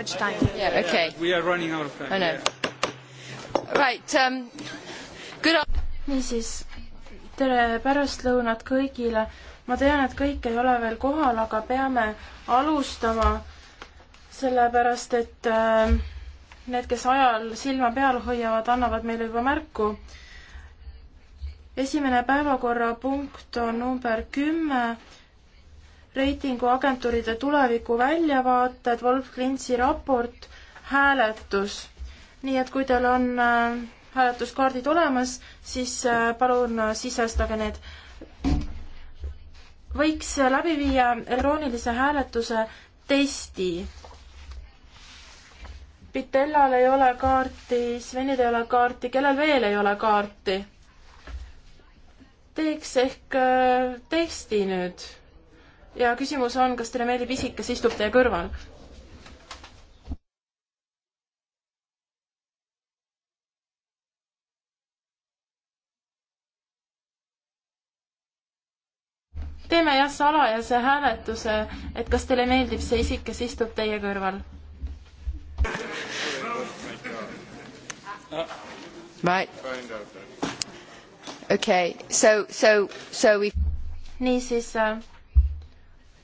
much time. Yeah, okay. We are running out of time. I know. Yeah. Right. Um, good niisiis, tere pärastlõunat kõigile. ma tean, et kõik ei ole veel kohal, aga peame alustama, sellepärast et äh, need, kes ajal silma peal hoiavad, annavad meile juba märku. esimene päevakorrapunkt on number kümme reitinguagentuuride tuleviku väljavaated, Wolf Klintsi raport, hääletus. nii et kui teil on äh, hääletuskaardid olemas, siis äh, palun äh, sisestage need. võiks läbi viia elektroonilise hääletuse testi. Pitellal ei ole kaarti, Svenil ei ole kaarti, kellel veel ei ole kaarti? teeks ehk testi nüüd ja küsimus on, kas teile meeldib isik, kes istub teie kõrval? teeme jah salajase hääletuse, et kas teile meeldib see isik, kes istub teie kõrval? Right. Okay, so, so, so we. niisiis äh,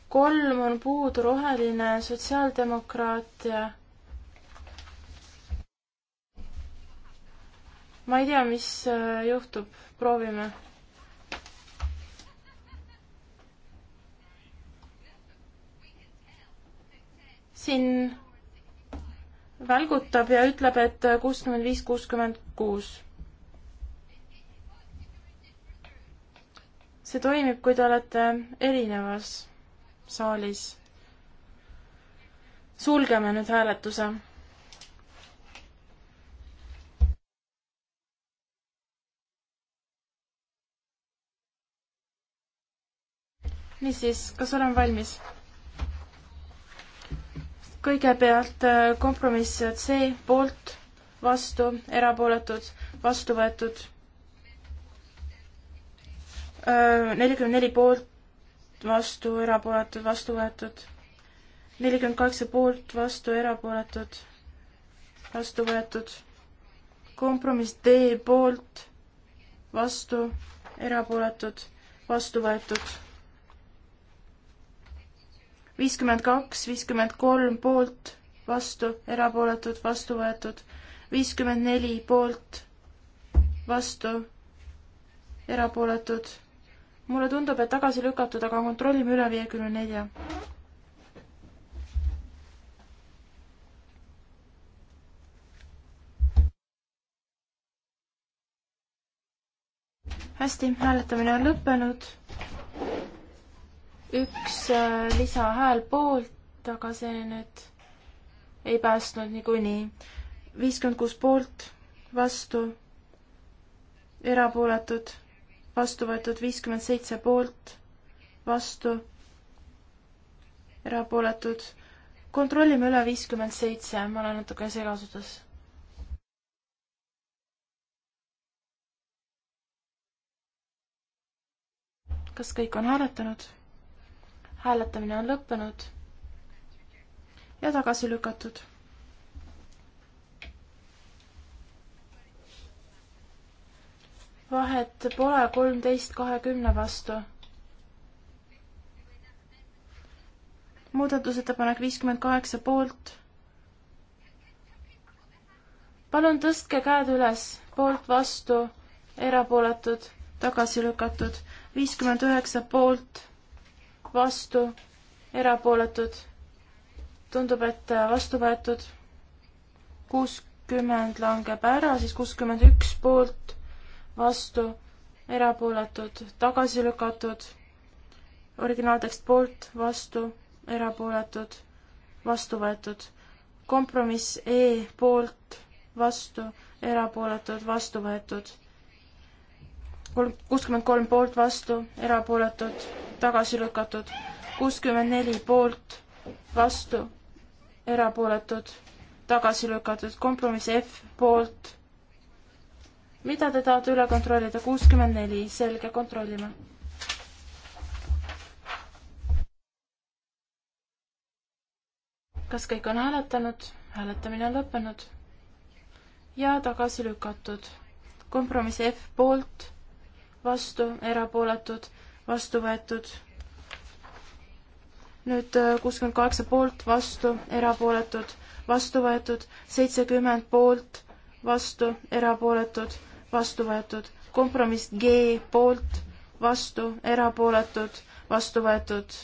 kolm on puudu, roheline, sotsiaaldemokraatia. ma ei tea, mis äh, juhtub, proovime. siin välgutab ja ütleb, et kuuskümmend viis, kuuskümmend kuus see toimib, kui te olete erinevas saalis. sulgeme nüüd hääletuse. niisiis, kas olen valmis? kõigepealt äh, kompromiss C poolt, vastu, erapooletud, vastu võetud. Äh, nelikümmend neli poolt, vastu, erapooletud, vastu võetud. nelikümmend kaheksa poolt, vastu, erapooletud, vastu võetud. kompromiss D poolt, vastu, erapooletud, vastu võetud. viiskümmend kaks, viiskümmend kolm poolt, vastu, erapooletud, vastu võetud. viiskümmend neli poolt, vastu, erapooletud mulle tundub, et tagasi lükatud, aga kontrollime üle viiekümne nelja. hästi, hääletamine on lõppenud. üks äh, lisahääl poolt, aga see nüüd ei päästnud niikuinii. viiskümmend kuus poolt, vastu, erapooletud vastu võetud viiskümmend seitse poolt, vastu, erapooletud. kontrollime üle viiskümmend seitse, ma olen natuke segasuses. kas kõik on hääletanud? hääletamine on lõppenud ja tagasi lükatud vahet pole kolmteist kahekümne vastu. muudatusettepanek viiskümmend kaheksa poolt. palun tõstke käed üles, poolt, vastu, erapooletud, tagasi lükatud, viiskümmend üheksa poolt, vastu, erapooletud. tundub, et vastu võetud. kuuskümmend langeb ära, siis kuuskümmend üks poolt vastu, erapooletud, tagasi lükatud. originaaltekst poolt, vastu, erapooletud, vastu võetud. kompromiss E poolt, vastu, erapooletud, vastu võetud. kolm, kuuskümmend kolm poolt, vastu, erapooletud, tagasi lükatud. kuuskümmend neli poolt, vastu, erapooletud tagasi lükatud kompromiss F poolt mida te tahate üle kontrollida? kuuskümmend neli, selge, kontrollime. kas kõik on hääletanud? hääletamine on lõppenud ja tagasi lükatud. kompromiss F poolt, vastu, erapooletud, vastu võetud. nüüd äh, kuuskümmend kaheksa poolt, vastu, erapooletud, vastu võetud, seitsekümmend poolt, vastu, erapooletud, vastu võetud, kompromiss G poolt, vastu, erapooletud, vastu võetud,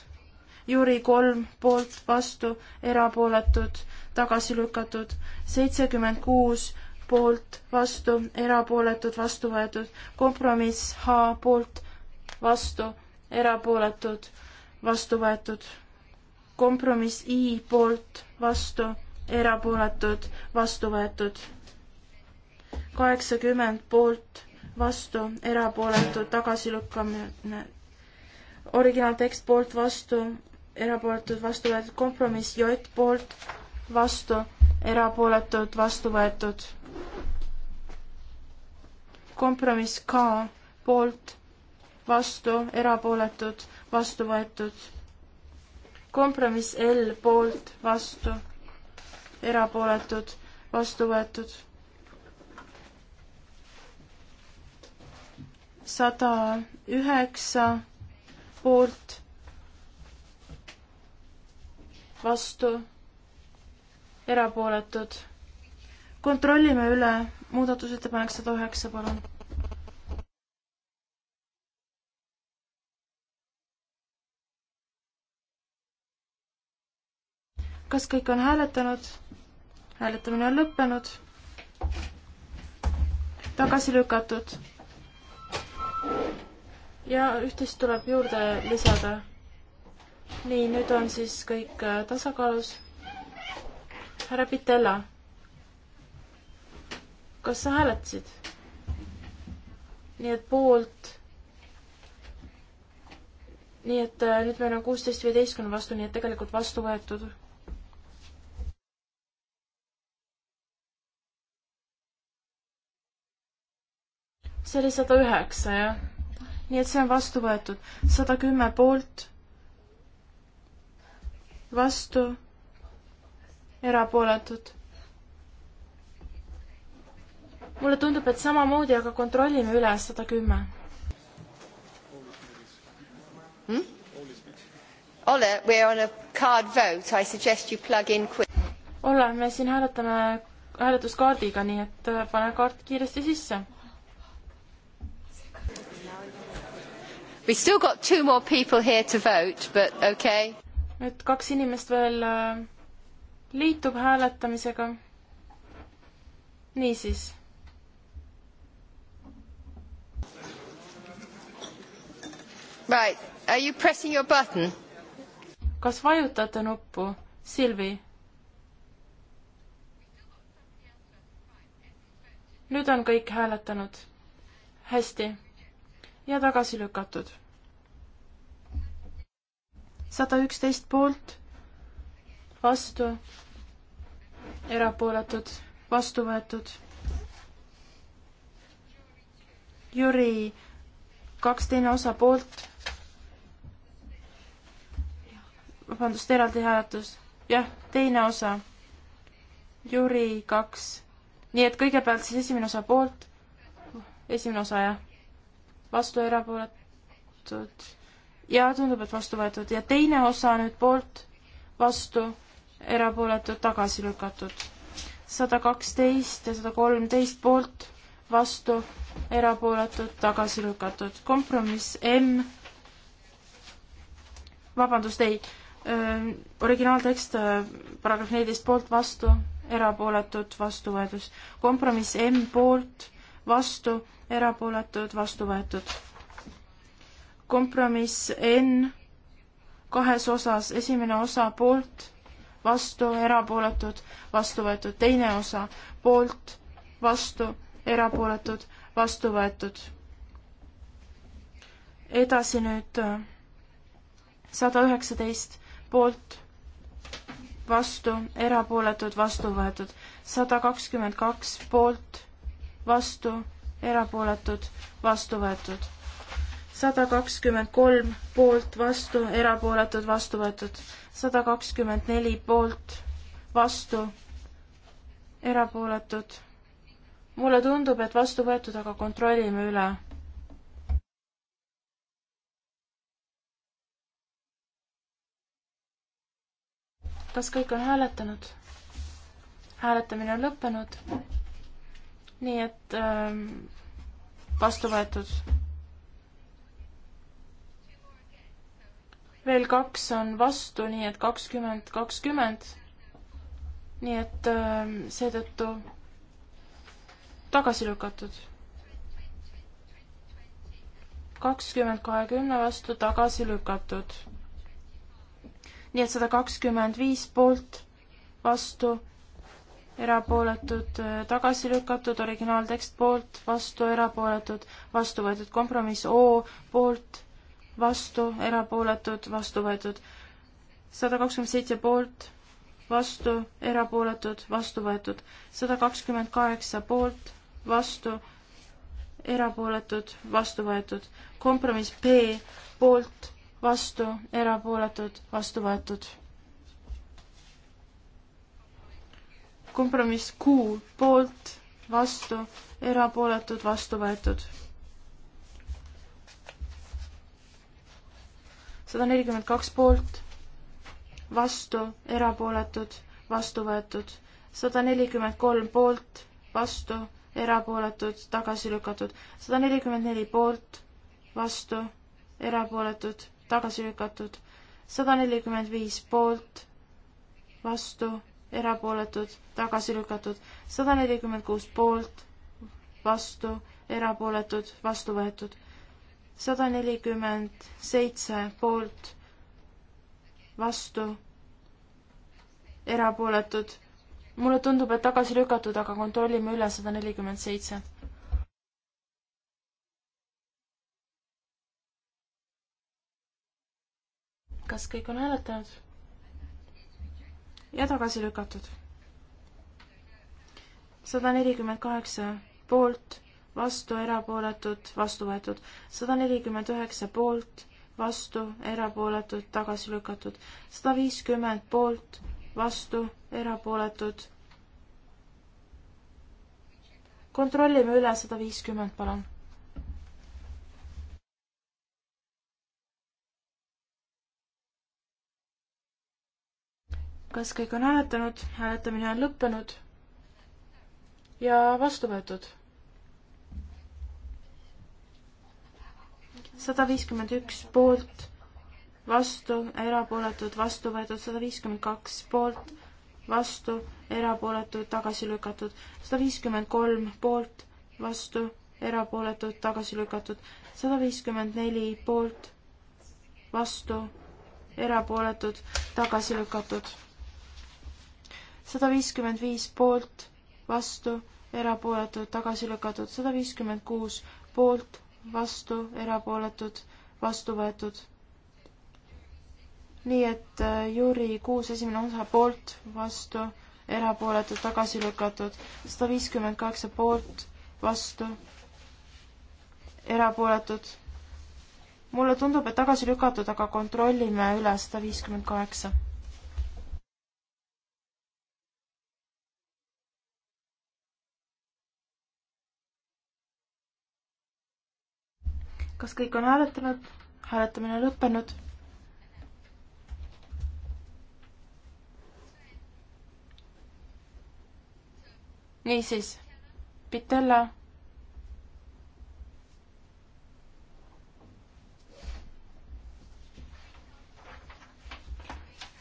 Jüri kolm poolt, vastu, erapooletud, tagasi lükatud, seitsekümmend kuus poolt, vastu, erapooletud, vastu võetud, kompromiss H poolt, vastu, erapooletud, vastu võetud, kompromiss I poolt, vastu, erapooletud, vastu võetud kaheksakümmend poolt, vastu, erapooletud, tagasilükkamine. originaaltekst poolt, vastu, erapooletud, vastu võetud, kompromiss J poolt, vastu, erapooletud, vastu võetud. kompromiss K poolt, vastu, erapooletud, vastu võetud. kompromiss L poolt, vastu, erapooletud, vastu võetud sada üheksa poolt, vastu, erapooletud. kontrollime üle, muudatusettepanek sada üheksa, palun. kas kõik on hääletanud? hääletamine on lõppenud. tagasi lükatud ja üht-teist tuleb juurde lisada. nii, nüüd on siis kõik äh, tasakaalus. härra Pitella, kas sa hääletasid? nii et poolt. nii et äh, nüüd meil on kuusteist viieteistkümne vastu, nii et tegelikult vastu võetud see oli sada üheksa, jah? nii et see on vastu võetud. sada kümme poolt, vastu, erapooletud. mulle tundub, et samamoodi, aga kontrollime üle, sada kümme. Hmm? Ole, we are on a card vote, I suggest you plug in quick. Ole, me siin hääletame hääletuskaardiga, nii et äh, pane kaart kiiresti sisse We still got two more people here to vote, but okay. et kaks inimest veel äh, liitub hääletamisega. niisiis. Right, are you pressing your button? kas vajutate nuppu, Silvi? nüüd on kõik hääletanud. hästi ja tagasi lükatud. sada üksteist poolt, vastu, erapooletud, vastu võetud. Jüri, kaks teine osa poolt. vabandust, eraldi hääletus. jah, teine osa. Jüri, kaks. nii et kõigepealt siis esimene osa poolt, esimene osa, jah vastu erapooletud ja tundub, et vastu võetud ja teine osa nüüd poolt, vastu, erapooletud, tagasi lükatud. sada kaksteist ja sada kolmteist poolt, vastu, erapooletud, tagasi lükatud. kompromiss M, vabandust, ei, originaaltekst, paragrahv neliteist poolt, vastu, erapooletud, vastu võetud. kompromiss M poolt vastu, erapooletud, vastu võetud. kompromiss N kahes osas, esimene osa poolt, vastu, erapooletud, vastu võetud, teine osa poolt, vastu, erapooletud, vastu võetud. edasi nüüd äh, sada üheksateist poolt, vastu, erapooletud, vastu võetud, sada kakskümmend kaks poolt vastu, erapooletud, vastu võetud. sada kakskümmend kolm poolt, vastu, erapooletud, vastu võetud. sada kakskümmend neli poolt, vastu, erapooletud. mulle tundub, et vastu võetud, aga kontrollime üle. kas kõik on hääletanud? hääletamine on lõppenud nii et ähm, vastu võetud. veel kaks on vastu, nii et kakskümmend, kakskümmend. nii et ähm, seetõttu tagasi lükatud. kakskümmend kahekümne vastu tagasi lükatud. nii et sada kakskümmend viis poolt, vastu erapooletud, äh, tagasi lükatud, originaaltekst poolt, vastu, erapooletud, vastu võetud, kompromiss O poolt, vastu, erapooletud, vastu võetud, sada kakskümmend seitse poolt, vastu, erapooletud, vastu võetud, sada kakskümmend kaheksa poolt, vastu, erapooletud, vastu võetud, kompromiss P poolt, vastu, erapooletud, vastu võetud kompromiss Q poolt, vastu, erapooletud, vastu võetud. sada nelikümmend kaks poolt, vastu, erapooletud, vastu võetud. sada nelikümmend kolm poolt, vastu, erapooletud, tagasi lükatud. sada nelikümmend neli poolt, vastu, erapooletud, tagasi lükatud. sada nelikümmend viis poolt, vastu erapooletud, tagasi lükatud, sada nelikümmend kuus poolt, vastu, erapooletud, vastu võetud, sada nelikümmend seitse poolt, vastu, erapooletud. mulle tundub, et tagasi lükatud, aga kontrollime üle sada nelikümmend seitse. kas kõik on hääletanud? ja tagasi lükatud. sada nelikümmend kaheksa poolt, vastu, erapooletud, vastu võetud. sada nelikümmend üheksa poolt, vastu, erapooletud, tagasi lükatud. sada viiskümmend poolt, vastu, erapooletud. kontrollime üle sada viiskümmend, palun kas kõik on hääletanud? hääletamine on lõppenud ja vastu võetud. sada viiskümmend üks poolt, vastu, erapooletud, vastu võetud, sada viiskümmend kaks poolt, vastu, erapooletud, tagasi lükatud, sada viiskümmend kolm poolt, vastu, erapooletud, tagasi lükatud, sada viiskümmend neli poolt, vastu, erapooletud, tagasi lükatud sada viiskümmend viis poolt, vastu, erapooletud, tagasi lükatud, sada viiskümmend kuus poolt, vastu, erapooletud, vastu võetud. nii et äh, Jüri kuus esimene osa poolt, vastu, erapooletud, tagasi lükatud, sada viiskümmend kaheksa poolt, vastu, erapooletud mulle tundub, et tagasi lükatud, aga kontrollime üle sada viiskümmend kaheksa. kas kõik on hääletanud? hääletamine on lõppenud. niisiis, Pitella.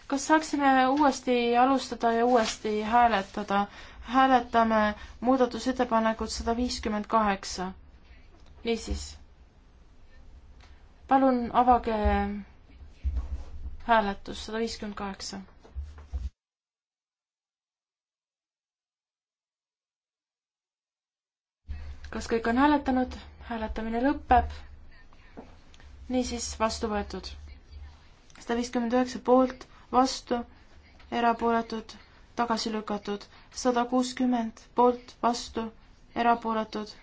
kas saaksime uuesti alustada ja uuesti hääletada? hääletame muudatusettepanekut sada viiskümmend kaheksa. niisiis palun avage hääletus sada viiskümmend kaheksa. kas kõik on hääletanud? hääletamine lõpeb. niisiis, vastu võetud. sada viiskümmend üheksa poolt, vastu, erapooletud, tagasi lükatud. sada kuuskümmend poolt, vastu, erapooletud,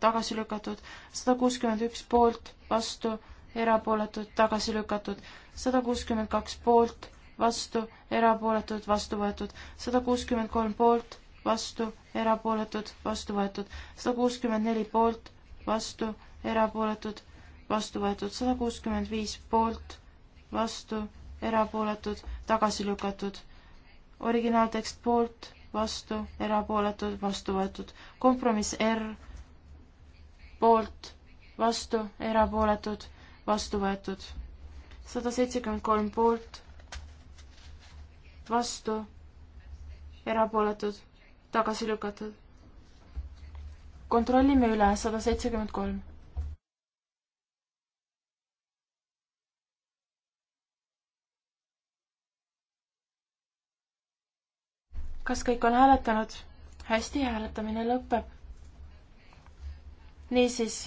tagasi lükatud. sada kuuskümmend üks poolt, vastu erapooletud, tagasi lükatud, sada kuuskümmend kaks poolt, vastu, erapooletud, vastu võetud, sada kuuskümmend kolm poolt, vastu, erapooletud, vastu võetud, sada kuuskümmend neli poolt, vastu, erapooletud, vastu võetud, sada kuuskümmend viis poolt, vastu, erapooletud, tagasi lükatud. originaaltekst poolt, vastu, erapooletud, vastu võetud. kompromiss R poolt, vastu, erapooletud vastu võetud. sada seitsekümmend kolm poolt, vastu, erapooletud, tagasi lükatud. kontrollime üle, sada seitsekümmend kolm. kas kõik on hääletanud? hästi, hääletamine lõpeb. niisiis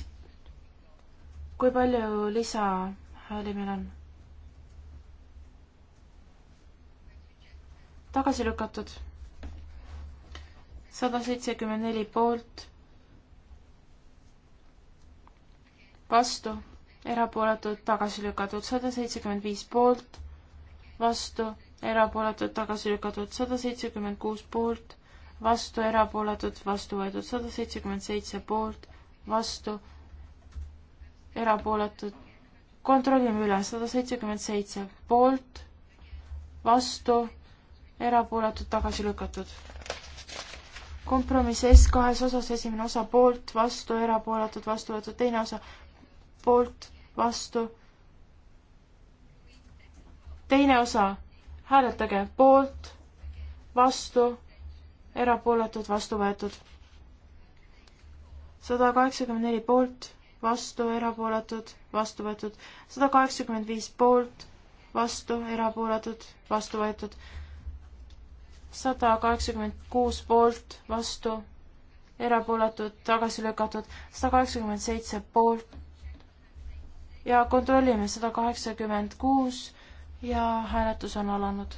kui palju lisahääli meil on? tagasi lükatud. sada seitsekümmend neli poolt. vastu, erapooletud, tagasi lükatud, sada seitsekümmend viis poolt, vastu, erapooletud, tagasi lükatud, sada seitsekümmend kuus poolt, vastu, erapooletud, vastu võetud, sada seitsekümmend seitse poolt, vastu erapooletud. kontrollime üle, sada seitsekümmend seitse poolt, vastu, erapooletud, tagasi lükatud. kompromiss S kahes osas, esimene osa poolt, vastu, erapooletud, vastu võetud, teine osa poolt, vastu. teine osa, hääletage poolt, vastu, erapooletud, vastu võetud. sada kaheksakümmend neli poolt vastu, erapooletud, vastu võetud, sada kaheksakümmend viis poolt, vastu, erapooletud, vastu võetud, sada kaheksakümmend kuus poolt, vastu, erapooletud, tagasi lükatud, sada kaheksakümmend seitse poolt ja kontrollime sada kaheksakümmend kuus ja hääletus on alanud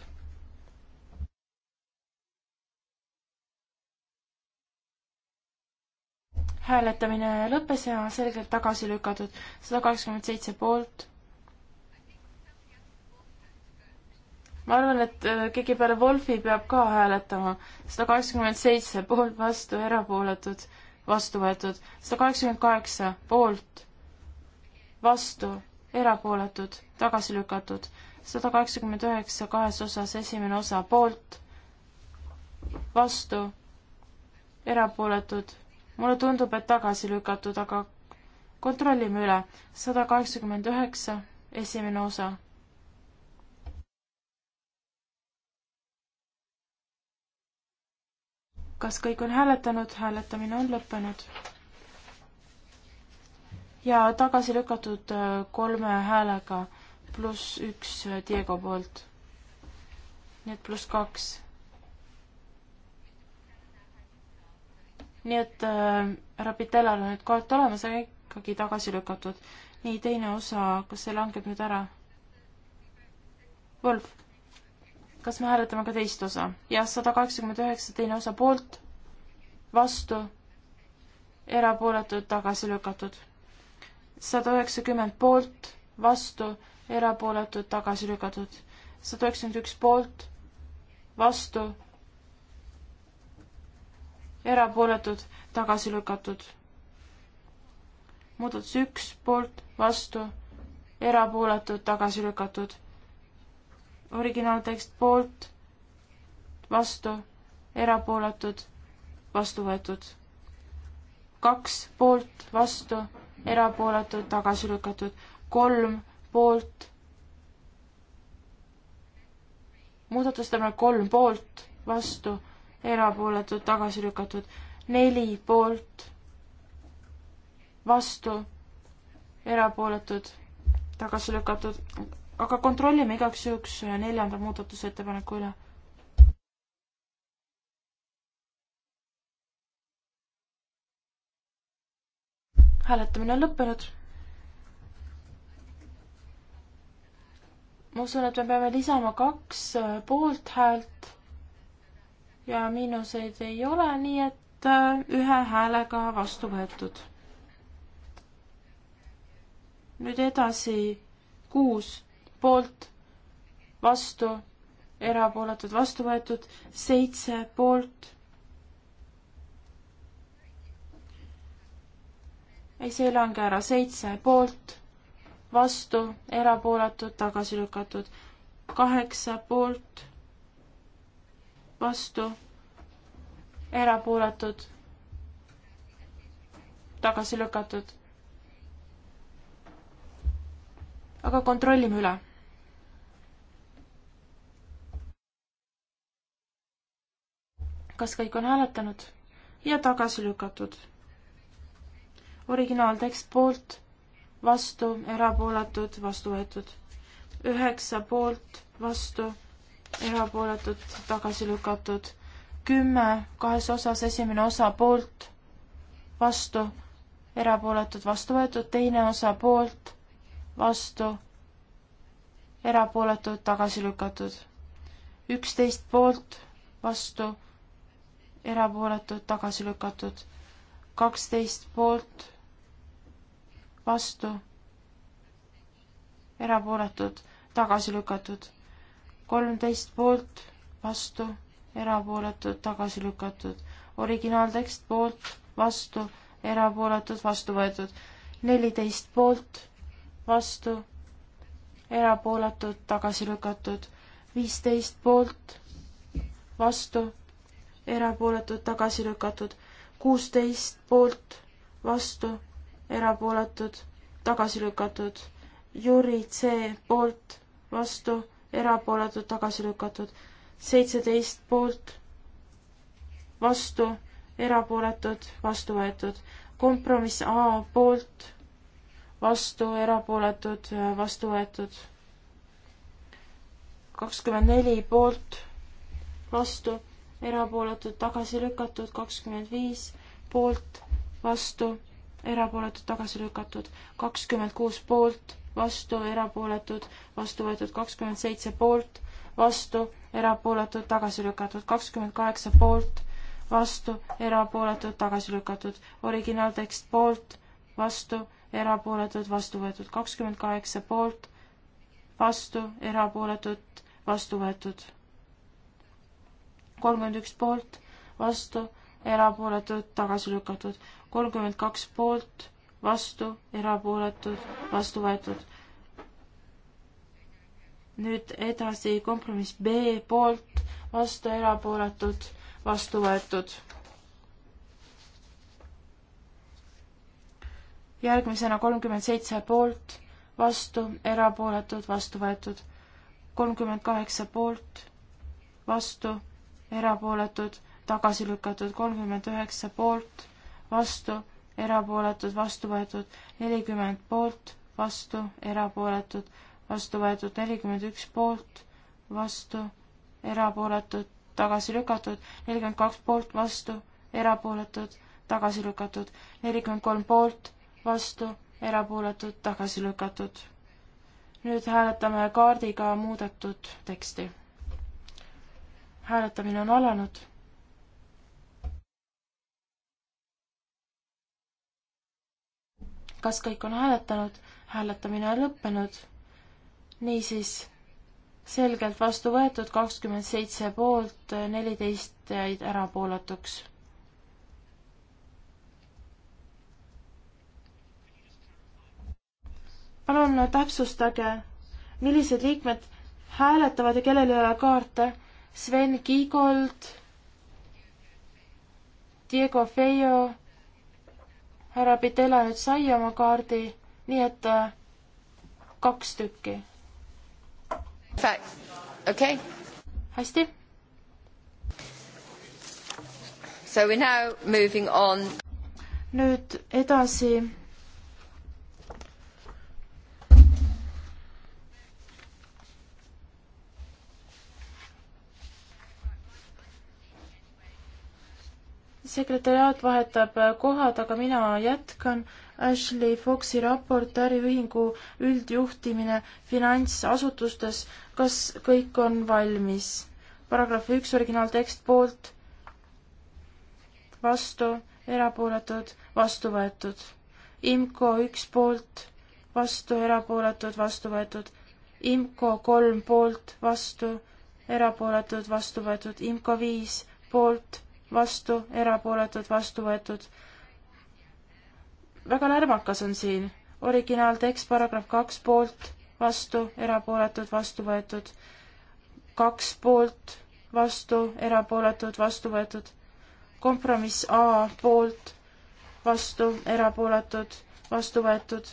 hääletamine lõppes ja selgelt tagasi lükatud. sada kakskümmend seitse poolt. ma arvan, et äh, keegi peale Wolfi peab ka hääletama. sada kakskümmend seitse poolt, vastu, erapooletud, vastu võetud. sada kaheksakümmend kaheksa poolt, vastu, erapooletud, tagasi lükatud. sada kaheksakümmend üheksa kahes osas, esimene osa poolt, vastu, erapooletud mulle tundub, et tagasi lükatud, aga kontrollime üle. sada kaheksakümmend üheksa, esimene osa. kas kõik on hääletanud, hääletamine on lõppenud. ja tagasi lükatud äh, kolme häälega pluss üks äh, Diego poolt. nii et pluss kaks nii et äh, härra Pitellal on nüüd kaart olemas, aga ikkagi tagasi lükatud. nii, teine osa, kas see langeb nüüd ära? Wolf, kas me hääletame ka teist osa? jah, sada kaheksakümmend üheksa, teine osa poolt, vastu, erapooletud, tagasi lükatud. sada üheksakümmend poolt, vastu, erapooletud, tagasi lükatud. sada üheksakümmend üks poolt, vastu erapooletud, tagasi lükatud. muudatus üks, poolt, vastu, erapooletud, tagasi lükatud. originaaltekst poolt, vastu, erapooletud, vastu võetud. kaks, poolt, vastu, erapooletud, tagasi lükatud. kolm, poolt muudatusettepanek kolm poolt, vastu, erapooletud, tagasi lükatud. neli poolt, vastu, erapooletud, tagasi lükatud. aga kontrollime igaks juhuks neljanda muudatusettepaneku üle. hääletamine on lõppenud ma usun, et me peame lisama kaks poolthäält ja miinuseid ei ole, nii et äh, ühe häälega vastu võetud. nüüd edasi kuus poolt, vastu, erapooletud, vastu võetud, seitse poolt. ei, see ei lange ära, seitse poolt, vastu, erapooletud, tagasi lükatud, kaheksa poolt vastu, erapooletud, tagasi lükatud. aga kontrollime üle. kas kõik on hääletanud ja tagasi lükatud? originaaltekst poolt, vastu, erapooletud, vastu võetud. üheksa poolt, vastu erapooletud, tagasi lükatud. kümme kahes osas, esimene osa poolt, vastu, erapooletud, vastu võetud, teine osa poolt, vastu, erapooletud, tagasi lükatud. üksteist poolt, vastu, erapooletud, tagasi lükatud. kaksteist poolt, vastu, erapooletud, tagasi lükatud kolmteist poolt, vastu, erapooletud, tagasi lükatud. originaaltekst poolt, vastu, erapooletud, vastu võetud. neliteist poolt, vastu, erapooletud, tagasi lükatud. viisteist poolt, vastu, erapooletud, tagasi lükatud. kuusteist poolt, vastu, erapooletud, tagasi lükatud. Jüri C poolt, vastu erapooletud, tagasi lükatud. seitseteist poolt, vastu, erapooletud, vastu võetud. kompromiss A poolt, vastu, erapooletud, vastu võetud. kakskümmend neli poolt, vastu, erapooletud, tagasi lükatud, kakskümmend viis poolt, vastu, erapooletud, tagasi lükatud, kakskümmend kuus poolt vastu, erapooletud, vastu võetud kakskümmend seitse poolt, vastu, erapooletud, tagasi lükatud kakskümmend kaheksa poolt, vastu, erapooletud, tagasi lükatud, originaaltekst poolt, vastu, erapooletud, vastu võetud kakskümmend kaheksa poolt, vastu, erapooletud, vastu võetud kolmkümmend üks poolt, vastu, erapooletud, tagasi lükatud, kolmkümmend kaks poolt vastu, erapooletud, vastu võetud. nüüd edasi kompromiss B poolt, vastu, erapooletud, vastu võetud. järgmisena kolmkümmend seitse poolt, vastu, erapooletud, vastu võetud. kolmkümmend kaheksa poolt, vastu, erapooletud, tagasi lükatud, kolmkümmend üheksa poolt, vastu erapooletud, vastu võetud nelikümmend poolt, vastu, erapooletud, vastu võetud nelikümmend üks poolt, vastu, erapooletud, tagasi lükatud, nelikümmend kaks poolt, vastu, erapooletud, tagasi lükatud, nelikümmend kolm poolt, vastu, erapooletud, tagasi lükatud. nüüd hääletame kaardiga muudetud teksti. hääletamine on alanud kas kõik on hääletanud? hääletamine on lõppenud. niisiis, selgelt vastu võetud, kakskümmend seitse poolt, neliteist jäid erapooletuks. palun täpsustage, millised liikmed hääletavad ja kellel ei ole kaarte. Sven Kiigold, Diego Feio härra Pidela nüüd sai oma kaardi, nii et äh, kaks tükki. okei okay.. hästi. So we are now moving on. nüüd edasi sekretäriaat vahetab äh, kohad, aga mina jätkan. Ashley Foxi raport äriühingu üldjuhtimine finantsasutustes. kas kõik on valmis? paragrahv üks, originaaltekst poolt, vastu, erapooletud, vastu võetud. IMCO üks poolt, vastu, erapooletud, vastu võetud. IMCO kolm poolt, vastu, erapooletud, vastu võetud. IMCO viis poolt vastu, erapooletud, vastu võetud. väga lärmakas on siin. originaaltekst, paragrahv kaks poolt, vastu, erapooletud, vastu võetud. kaks poolt, vastu, erapooletud, vastu võetud. kompromiss A poolt, vastu, erapooletud, vastu võetud.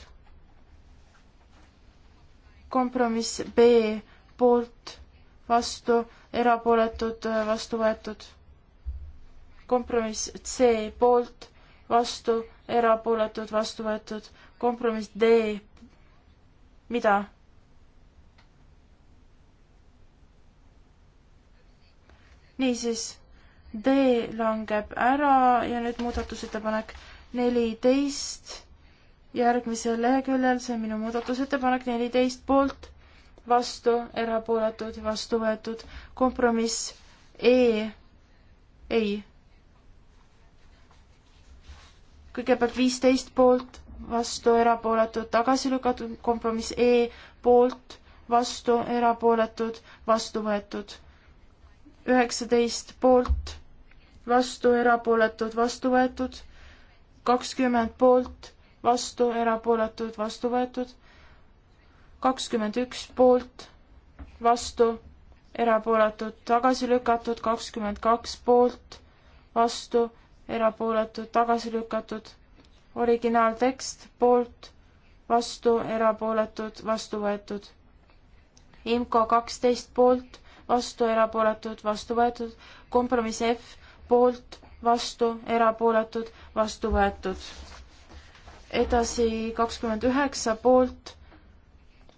kompromiss B poolt, vastu, erapooletud, vastu võetud kompromiss C poolt, vastu, erapooletud, vastu võetud, kompromiss D, mida? niisiis, D langeb ära ja nüüd muudatusettepanek neliteist, järgmisel leheküljel, see on minu muudatusettepanek neliteist poolt, vastu, erapooletud, vastu võetud, kompromiss E, ei kõigepealt viisteist poolt, vastu, erapooletud, tagasi lükatud, kompromiss E poolt, vastu, erapooletud, vastu võetud. üheksateist poolt, vastu, erapooletud, vastu võetud, kakskümmend poolt, vastu, erapooletud, vastu võetud, kakskümmend üks poolt, vastu, erapooletud, tagasi lükatud, kakskümmend kaks poolt, vastu, erapooletud, tagasi lükatud. originaaltekst poolt, vastu, erapooletud, vastu võetud. IMCO kaksteist poolt, vastu, erapooletud, vastu võetud. kompromiss F poolt, vastu, erapooletud, vastu võetud. edasi kakskümmend üheksa poolt,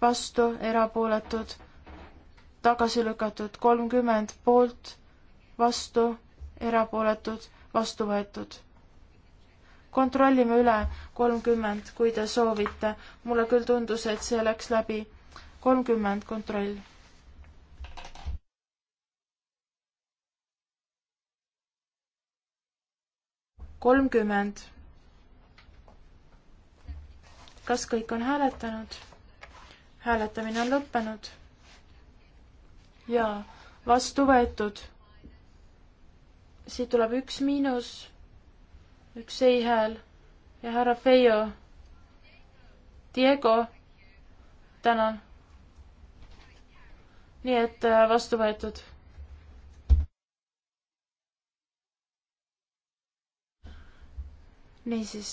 vastu, erapooletud, tagasi lükatud. kolmkümmend poolt, vastu, erapooletud vastu võetud. kontrollime üle kolmkümmend, kui te soovite. mulle küll tundus, et see läks läbi. kolmkümmend, kontroll. kolmkümmend. kas kõik on hääletanud? hääletamine on lõppenud. jaa, vastu võetud siit tuleb üks miinus, üks ei hääl ja härra Feio. Diego, tänan. nii et äh, vastu võetud. niisiis.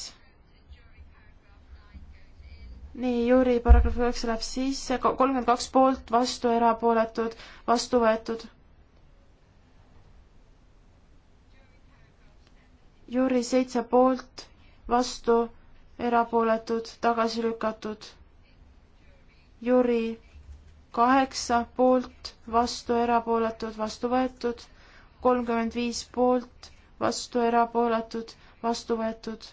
nii, Jüri paragrahv üheksa läheb sisse, kolmkümmend kaks poolt, vastu erapooletud, vastu võetud Jüri seitse poolt, vastu, erapooletud, tagasi lükatud. Jüri kaheksa poolt, vastu, erapooletud, vastu võetud. kolmkümmend viis poolt, vastu, erapooletud, vastu võetud.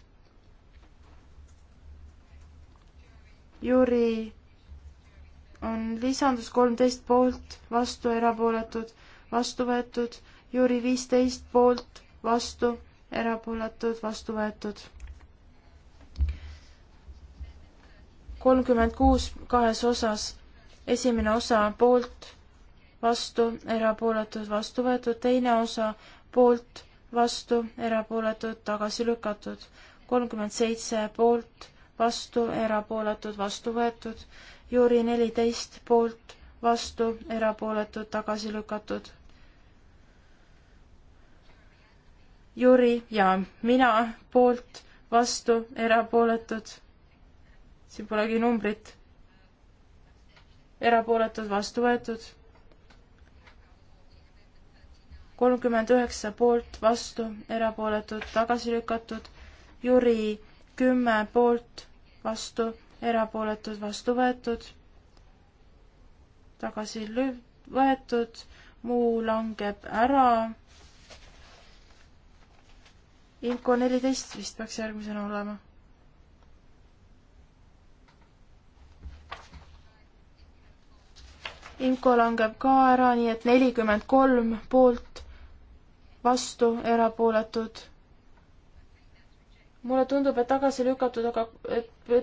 Jüri on lisandus kolmteist poolt, vastu, erapooletud, vastu võetud. Jüri viisteist poolt, vastu, erapooletud, vastu võetud. kolmkümmend kuus kahes osas, esimene osa poolt, vastu, erapooletud, vastu võetud, teine osa poolt, vastu, erapooletud, tagasi lükatud. kolmkümmend seitse poolt, vastu, erapooletud, vastu võetud. Jüri neliteist poolt, vastu, erapooletud, tagasi lükatud Jüri ja mina poolt, vastu, erapooletud. siin polegi numbrit. erapooletud, vastu võetud. kolmkümmend üheksa poolt, vastu, erapooletud, tagasi lükatud. Jüri kümme poolt, vastu, erapooletud, vastu võetud. tagasi lü-, võetud, muu langeb ära Inko neliteist vist peaks järgmisena olema. Inko langeb ka ära, nii et nelikümmend kolm poolt, vastu, erapooletud. mulle tundub, et tagasi lükatud, aga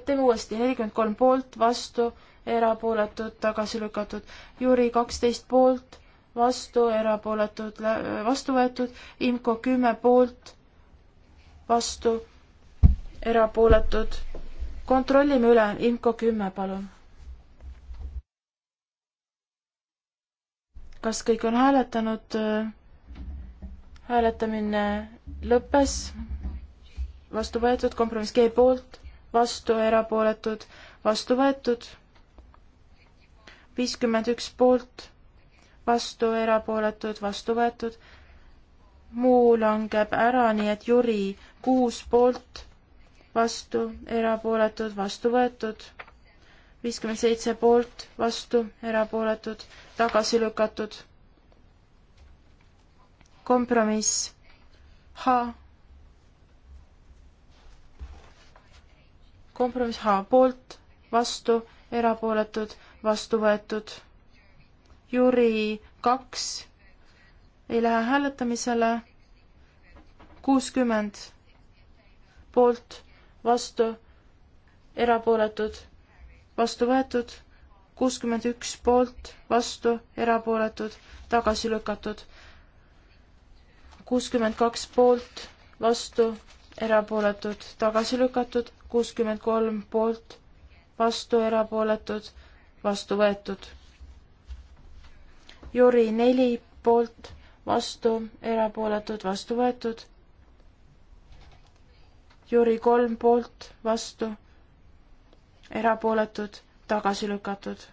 teeme uuesti, nelikümmend kolm poolt, vastu, erapooletud, tagasi lükatud. Jüri kaksteist poolt, vastu, erapooletud, vastu võetud. Imko kümme poolt vastu, erapooletud. kontrollime üle, IMCO kümme, palun. kas kõik on hääletanud? hääletamine lõppes. vastu võetud, kompromiss G poolt, vastu, erapooletud, vastu võetud. viiskümmend üks poolt, vastu, erapooletud, vastu võetud muu langeb ära, nii et Jüri kuus poolt, vastu, erapooletud, vastu võetud, viiskümmend seitse poolt, vastu, erapooletud, tagasi lükatud. kompromiss H. kompromiss H poolt, vastu, erapooletud, vastu võetud. Jüri kaks ei lähe hääletamisele. kuuskümmend poolt, vastu, erapooletud, vastu võetud, kuuskümmend üks poolt, vastu, erapooletud, tagasi lükatud, kuuskümmend kaks poolt, vastu, erapooletud, tagasi lükatud, kuuskümmend kolm poolt, vastu, erapooletud, vastu võetud. Jüri neli poolt, vastu, erapooletud, vastu võetud Jüri kolm poolt, vastu, erapooletud, tagasi lükatud.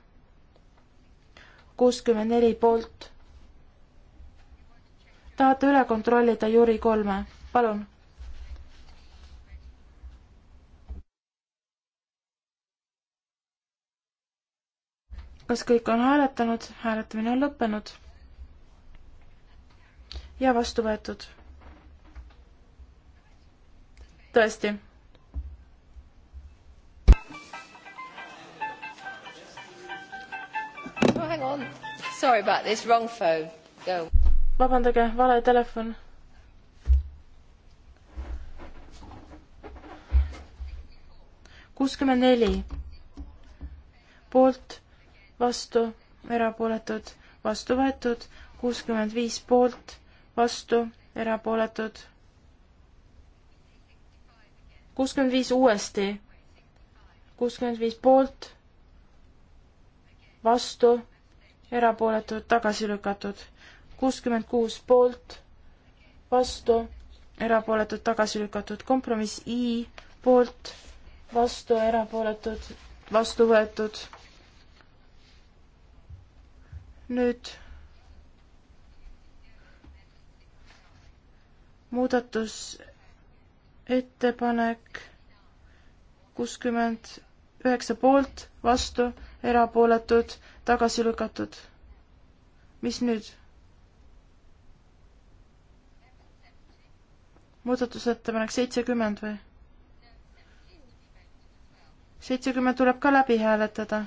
kuuskümmend neli poolt. tahate üle kontrollida Jüri kolme? palun. kas kõik on hääletanud? hääletamine on lõppenud ja vastu võetud tõesti. Oh, hang on. Sorry about this. Wrong phone. Go. Vabandage, vale telefon. kuuskümmend neli. poolt, vastu, erapooletud, vastu võetud, kuuskümmend viis poolt, vastu, erapooletud kuuskümmend viis uuesti. kuuskümmend viis poolt, vastu, erapooletud, tagasi lükatud. kuuskümmend kuus poolt, vastu, erapooletud, tagasi lükatud. kompromiss I poolt, vastu, erapooletud, vastu võetud. nüüd muudatus ettepanek kuuskümmend üheksa poolt, vastu, erapooletud, tagasi lükatud. mis nüüd? muudatusettepanek seitsekümmend või? seitsekümmend tuleb ka läbi hääletada.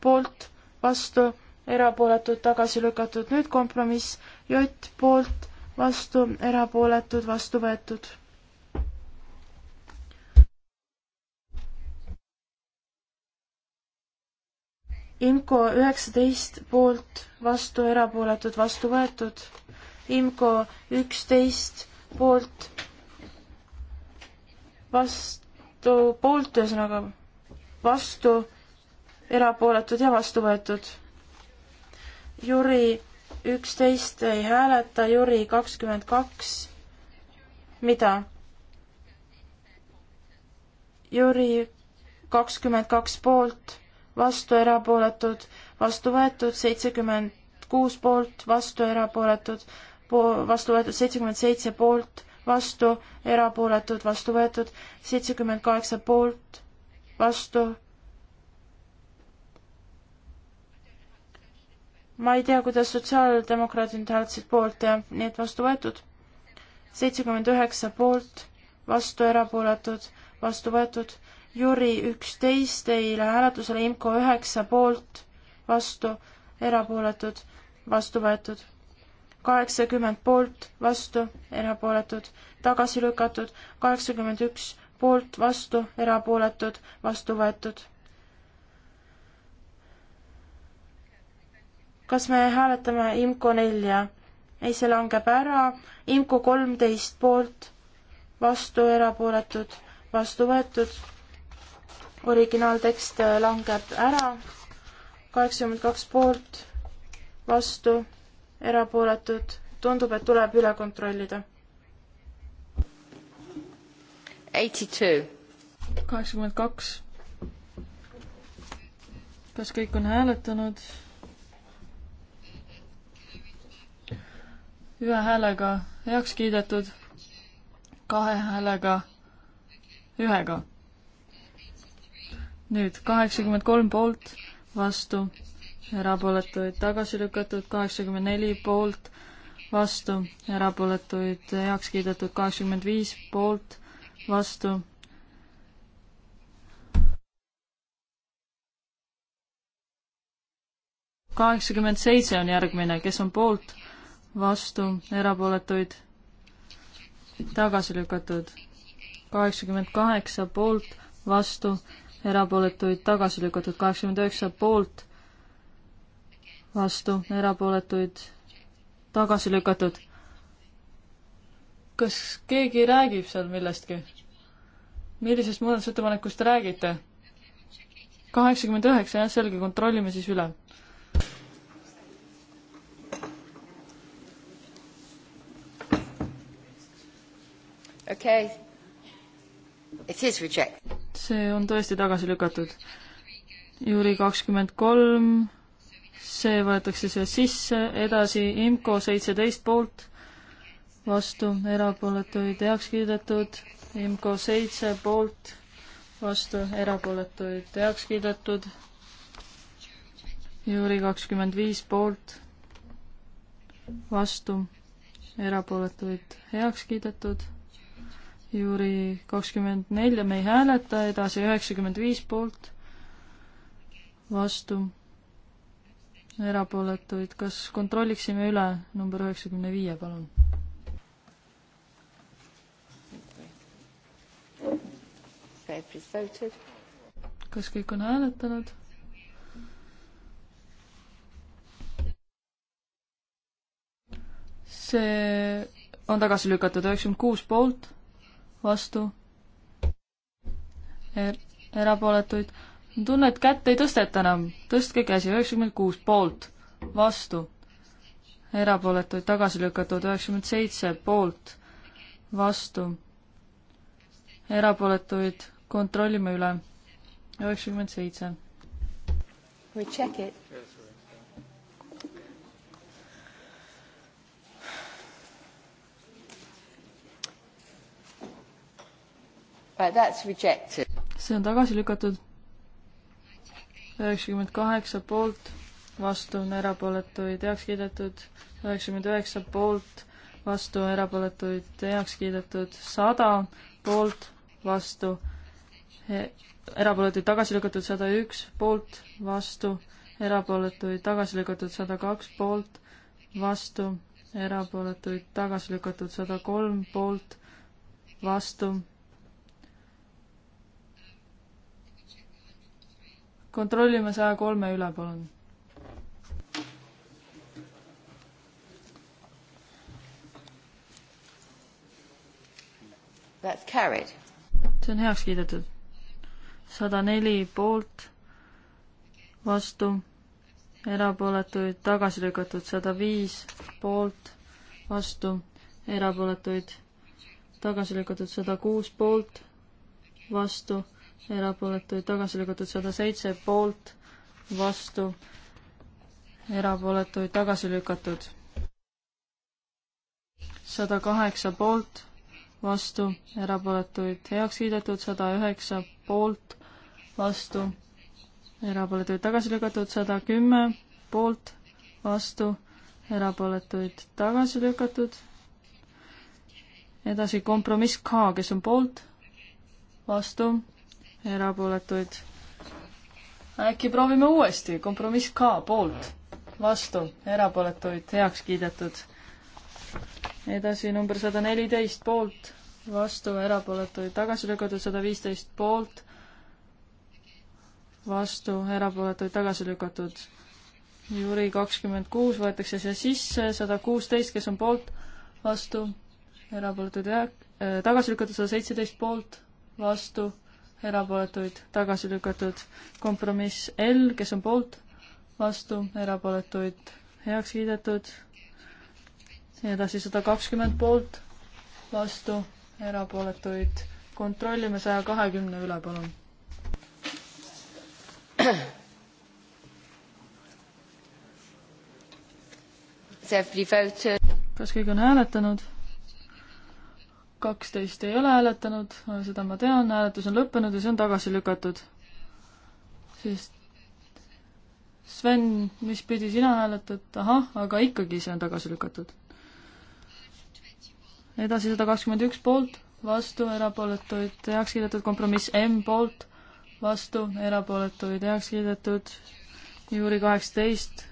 poolt, vastu, erapooletud, tagasi lükatud, nüüd kompromiss, J poolt, vastu, erapooletud, vastu võetud IMCO üheksateist poolt, vastu erapooletud, vastu võetud. IMCO üksteist poolt, vastu, poolt ühesõnaga, vastu erapooletud ja vastu võetud. Jüri üksteist ei hääleta, Jüri kakskümmend kaks. mida? Jüri kakskümmend kaks poolt vastu erapooletud, vastu võetud seitsekümmend kuus poolt, vastu erapooletud, vastu võetud seitsekümmend seitse poolt, vastu erapooletud, vastu võetud seitsekümmend kaheksa poolt, vastu. ma ei tea, kuidas sotsiaaldemokraadid hääletasid poolt ja nii et vastu võetud. seitsekümmend üheksa poolt, vastu erapooletud, vastu võetud Jüri üksteist ei lähe hääletusele, IMCO üheksa poolt, vastu, erapooletud, vastu võetud. kaheksakümmend poolt, vastu, erapooletud, tagasi lükatud, kaheksakümmend üks poolt, vastu, erapooletud, vastu võetud. kas me hääletame IMCO nelja? ei, see langeb ära. IMCO kolmteist poolt, vastu, erapooletud, vastu võetud originaaltekst äh, langeb ära, kaheksakümmend kaks poolt, vastu, erapooletud, tundub, et tuleb üle kontrollida. kaheksakümmend kaks. kas kõik on hääletanud? ühe häälega heaks kiidetud, kahe häälega, ühega nüüd kaheksakümmend kolm poolt, vastu, erapooletuid tagasi lükatud, kaheksakümmend neli poolt, vastu, erapooletuid heaks kiidetud, kaheksakümmend viis poolt, vastu. kaheksakümmend seitse on järgmine, kes on poolt, vastu, erapooletuid tagasi lükatud, kaheksakümmend kaheksa poolt, vastu, erapooletuid tagasi lükatud, kaheksakümmend üheksa poolt, vastu, erapooletuid tagasi lükatud. kas keegi räägib seal millestki? millisest muudatusettepanekust te räägite? kaheksakümmend üheksa, jah, selge, kontrollime siis üle. okei okay., it is reject- see on tõesti tagasi lükatud. juuli kakskümmend kolm, see võetakse siia sisse, edasi IMCO seitseteist poolt, vastu erapooletuid heaks kiidetud, IMCO seitse poolt, vastu erapooletuid heaks kiidetud, juuli kakskümmend viis poolt, vastu erapooletuid heaks kiidetud Jüri kakskümmend nelja me ei hääleta, edasi üheksakümmend viis poolt, vastu, erapooletuid. kas kontrolliksime üle number üheksakümne viie, palun? kas kõik on hääletanud? see on tagasi lükatud üheksakümmend kuus poolt vastu er,, erapooletuid. tunne, et kätt ei tõsteta enam, tõstke käsi, üheksakümmend kuus poolt, vastu, erapooletuid tagasi lükatud, üheksakümmend seitse poolt, vastu, erapooletuid kontrollime üle, üheksakümmend seitse. We check it. see on tagasi lükatud. üheksakümmend kaheksa poolt, vastu on erapooletuid heaks kiidetud, üheksakümmend üheksa poolt, vastu erapooletuid heaks kiidetud, sada poolt, vastu erapooletuid tagasi lükatud sada üks, poolt, vastu, erapooletuid tagasi lükatud sada kaks, poolt, vastu, erapooletuid tagasi lükatud sada kolm, poolt, vastu, kontrollime saja kolme üle, palun. see on heaks kiidetud. sada neli poolt, vastu, erapooletuid tagasi lükatud, sada viis poolt, vastu, erapooletuid tagasi lükatud, sada kuus poolt, vastu erapooletuid tagasi lükatud sada seitse poolt, vastu, erapooletuid tagasi lükatud. sada kaheksa poolt, vastu, erapooletuid heaks kiidetud, sada üheksa poolt, vastu, erapooletuid tagasi lükatud, sada kümme poolt, vastu, erapooletuid tagasi lükatud. edasi kompromiss K, kes on poolt, vastu erapooletuid. äkki proovime uuesti, kompromiss K poolt, vastu, erapooletuid, heaks kiidetud. edasi number sada neliteist poolt, vastu, erapooletuid, tagasi lükatud sada viisteist poolt, vastu, erapooletuid, tagasi lükatud. Jüri kakskümmend kuus võetakse siia sisse, sada kuusteist, kes on poolt, vastu, erapooletuid, äh, tagasi lükatud sada seitseteist poolt, vastu erapooletuid tagasi lükatud. kompromiss L, kes on poolt, vastu, erapooletuid heaks kiidetud. edasi sada kakskümmend poolt, vastu, erapooletuid. kontrollime saja kahekümne üle, palun. kas kõik on hääletanud? kaksteist ei ole hääletanud, seda ma tean, hääletus on lõppenud ja see on tagasi lükatud. sest Sven, mis pidi sina hääletad, ahah, aga ikkagi see on tagasi lükatud. edasi sada kakskümmend üks poolt, vastu, erapooletuid, heaks kiidetud, kompromiss M poolt, vastu, erapooletuid, heaks kiidetud, juuri kaheksateist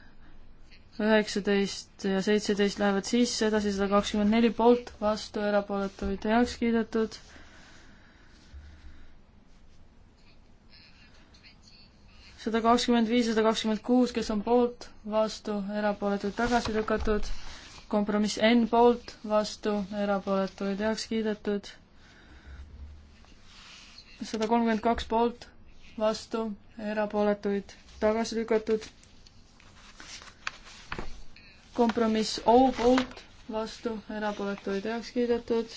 üheksateist ja seitseteist lähevad sisse, edasi sada kakskümmend neli poolt, vastu, erapooletuid heaks kiidetud. sada kakskümmend viis, sada kakskümmend kuus, kes on poolt, vastu, erapooletuid tagasi lükatud. kompromiss N poolt, vastu, erapooletuid heaks kiidetud. sada kolmkümmend kaks poolt, vastu, erapooletuid tagasi lükatud kompromiss O poolt, vastu, erapooletuid heaks kiidetud,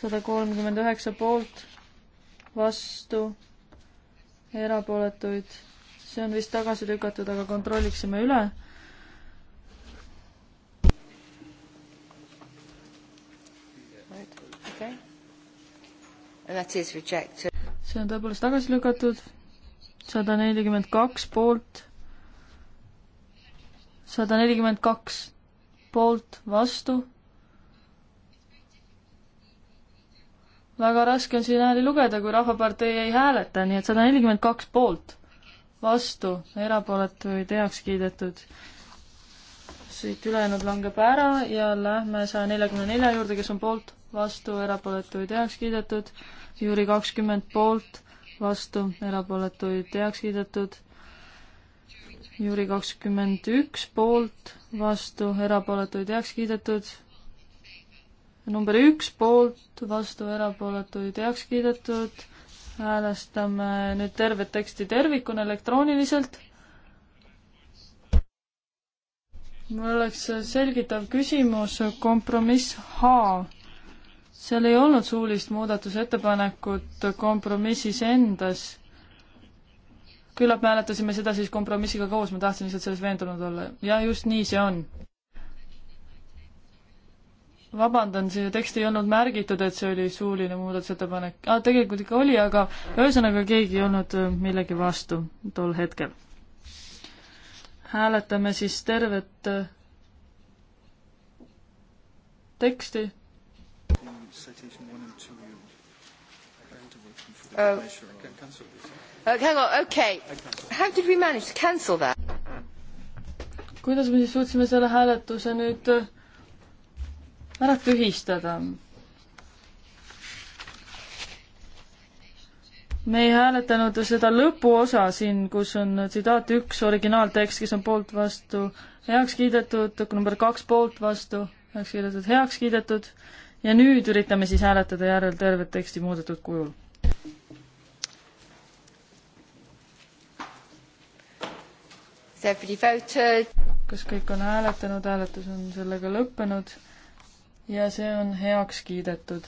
sada kolmkümmend üheksa poolt, vastu, erapooletuid, see on vist tagasi lükatud, aga kontrolliksime üle. see on tõepoolest tagasi lükatud, sada nelikümmend kaks poolt sada nelikümmend kaks poolt, vastu. väga raske on siin hääli lugeda, kui Rahvapartei ei hääleta, nii et sada nelikümmend kaks poolt, vastu, erapooletuid heaks kiidetud. siit ülejäänud langeb ära ja lähme saja neljakümne nelja juurde, kes on poolt, vastu, erapooletuid heaks kiidetud. Jüri kakskümmend poolt, vastu, erapooletuid heaks kiidetud Jüri kakskümmend üks poolt, vastu, erapooletuid heaks kiidetud. number üks poolt, vastu, erapooletuid heaks kiidetud. häälestame nüüd tervet teksti tervikuna elektrooniliselt. mul oleks selgitav küsimus, kompromiss H. seal ei olnud suulist muudatusettepanekut kompromissis endas küllap me hääletasime seda siis kompromissiga koos, ma tahtsin lihtsalt selles veendunud olla. ja just nii see on. vabandan, see tekst ei olnud märgitud, et see oli suuline muudatusettepanek ah,. tegelikult ikka oli, aga ühesõnaga keegi ei olnud äh, millegi vastu tol hetkel. hääletame siis tervet äh, teksti. Uh, Uh, hang on, okei okay.. How did we manage to cancel that? kuidas me siis suutsime selle hääletuse nüüd äh, ära tühistada? me ei hääletanud seda lõpuosa siin, kus on tsitaat üks, originaaltekst, kes on poolt vastu heaks kiidetud, number kaks poolt vastu heaks kiidetud, heaks kiidetud ja nüüd üritame siis hääletada järel tervet teksti muudetud kujul kas kõik on hääletanud, hääletus on sellega lõppenud ja see on heaks kiidetud.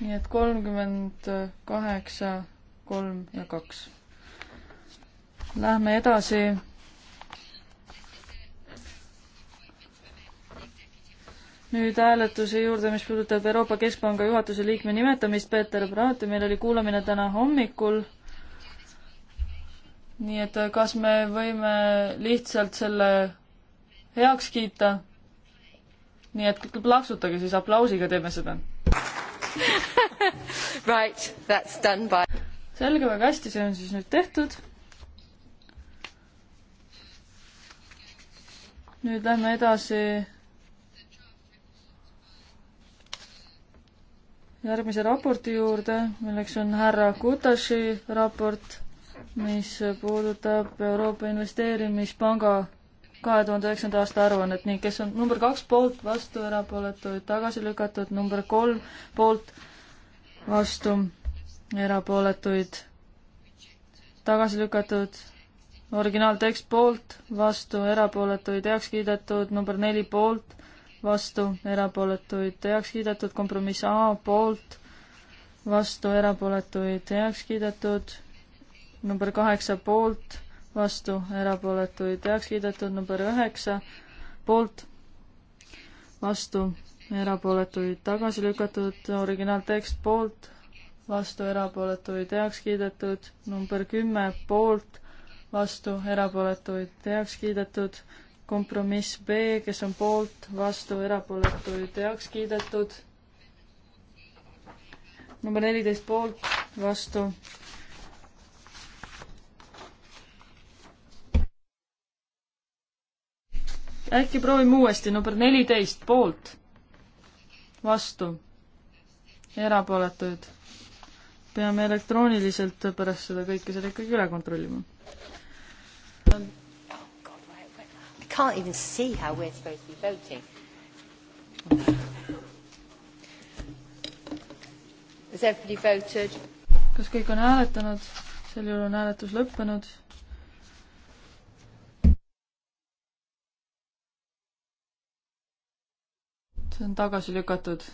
nii et kolmkümmend kaheksa, kolm ja kaks. Lähme edasi nüüd hääletuse juurde, mis puudutab Euroopa Keskpanga juhatuse liikme nimetamist, Peeter Praati, meil oli kuulamine täna hommikul. nii et kas me võime lihtsalt selle heaks kiita? nii et plaksutage siis aplausiga, teeme seda right, that's done by. selge, väga hästi, see on siis nüüd tehtud. nüüd lähme edasi järgmise raporti juurde, milleks on härra Kutaši raport, mis puudutab Euroopa Investeerimispanga kahe tuhande üheksanda aasta aruannet ning kes on number kaks poolt, vastu, erapooletuid tagasi lükatud, number kolm poolt, vastu, erapooletuid tagasi lükatud, originaaltekst poolt, vastu, erapooletuid heaks kiidetud, number neli poolt, vastu, erapooletuid heaks kiidetud, kompromiss A poolt, vastu, erapooletuid heaks kiidetud, number kaheksa poolt, vastu, erapooletuid heaks kiidetud, number üheksa poolt, vastu, erapooletuid tagasi lükatud, originaaltekst poolt, vastu, erapooletuid heaks kiidetud, number kümme poolt, vastu, erapooletuid heaks kiidetud, kompromiss B, kes on poolt, vastu, erapooletuid heaks kiidetud. number neliteist poolt, vastu. äkki proovime uuesti, number neliteist poolt, vastu, erapooletuid. peame elektrooniliselt pärast seda kõike selle ikkagi üle kontrollima can't even see how we're supposed to be voting. Has everybody voted? kas kõik on hääletanud? sel juhul on hääletus lõppenud. see on tagasi lükatud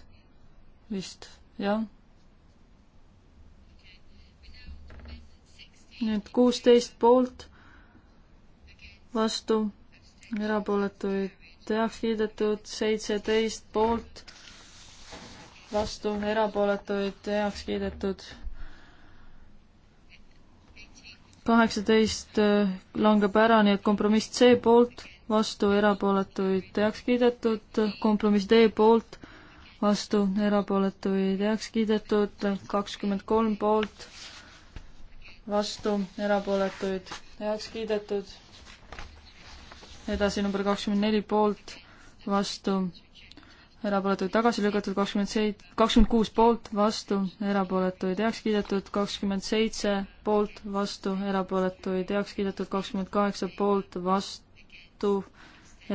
vist, jah. nüüd kuusteist poolt, vastu erapooletuid heaks kiidetud, seitseteist poolt, vastu, erapooletuid heaks kiidetud. kaheksateist äh, langeb ära, nii et kompromiss C poolt, vastu, erapooletuid heaks kiidetud, kompromiss D poolt, vastu, erapooletuid heaks kiidetud, kakskümmend kolm poolt, vastu, erapooletuid heaks kiidetud edasi number kakskümmend neli poolt, vastu, erapooletuid tagasi lükatud, kakskümmend seit-, kakskümmend kuus poolt, vastu, erapooletuid heaks kiidetud, kakskümmend seitse poolt, vastu, erapooletuid heaks kiidetud, kakskümmend kaheksa poolt, vastu,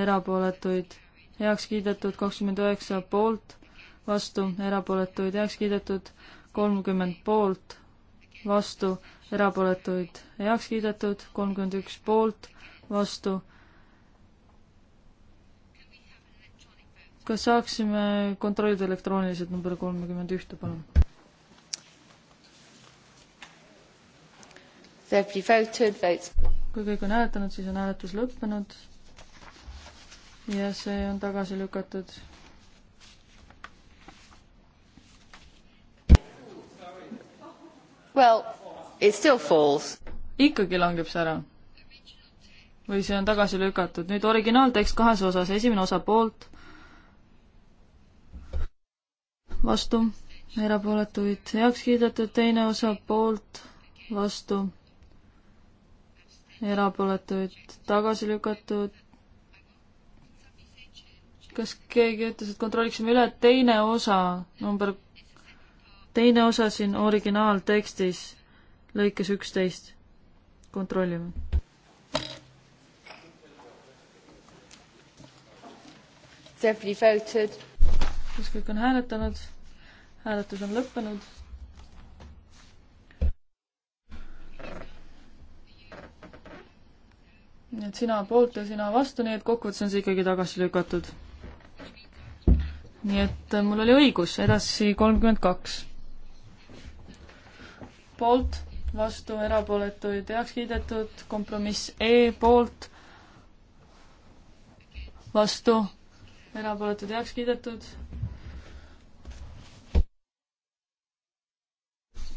erapooletuid heaks kiidetud, kakskümmend üheksa poolt, vastu, erapooletuid heaks kiidetud, kolmkümmend poolt, vastu, erapooletuid heaks kiidetud, kolmkümmend üks poolt, vastu, kas saaksime kontrollida elektrooniliselt number kolmekümmend ühte, palun? kui kõik on hääletanud, siis on hääletus lõppenud ja see on tagasi lükatud. Well, it still falls. ikkagi langeb see ära. või see on tagasi lükatud. nüüd originaaltekst kahes osas, esimene osa poolt vastu, erapooletuid heaks kiidetud, teine osa poolt, vastu, erapooletuid tagasi lükatud. kas keegi ütles, et kontrolliksime üle, teine osa number, teine osa siin originaaltekstis lõikes üksteist, kontrollime It's everybody voted kas kõik on hääletanud? hääletus on lõppenud. nii et sina poolt ja sina vastu, nii et kokkuvõttes on see ikkagi tagasi lükatud. nii et äh, mul oli õigus, edasi kolmkümmend kaks. poolt, vastu, erapooletuid heaks kiidetud, kompromiss E poolt, vastu, erapooletud heaks kiidetud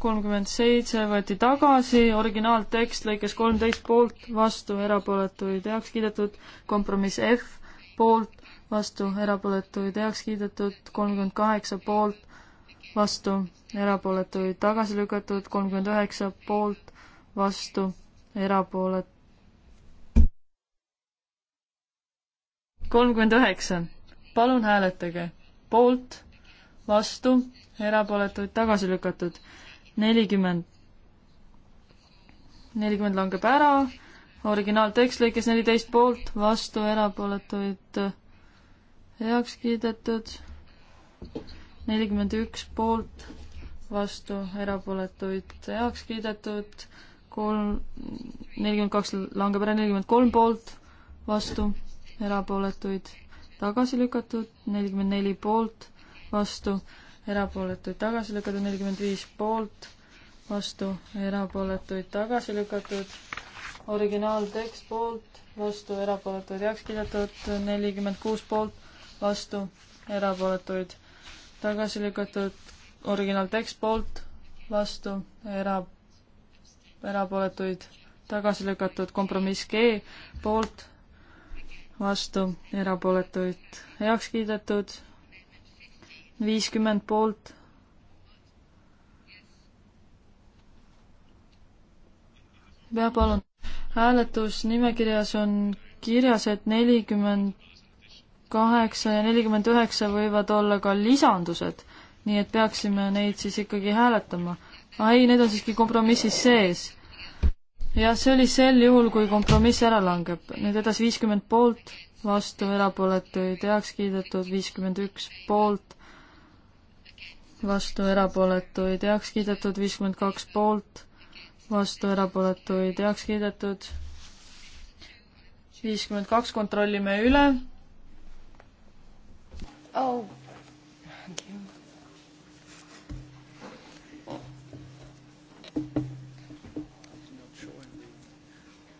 kolmkümmend seitse võeti tagasi, originaaltekst lõikes kolmteist poolt, vastu, erapooletuid heaks kiidetud, kompromiss F poolt, vastu, erapooletuid heaks kiidetud, kolmkümmend kaheksa poolt, vastu, erapooletuid tagasi lükatud, kolmkümmend üheksa poolt, vastu, erapoolet-. kolmkümmend üheksa, palun hääletage, poolt, vastu, erapooletuid tagasi lükatud nelikümmend, nelikümmend langeb ära, originaaltekst lõikes neliteist poolt, vastu erapooletuid heaks kiidetud, nelikümmend üks poolt, vastu erapooletuid heaks kiidetud, kolm, nelikümmend kaks langeb ära, nelikümmend kolm poolt, vastu erapooletuid tagasi lükatud, nelikümmend neli poolt, vastu erapooletuid tagasi lükatud, nelikümmend viis poolt, vastu, erapooletuid tagasi lükatud, originaaltekst poolt, vastu, erapooletuid heaks kiidetud, nelikümmend kuus poolt, vastu, erapooletuid tagasi lükatud, originaaltekst poolt, vastu, era, erapooletuid tagasi lükatud, kompromiss G poolt, vastu, erapooletuid heaks kiidetud viiskümmend poolt. ja palun, hääletusnimekirjas on kirjas, et nelikümmend kaheksa ja nelikümmend üheksa võivad olla ka lisandused, nii et peaksime neid siis ikkagi hääletama. ei, need on siiski kompromissis sees. jah, see oli sel juhul, kui kompromiss ära langeb. nüüd edasi viiskümmend poolt, vastu erapooletuid heaks kiidetud, viiskümmend üks poolt, vastu erapooletuid heaks kiidetud, viiskümmend kaks poolt, vastu erapooletuid heaks kiidetud. viiskümmend kaks kontrollime üle oh..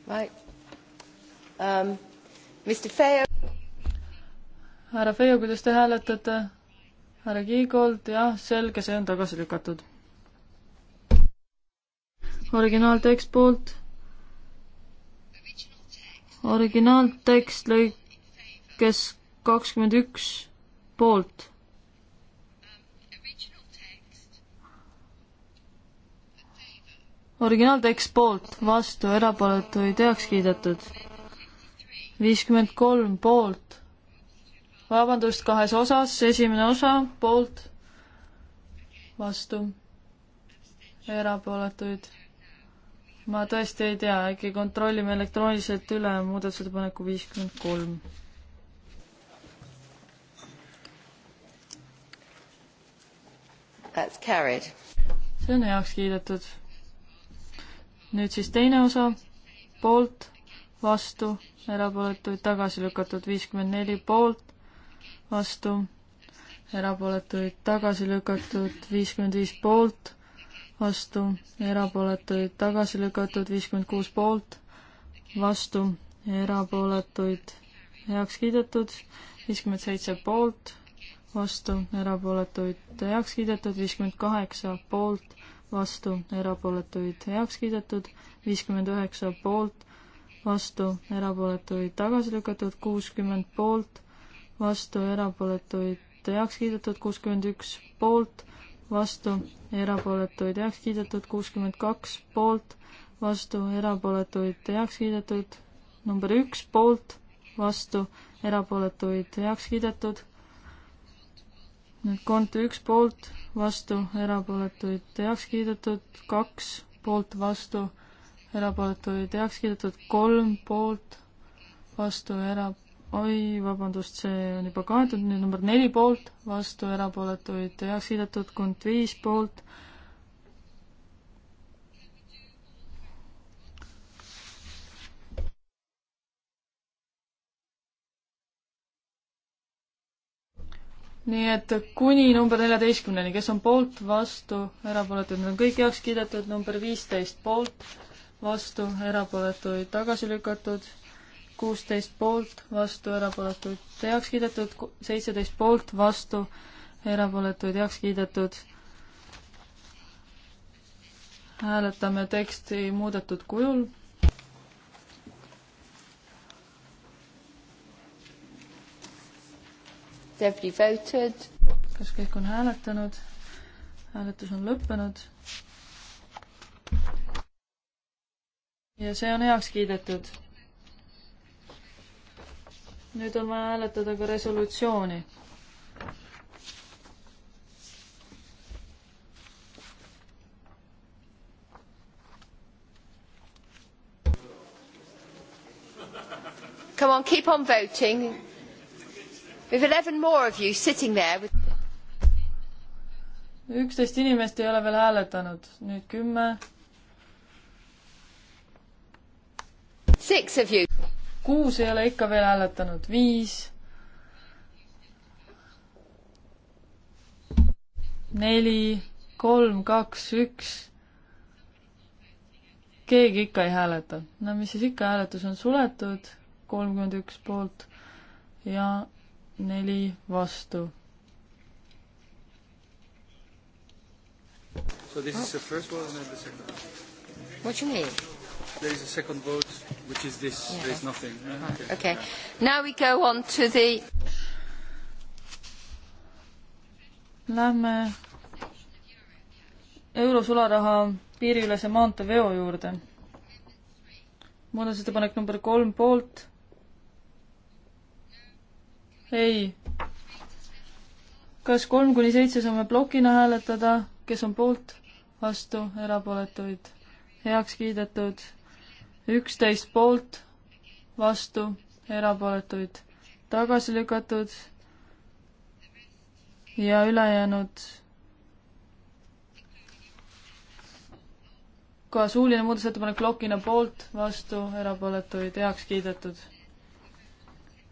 Right. Um, Mr. Feo. härra Feo, kuidas te hääletate? härra Kiigold, jah, selge, see on tagasi lükatud. originaaltekst poolt. originaaltekst lõikes kakskümmend üks poolt. originaaltekst poolt, vastu, erapooletuid heaks kiidetud. viiskümmend kolm poolt vabandust, kahes osas, esimene osa poolt, vastu, erapooletuid. ma tõesti ei tea, äkki kontrollime elektrooniliselt üle muudatusettepaneku viiskümmend kolm. That's carried. see on heaks kiidetud. nüüd siis teine osa, poolt, vastu, erapooletuid tagasi lükatud, viiskümmend neli poolt, vastu, erapooletuid tagasi lükatud viiskümmend viis poolt, vastu, erapooletuid tagasi lükatud viiskümmend kuus poolt, vastu, erapooletuid heaks kiidetud, viiskümmend seitse poolt, vastu, erapooletuid heaks kiidetud, viiskümmend kaheksa poolt, vastu, erapooletuid heaks kiidetud, viiskümmend üheksa poolt, vastu, erapooletuid tagasi lükatud, kuuskümmend poolt, vastu, erapooletuid heaks kiidetud, kuuskümmend üks poolt, vastu, erapooletuid heaks kiidetud, kuuskümmend kaks poolt, vastu, erapooletuid heaks kiidetud, number üks poolt, vastu, erapooletuid heaks kiidetud nüüd kont üks poolt, vastu, erapooletuid heaks kiidetud, kaks poolt, vastu, erapooletuid heaks kiidetud, kolm poolt, vastu, era-, oi, vabandust, see on juba kaetud, nüüd number neli poolt, vastu erapooletuid heaks kiidetud, kund viis poolt. nii et kuni number neljateistkümneni, kes on poolt, vastu, erapooletuid, need on kõik heaks kiidetud, number viisteist poolt, vastu, erapooletuid tagasi lükatud kuusteist poolt, vastu, erapooletuid heaks kiidetud, seitseteist poolt, vastu, erapooletuid heaks kiidetud. hääletame teksti muudetud kujul. kas kõik on hääletanud? hääletus on lõppenud. ja see on heaks kiidetud nüüd on vaja hääletada ka resolutsiooni. Come on, keep on voting. With eleven more of you sitting there with üksteist inimest ei ole veel hääletanud, nüüd kümme. Six of you kuus ei ole ikka veel hääletanud, viis, neli, kolm, kaks, üks. keegi ikka ei hääleta. no mis siis ikka, hääletus on suletud, kolmkümmend üks poolt ja neli vastu So this oh. is the first vote and then the second. What you mean? There is a second vote which is this. Yeah. There's nothing. No? Right. Okay. okay. Yeah. Now we go on to the. Lähme eurosularaha piiriülese maanteeveo juurde. muudatusettepanek number kolm poolt. ei. kas kolm kuni seitse saame plokina hääletada, kes on poolt, vastu, erapooletuid, heaks kiidetud üksteist poolt, vastu, erapooletuid tagasi lükatud ja ülejäänud ka suuline muudatusettepanek plokina poolt, vastu, erapooletuid heaks kiidetud.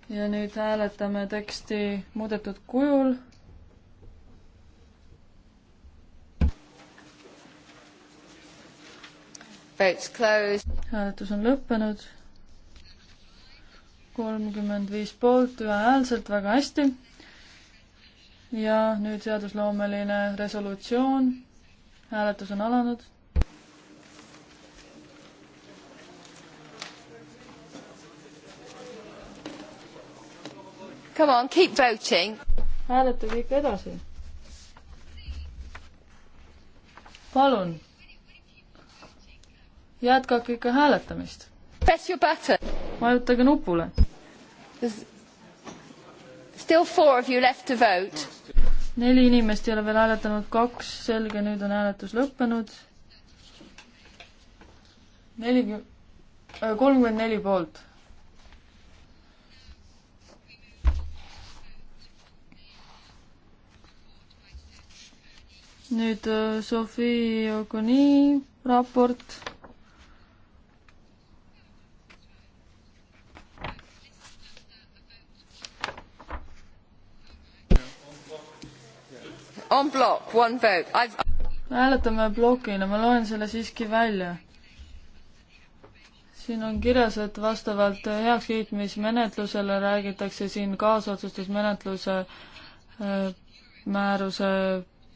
ja nüüd hääletame teksti muudetud kujul. Votes closed hääletus on lõppenud. kolmkümmend viis poolt ühehäälselt, väga hästi. ja nüüd seadusloomeline resolutsioon. hääletus on alanud Come on, keep voting. hääletage ikka edasi. palun, jätkake ikka hääletamist. vajutage nupule. neli inimest ei ole veel hääletanud, kaks, selge, nüüd on hääletus lõppenud. nelikümmend, äh, kolmkümmend neli poolt nüüd äh, Sophie Ogoni raport en bloc, one vote. hääletame plokina, ma loen selle siiski välja. siin on kirjas, et vastavalt heakskiitmismenetlusele räägitakse siin kaasotsustusmenetluse äh, määruse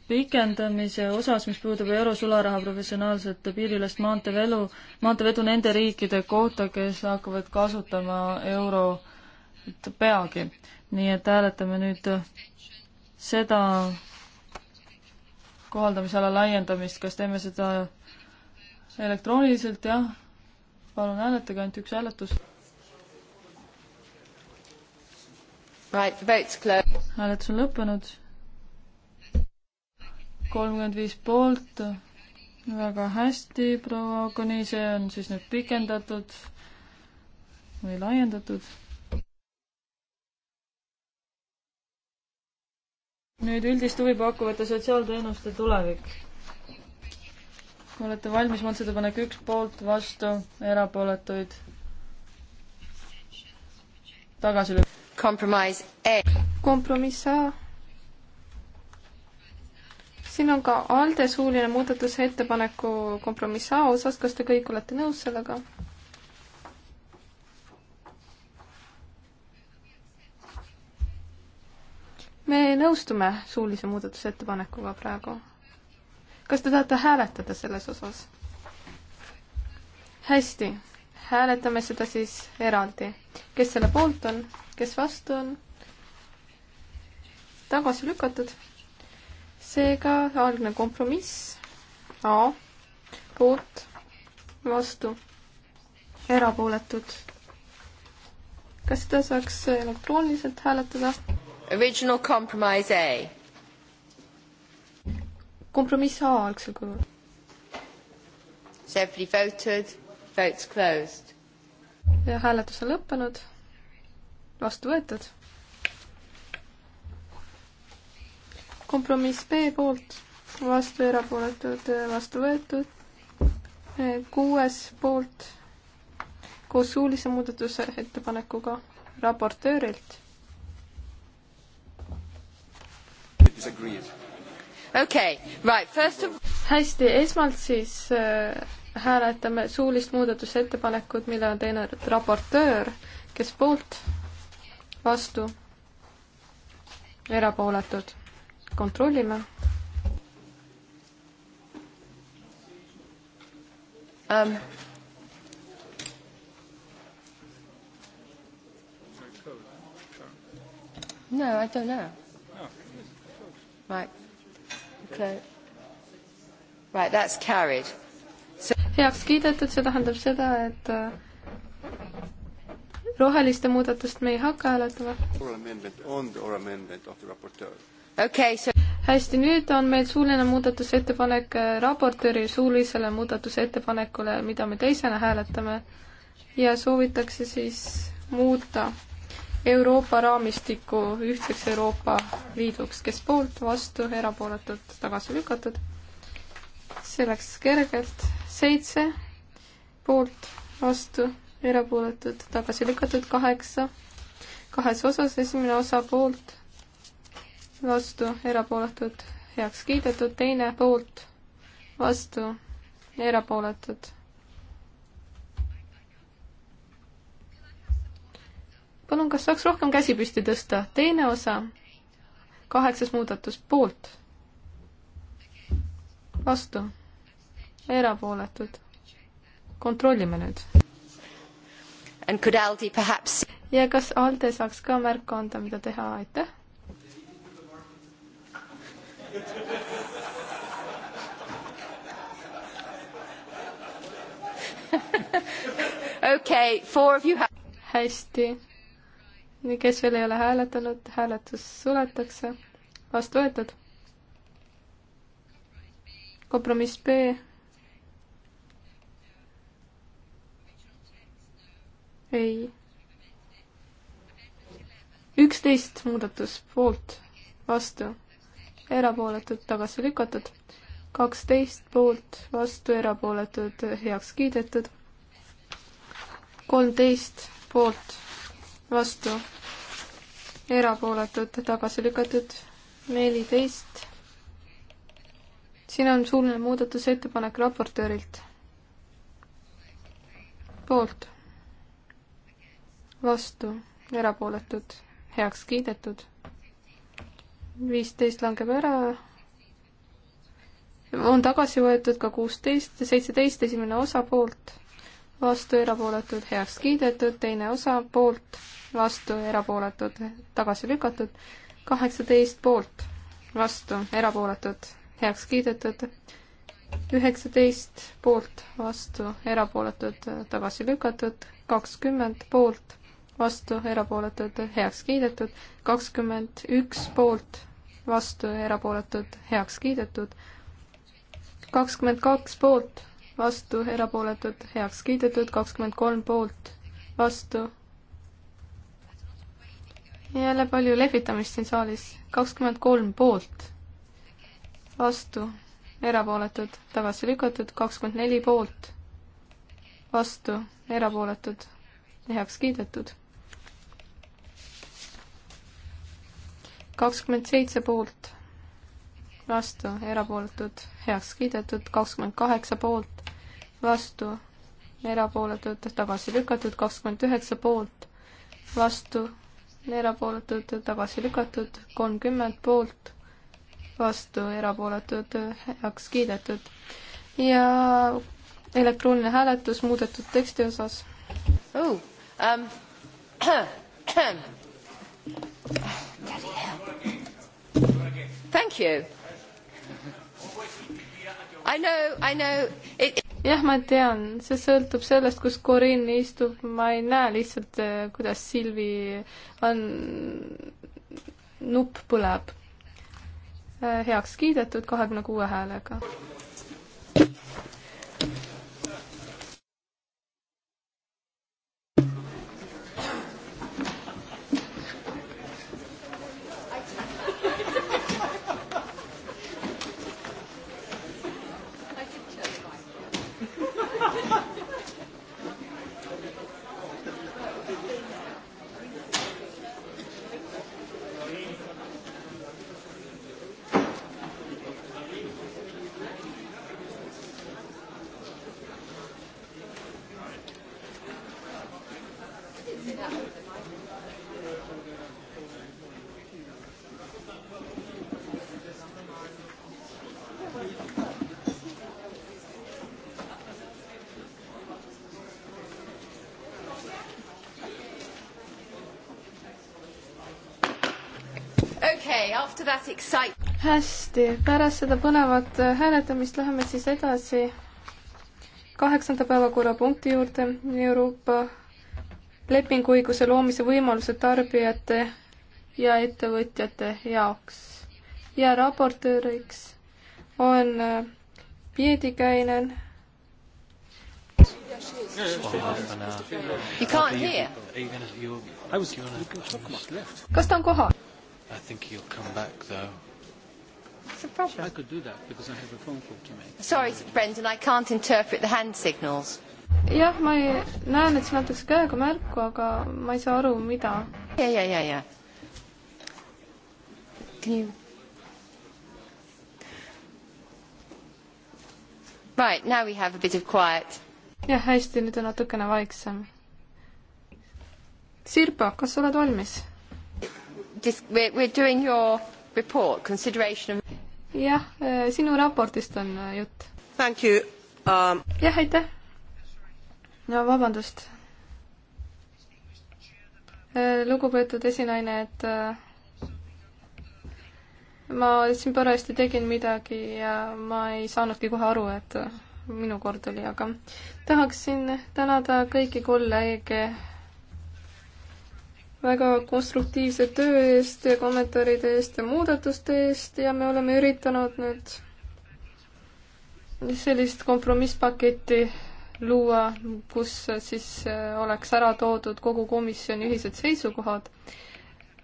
pikendamise osas, mis puudub eurosularaha professionaalset piiriülest maanteevelu, maanteevedu nende riikide kohta, kes hakkavad kasutama euro peagi. nii et hääletame nüüd seda kohaldamisala laiendamist, kas teeme seda elektrooniliselt, jah? palun hääletage, ainult üks hääletus. hääletus on lõppenud. kolmkümmend viis poolt, väga hästi, proua Okuni, see on siis nüüd pikendatud või laiendatud nüüd üldist huvi pakkuvate sotsiaalteenuste tulevik. olete valmis, muudatusettepanek üks poolt, vastu, erapooletuid? tagasi lükk-. kompromiss A. kompromiss A. siin on ka ALDE suuline muudatusettepaneku kompromiss A osas, kas te kõik olete nõus sellega? me nõustume suulise muudatusettepanekuga praegu. kas te tahate hääletada selles osas? hästi, hääletame seda siis eraldi. kes selle poolt on, kes vastu on? tagasi lükatud. seega algne kompromiss A poolt, vastu, erapooletud. kas seda saaks elektrooniliselt hääletada? Original compromise A. kompromiss A algsel kujul. Has everybody voted? Votes closed. ja hääletus on lõppenud. vastu võetud. kompromiss B poolt, vastu erapooletud, vastu võetud. kuues poolt koos suulise muudatusettepanekuga raportöörilt it is agreed. Okay, right, first of... hästi, esmalt siis äh, hääletame suulist muudatusettepanekut, mille on teinud raportöör, kes poolt, vastu, erapooletud. kontrollime um,. No, I don't know. Right. Okay. Right, that's carried. So... heaks kiidetud, see tähendab seda, et äh, roheliste muudatust me ei hakka hääletama. Okay, so... hästi, nüüd on meil suuline muudatusettepanek äh, raportööri suulisele muudatusettepanekule, mida me teisena hääletame ja soovitakse siis muuta Euroopa raamistikku ühtseks Euroopa Liiduks, kes poolt, vastu, erapooletult, tagasi lükatud. see läks kergelt, seitse poolt, vastu, erapooletud, tagasi lükatud, kaheksa, kahes osas, esimene osa poolt, vastu, erapooletud, heaks kiidetud, teine poolt, vastu, erapooletud palun, kas saaks rohkem käsi püsti tõsta? teine osa, kaheksas muudatus, poolt, vastu, erapooletud. kontrollime nüüd. Perhaps... ja kas Alde saaks ka märku anda, mida teha, aitäh. okei okay,, four of you have hästi kes veel ei ole hääletanud, hääletus suletakse. vastu võetud. kompromiss B. ei. üksteist muudatus poolt, vastu, erapooletud, tagasi lükatud. kaksteist poolt, vastu, erapooletud, heaks kiidetud. kolmteist poolt vastu, erapooletud, tagasi lükatud, neliteist. siin on suuline muudatusettepanek raportöörilt. poolt, vastu, erapooletud, heaks kiidetud. viisteist langeb ära on tagasi võetud ka kuusteist ja seitseteist esimene osa poolt, vastu, erapooletud, heaks kiidetud, teine osa poolt, vastu, erapooletud, tagasi lükatud, kaheksateist poolt, vastu, erapooletud, heaks kiidetud, üheksateist poolt, vastu, erapooletud, tagasi lükatud, kakskümmend poolt, vastu, erapooletud, heaks kiidetud, kakskümmend üks poolt, vastu, erapooletud, heaks kiidetud, kakskümmend kaks poolt, vastu, erapooletud, heaks kiidetud, kakskümmend kolm poolt, vastu. jälle palju lehvitamist siin saalis, kakskümmend kolm poolt, vastu, erapooletud, tagasi lükatud, kakskümmend neli poolt, vastu, erapooletud, heaks kiidetud. kakskümmend seitse poolt, vastu, erapooletud, heaks kiidetud, kakskümmend kaheksa poolt, vastu, erapooletud, tagasi lükatud, kakskümmend üheksa poolt, vastu, erapooletud, tagasi lükatud, kolmkümmend poolt, vastu, erapooletud, heaks kiidetud. ja elektrooniline hääletus muudetud teksti osas oh,. Um, Thank you. I know, I know it jah, ma tean, see sõltub sellest, kus Corin istub, ma ei näe lihtsalt, eh, kuidas Silvi on, nupp põleb. Eh, heaks kiidetud kahekümne kuue häälega. hästi, pärast seda põnevat äh, hääletamist läheme siis edasi kaheksanda päevakorrapunkti juurde Euroopa lepinguõiguse loomise võimalused tarbijate ja ettevõtjate jaoks. ja raportööriks on äh, Piedikäinen. kas ta on kohal? I think he'll come back, though. What's the problem? I could do that because I have a phone call to make. Sorry, Brendan, I can't interpret the hand signals. jah, ma ei, näen, et siin antakse käega märku, aga ma ei saa aru, mida. ja, ja, ja, ja. Can you? Right, now we have a bit of quiet. jah, hästi, nüüd on natukene vaiksem. Sirpa, kas sa oled valmis? jah, eh, sinu raportist on eh, jutt. Um... jah, aitäh. no vabandust. Eh, lugupeetud esinaine, et ma siin parajasti tegin midagi ja ma ei saanudki kohe aru, et minu kord oli, aga tahaksin tänada kõiki kolleege väga konstruktiivse töö eest ja kommentaaride eest ja muudatuste eest ja me oleme üritanud nüüd sellist kompromisspaketti luua, kus siis äh, oleks ära toodud kogu komisjoni ühised seisukohad.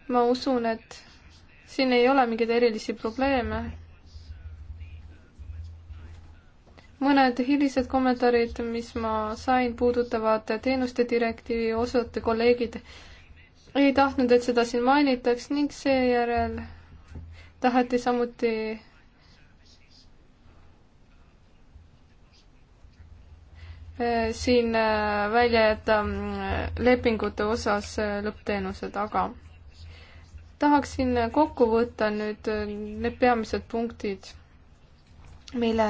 ma usun, et siin ei ole mingeid erilisi probleeme. mõned hilised kommentaarid, mis ma sain, puudutavad teenuste direktiivi, osad kolleegid ei tahtnud, et seda siin mainitaks ning seejärel taheti samuti eh, siin eh, välja jätta mm, lepingute osas eh, lõppteenused, aga tahaksin kokku võtta nüüd need peamised punktid, mille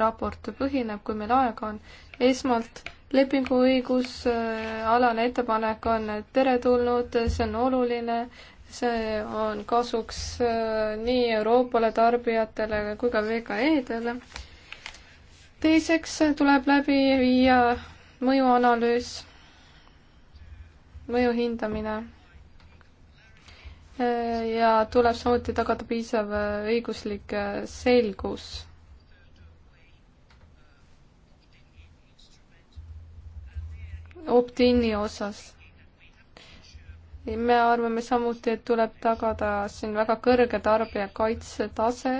raport põhineb, kui meil aega on. esmalt lepinguõigusalane äh, ettepanek on teretulnud, see on oluline, see on kasuks äh, nii Euroopale tarbijatele kui ka VKE-dele. teiseks tuleb läbi viia mõjuanalüüs, mõju hindamine äh, ja tuleb samuti tagada piisav õiguslik selgus opt-in'i osas. me arvame samuti, et tuleb tagada siin väga kõrge tarbijakaitse tase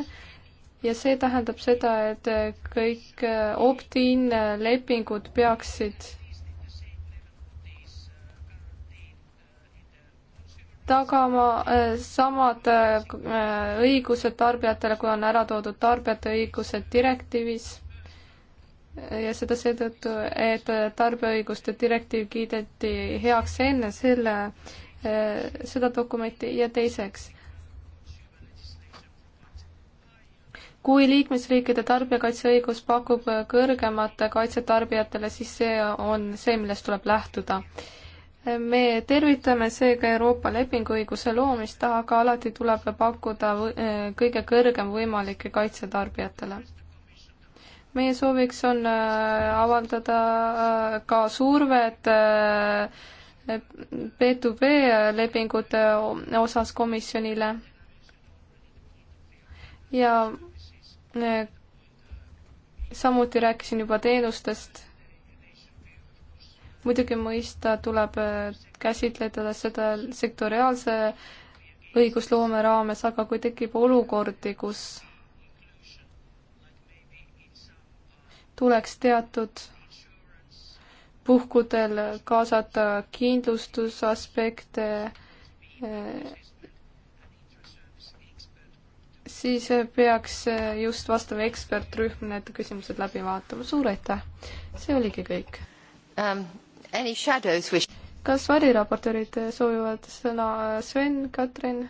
ja see tähendab seda, et kõik opt-in lepingud peaksid tagama äh, samad äh, õigused tarbijatele, kui on ära toodud tarbijate õigused direktiivis ja seda seetõttu, et tarbijaõiguste direktiiv kiideti heaks enne selle, eh, seda dokumenti ja teiseks, kui liikmesriikide tarbijakaitseõigus pakub kõrgemat kaitset tarbijatele, siis see on see, millest tuleb lähtuda. me tervitame seega Euroopa lepinguõiguse loomist, aga alati tuleb pakkuda kõige kõrgem võimalik kaitse tarbijatele meie sooviks on äh, avaldada äh, ka survet B2B äh, lepingute osas komisjonile ja samuti rääkisin juba teenustest. muidugi mõista tuleb käsitleda seda sektoriaalse õigusloome raames, aga kui tekib olukordi, kus tuleks teatud puhkudel kaasata kindlustusaspekte, eh, siis peaks just vastav ekspertrühm need küsimused läbi vaatama. suur aitäh! see oligi kõik um,. kas variraportöörid soovivad sõna? Sven, Katrin?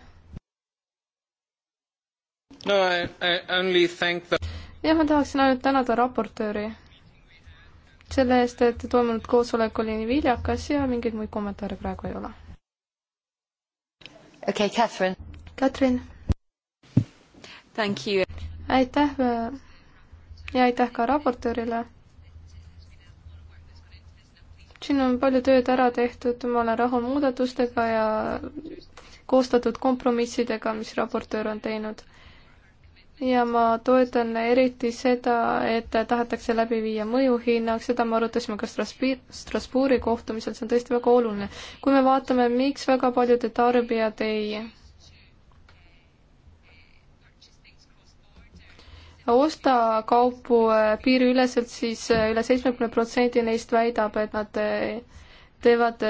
no I, I only thank the jah, ma tahaksin ainult tänada raportööri selle eest, et toimunud koosolek oli nii viljakas ja mingeid muid kommentaare praegu ei ole. okei okay,, Catherine. Catherine. aitäh äh, ja aitäh ka raportöörile. siin on palju tööd ära tehtud, ma olen rahul muudatustega ja koostatud kompromissidega, mis raportöör on teinud ja ma toetan eriti seda, et tahetakse läbi viia mõjuhinnang, seda me arutasime ka Strasbourgi kohtumisel, see on tõesti väga oluline. kui me vaatame, miks väga paljude tarbijad ei osta kaupu eh, piiriüleselt, siis eh, üle seitsmekümne protsendi neist väidab, et nad eh, teevad,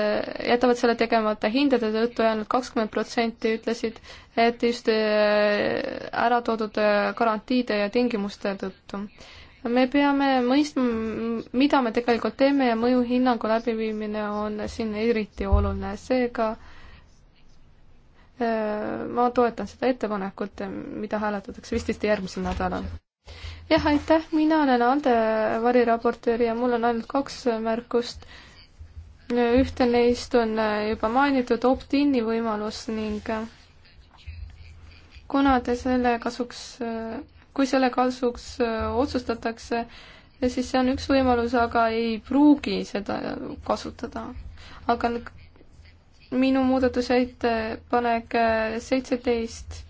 jätavad selle tegemata hindade tõttu ja ainult kakskümmend protsenti ütlesid, et just äh, ära toodud äh, garantiide ja tingimuste tõttu. me peame mõistma, mida me tegelikult teeme ja mõjuhinnangu läbiviimine on siin eriti oluline, seega äh, ma toetan seda ettepanekut, mida hääletatakse vist vist järgmisel nädalal jah, aitäh, mina olen Ande variraportöör ja mul on ainult kaks märkust ühte neist on äh, juba mainitud, opt-in'i võimalus ning äh, kuna te selle kasuks, äh, kui selle kasuks otsustatakse, siis see on üks võimalus, aga ei pruugi seda kasutada. aga minu muudatusettepanek seitseteist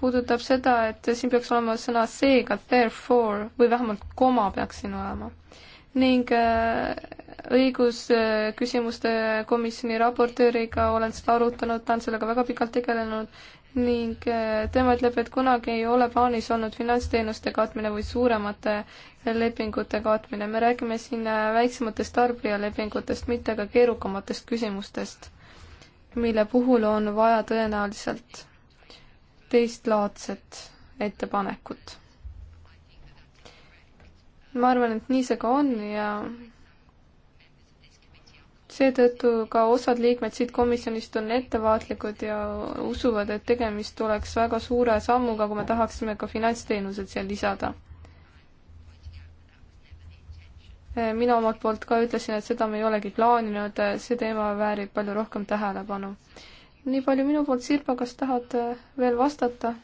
puudutab seda, et siin peaks olema sõna seega, therefore või vähemalt koma peaks siin olema ning äh, õigusküsimuste komisjoni raportööriga olen seda arutanud, ta on sellega väga pikalt tegelenud ning äh, tema ütleb, et kunagi ei ole plaanis olnud finantsteenuste katmine või suuremate lepingute katmine, me räägime siin äh, väiksematest tarbijalepingutest, mitte ka keerukamatest küsimustest, mille puhul on vaja tõenäoliselt teistlaadset ettepanekut ma arvan, et nii see ka on ja seetõttu ka osad liikmed siit komisjonist on ettevaatlikud ja usuvad, et tegemist oleks väga suure sammuga, kui me tahaksime ka finantsteenused siia lisada. mina omalt poolt ka ütlesin, et seda me ei olegi plaaninud, see teema väärib palju rohkem tähelepanu. nii palju minu poolt, Sirpa, kas tahad veel vastata?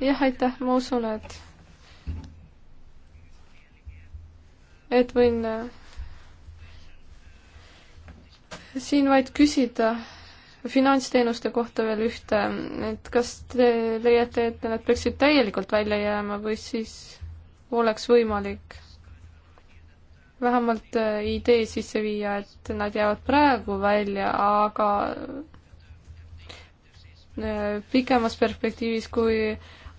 jah, aitäh, ma usun, et et võin äh, siin vaid küsida finantsteenuste kohta veel ühte, et kas te leiate, et nad peaksid täielikult välja jääma või siis oleks võimalik vähemalt äh, idee sisse viia, et nad jäävad praegu välja, aga äh, pikemas perspektiivis, kui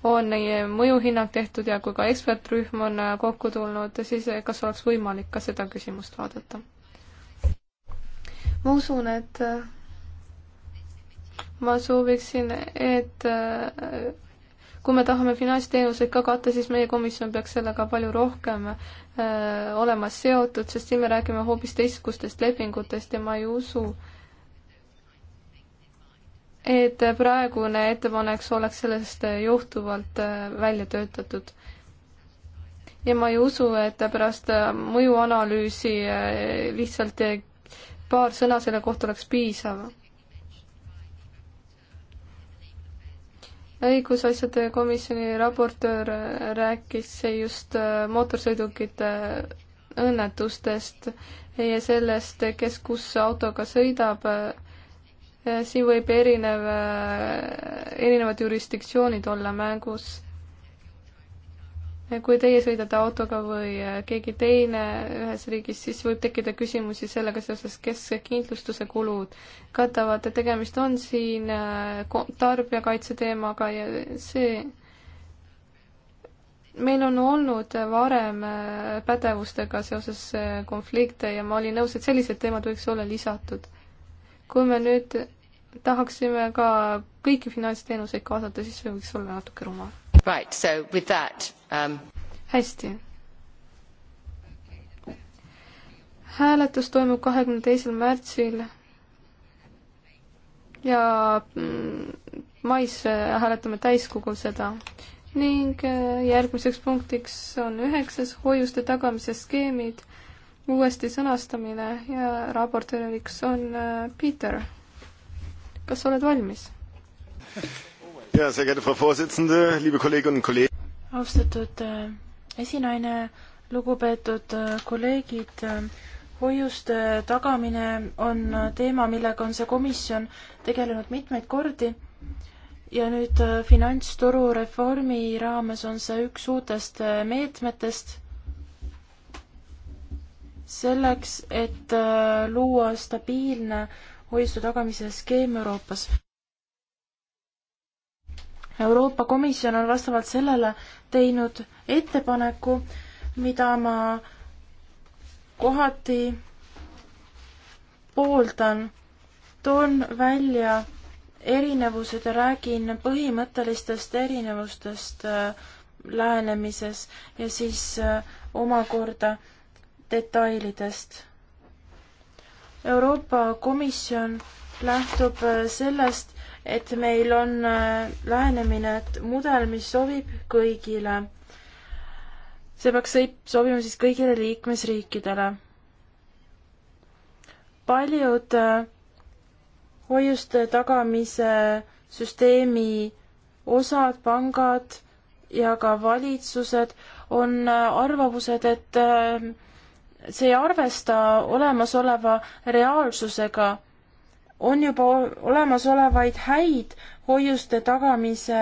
on mõjuhinnang tehtud ja kui ka ekspertrühm on äh, kokku tulnud, siis äh, kas oleks võimalik ka seda küsimust vaadata? ma usun, et äh, ma sooviksin, et kui me tahame finantsteenuseid ka katta, siis meie komisjon peaks sellega palju rohkem öö, olema seotud, sest siin me räägime hoopis teistsugustest lepingutest ja ma ei usu, et praegune ettepanek oleks sellest johtuvalt äh, välja töötatud. ja ma ei usu, et pärast äh, mõjuanalüüsi äh, lihtsalt paar sõna selle kohta oleks piisav õigusasjade komisjoni raportöör rääkis just mootorsõidukite õnnetustest ja sellest, kes kus autoga sõidab Äh, siin võib erinev, äh, erinevad jurisdiktsioonid olla mängus. Äh, kui teie sõidate autoga või keegi teine ühes riigis, siis võib tekkida küsimusi sellega seoses, kes kindlustuse kulud katavad, et tegemist on siin tarbijakaitse teemaga ja see meil on olnud varem pädevustega seoses konflikte ja ma olin nõus, et sellised teemad võiks olla lisatud kui me nüüd tahaksime ka kõiki finantsteenuseid kaasata, siis see võiks olla natuke rumal. Right, so with that um.... hästi. hääletus toimub kahekümne teisel märtsil ja mm, mais hääletame täiskogul seda ning äh, järgmiseks punktiks on üheksas hoiuste tagamise skeemid uuesti sõnastamine ja raportööriks on äh, Peeter. kas oled valmis? austatud äh, esinaine, lugupeetud äh, kolleegid, hoiuste tagamine on teema, millega on see komisjon tegelenud mitmeid kordi ja nüüd finantsturu reformi raames on see üks uutest meetmetest selleks, et äh, luua stabiilne hoiuste tagamise skeem Euroopas. Euroopa Komisjon on vastavalt sellele teinud ettepaneku, mida ma kohati pooldan, toon välja erinevused ja räägin põhimõttelistest erinevustest äh, lähenemises ja siis äh, omakorda äh, detailidest. Euroopa Komisjon lähtub äh, sellest, et meil on äh, lähenemine, et mudel, mis sobib kõigile. see peaks sobima siis kõigile liikmesriikidele. paljud äh, hoiuste tagamise süsteemi osad, pangad ja ka valitsused on arvamused, et see ei arvesta olemasoleva reaalsusega. on juba olemasolevaid häid hoiuste tagamise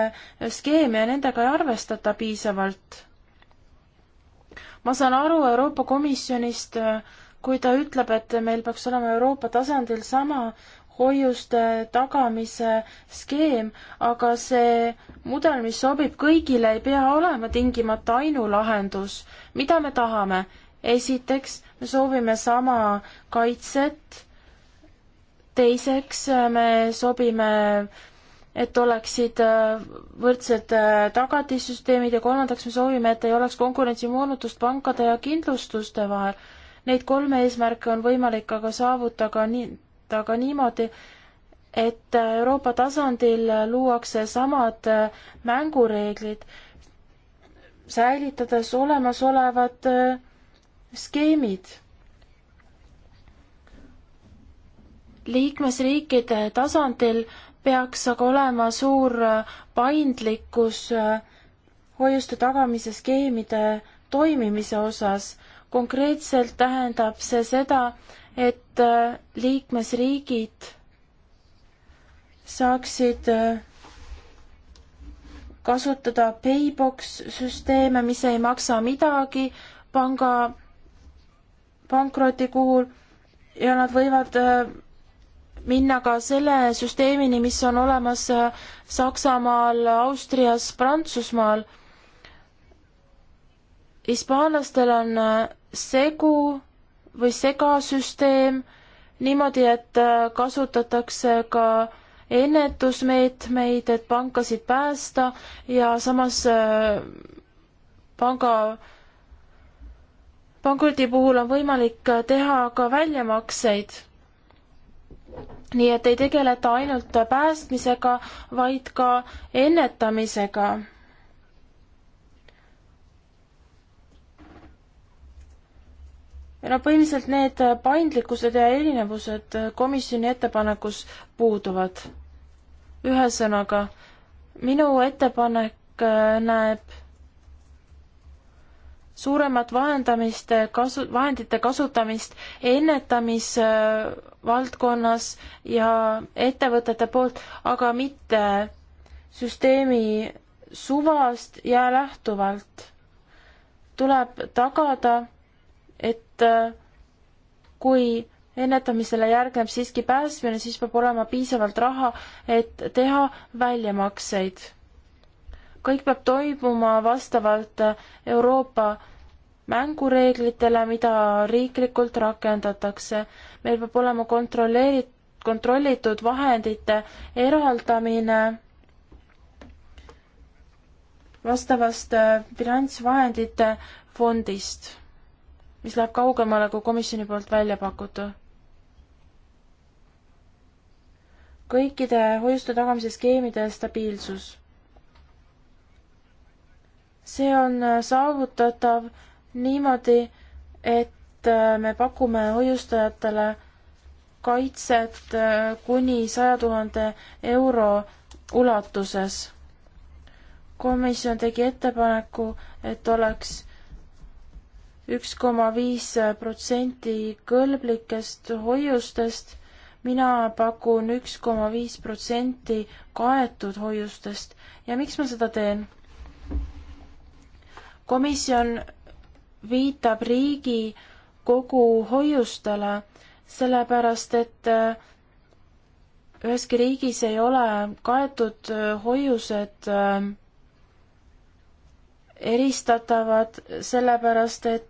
skeeme ja nendega ei arvestata piisavalt. ma saan aru Euroopa Komisjonist, kui ta ütleb, et meil peaks olema Euroopa tasandil sama hoiuste tagamise skeem, aga see mudel, mis sobib kõigile, ei pea olema tingimata ainulahendus. mida me tahame? esiteks, me soovime sama kaitset, teiseks me sobime, et oleksid äh, võrdsed äh, tagatissüsteemid ja kolmandaks me soovime, et ei oleks konkurentsimoonutust pankade ja kindlustuste vahel. Neid kolme eesmärke on võimalik aga saavutada nii, aga niimoodi, et äh, Euroopa tasandil luuakse samad mängureeglid, säilitades olemasolevad äh, skeemid liikmesriikide tasandil peaks aga olema suur paindlikkus äh, hoiuste tagamise skeemide toimimise osas. konkreetselt tähendab see seda, et äh, liikmesriigid saaksid äh, kasutada paybox süsteeme, mis ei maksa midagi panga pankroti puhul ja nad võivad äh, minna ka selle süsteemini, mis on olemas äh, Saksamaal, Austrias, Prantsusmaal. hispaanlastel on äh, segu või segasüsteem niimoodi, et kasutatakse ka ennetusmeetmeid, et pankasid päästa ja samas panga äh, pankroti puhul on võimalik teha ka väljamakseid. nii et ei tegeleta ainult päästmisega, vaid ka ennetamisega. ja no põhimõtteliselt need paindlikkused ja erinevused komisjoni ettepanekus puuduvad. ühesõnaga, minu ettepanek äh, näeb suuremat vahendamist, kasu, vahendite kasutamist ennetamisvaldkonnas ja ettevõtete poolt, aga mitte süsteemi suvast ja lähtuvalt. tuleb tagada, et äh, kui ennetamisele järgneb siiski päästmine, siis peab olema piisavalt raha, et teha väljamakseid. kõik peab toimuma vastavalt Euroopa mängureeglitele, mida riiklikult rakendatakse. meil peab olema kontrolleerit-, kontrollitud vahendite eraldamine vastavast äh, finantsvahendite fondist, mis läheb kaugemale kui komisjoni poolt välja pakutu. kõikide hoiuste tagamise skeemide stabiilsus. see on äh, saavutatav niimoodi, et äh, me pakume hoiustajatele kaitset äh, kuni saja tuhande euro ulatuses. komisjon tegi ettepaneku, et oleks üks koma viis protsenti kõlblikest hoiustest, mina pakun üks koma viis protsenti kaetud hoiustest ja miks ma seda teen? komisjon viitab riigi kogu hoiustele, sellepärast et äh, üheski riigis ei ole kaetud äh, hoiused äh, eristatavad, sellepärast et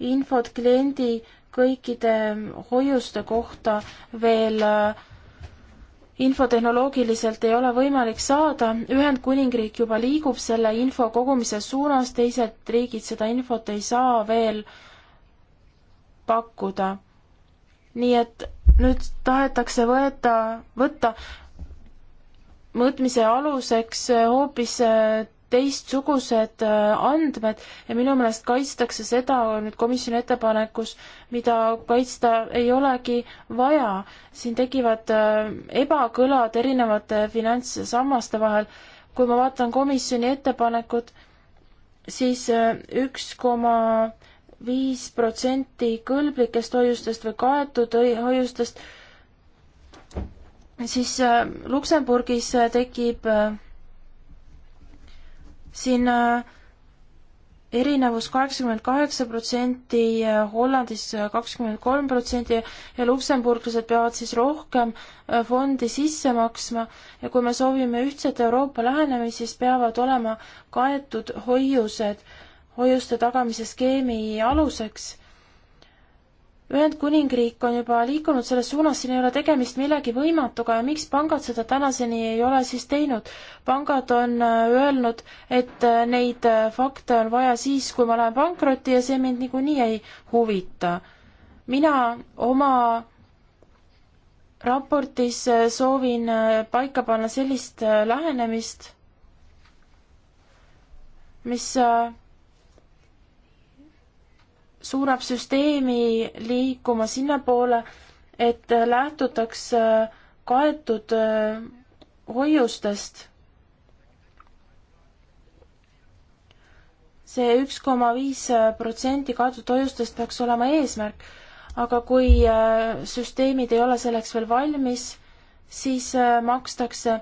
infot kliendi kõikide hoiuste kohta veel äh, infotehnoloogiliselt ei ole võimalik saada, Ühendkuningriik juba liigub selle info kogumise suunas, teised riigid seda infot ei saa veel pakkuda. nii et nüüd tahetakse võeta, võtta mõõtmise aluseks hoopis äh, teistsugused äh, andmed ja minu meelest kaitstakse seda nüüd komisjoni ettepanekus, mida kaitsta ei olegi vaja. siin tekivad äh, ebakõlad erinevate finantssammaste vahel. kui ma vaatan komisjoni ettepanekut, siis äh, üks koma viis protsenti kõlblikest hoiustest või kaetud hoiustest, siis Luksemburgis tekib äh, siin äh, erinevus kaheksakümmend kaheksa protsenti, Hollandis äh, kakskümmend kolm protsenti ja luksemburglased peavad siis rohkem äh, fondi sisse maksma ja kui me soovime ühtset Euroopa lähenemist, siis peavad olema kaetud hoiused hoiuste tagamise skeemi aluseks. Ühendkuningriik on juba liikunud selles suunas, siin ei ole tegemist millegi võimatuga ja miks pangad seda tänaseni ei ole siis teinud? pangad on äh, öelnud, et äh, neid äh, fakte on vaja siis, kui ma lähen pankrotti ja see mind niikuinii ei huvita. mina oma raportis soovin paika panna sellist lähenemist, mis suunab süsteemi liikuma sinnapoole, et lähtutaks äh, kaetud äh, hoiustest. see üks koma viis äh, protsenti kaetud hoiustest peaks olema eesmärk, aga kui süsteemid ei ole selleks veel valmis, siis makstakse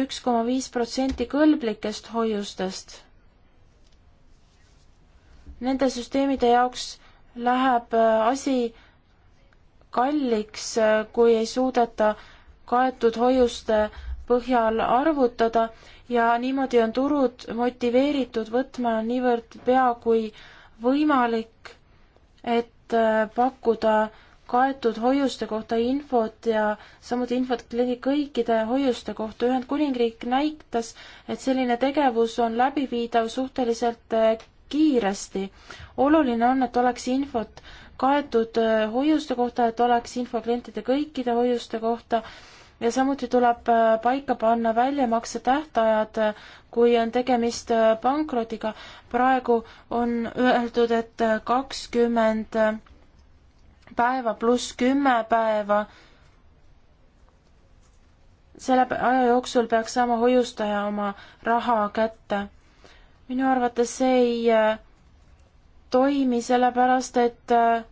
üks koma viis protsenti kõlblikest hoiustest. Nende süsteemide jaoks läheb äh, asi kalliks, äh, kui ei suudeta kaetud hoiuste põhjal arvutada ja niimoodi on turud motiveeritud võtma niivõrd pea kui võimalik, et äh, pakkuda kaetud hoiuste kohta infot ja samuti infot kõikide hoiuste kohta. Ühendkuningriik näitas, et selline tegevus on läbiviidav suhteliselt kiiresti. oluline on, et oleks infot kaetud äh, hoiuste kohta, et oleks info klientide kõikide hoiuste kohta ja samuti tuleb äh, paika panna väljamakse tähtajad, äh, kui on tegemist pankrotiga. praegu on öeldud, et kakskümmend päeva pluss kümme päeva. selle aja jooksul peaks saama hoiustaja oma raha kätte minu arvates see ei äh, toimi, sellepärast et äh,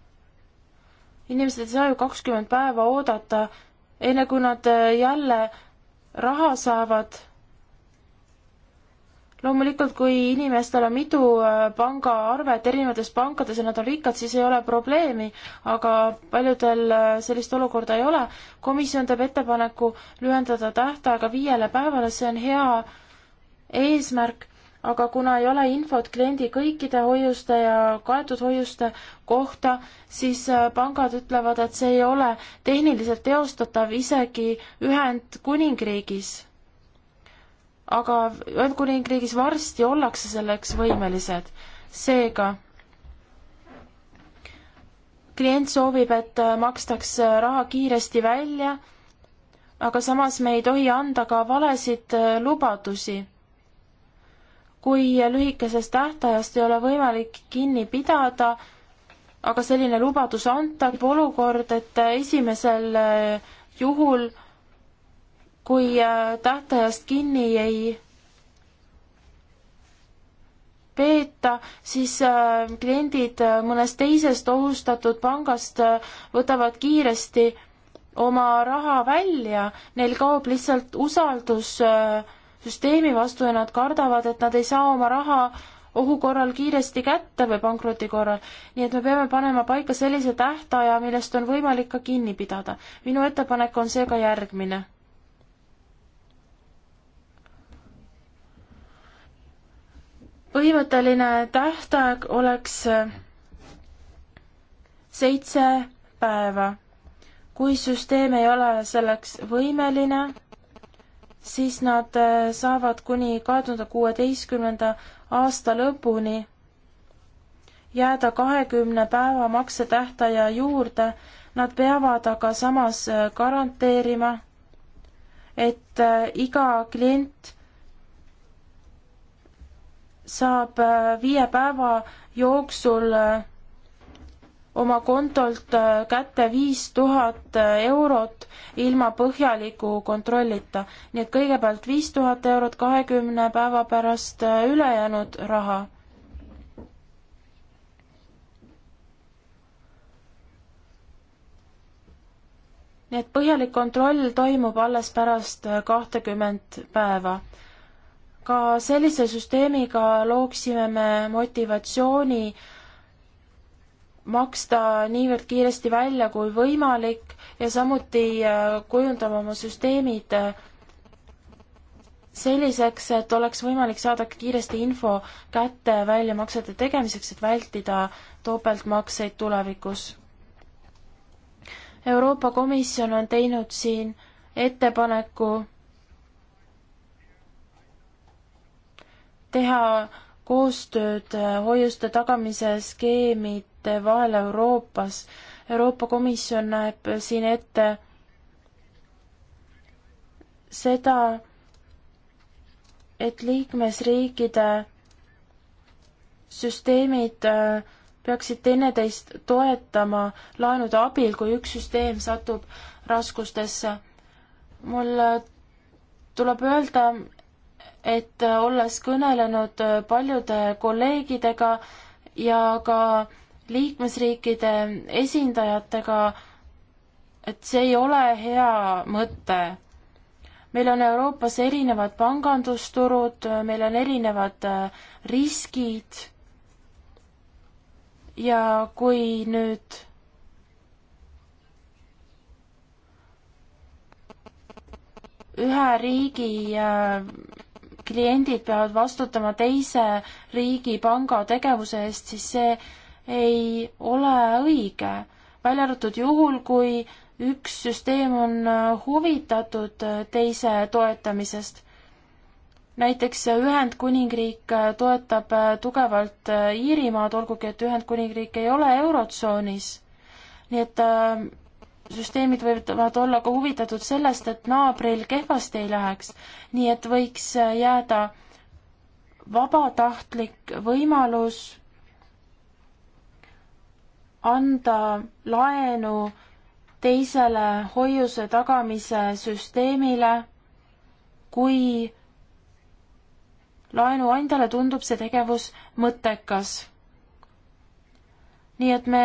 inimesed ei saa ju kakskümmend päeva oodata, enne kui nad äh, jälle raha saavad. loomulikult, kui inimestel on mitu pangaarvet erinevates pankades ja nad on rikkad, siis ei ole probleemi, aga paljudel sellist olukorda ei ole. komisjon teeb ettepaneku lühendada tähtaega viiele päevale, see on hea eesmärk aga kuna ei ole infot kliendi kõikide hoiuste ja kaetud hoiuste kohta, siis äh, pangad ütlevad, et see ei ole tehniliselt teostatav isegi Ühendkuningriigis. aga Ühendkuningriigis varsti ollakse selleks võimelised, seega klient soovib, et äh, makstaks äh, raha kiiresti välja, aga samas me ei tohi anda ka valesid lubadusi kui lühikesest tähtajast ei ole võimalik kinni pidada, aga selline lubadus antab, olukord, et esimesel eh, juhul, kui eh, tähtajast kinni ei peeta, siis eh, kliendid mõnest teisest ohustatud pangast võtavad kiiresti oma raha välja, neil kaob lihtsalt usaldus äh, süsteemi vastu ja nad kardavad, et nad ei saa oma raha ohu korral kiiresti kätte või pankroti korral. nii et me peame panema paika sellise tähtaja, millest on võimalik ka kinni pidada. minu ettepanek on seega järgmine. põhimõtteline tähtaeg oleks seitse päeva. kui süsteem ei ole selleks võimeline, siis nad äh, saavad kuni kahe tuhande kuueteistkümnenda aasta lõpuni jääda kahekümne päeva maksetähtaja juurde, nad peavad aga samas äh, garanteerima, et äh, iga klient saab viie päeva jooksul oma kontolt äh, kätte viis tuhat äh, eurot ilma põhjaliku kontrollita. nii et kõigepealt viis tuhat eurot kahekümne päeva pärast äh, ülejäänud raha. nii et põhjalik kontroll toimub alles pärast kahtekümmet päeva. ka sellise süsteemiga looksime me motivatsiooni äh, maksta niivõrd kiiresti välja kui võimalik ja samuti äh, kujundama oma süsteemid äh, selliseks, et oleks võimalik saada kiiresti info kätte väljamaksete tegemiseks, et vältida topeltmakseid tulevikus. Euroopa Komisjon on teinud siin ettepaneku teha koostööd äh, hoiuste tagamise skeemid ettevõtete vahel Euroopas. Euroopa Komisjon näeb siin ette seda, et liikmesriikide süsteemid äh, peaksid teineteist toetama laenude abil, kui üks süsteem satub raskustesse. mul äh, tuleb öelda, et äh, olles kõnelenud paljude kolleegidega ja ka äh, liikmesriikide esindajatega, et see ei ole hea mõte. meil on Euroopas erinevad pangandusturud, meil on erinevad äh, riskid ja kui nüüd ühe riigi äh, kliendid peavad vastutama teise riigi panga tegevuse eest, siis see ei ole õige, välja arvatud juhul, kui üks süsteem on äh, huvitatud äh, teise toetamisest. näiteks äh, Ühendkuningriik toetab tugevalt Iirimaad, olgugi et Ühendkuningriik ei ole Eurotsoonis. nii et süsteemid võivad olla ka huvitatud sellest, et naabril kehvasti ei läheks, nii et võiks jääda vabatahtlik võimalus anda laenu teisele hoiuse tagamise süsteemile, kui laenuandjale tundub see tegevus mõttekas. nii et me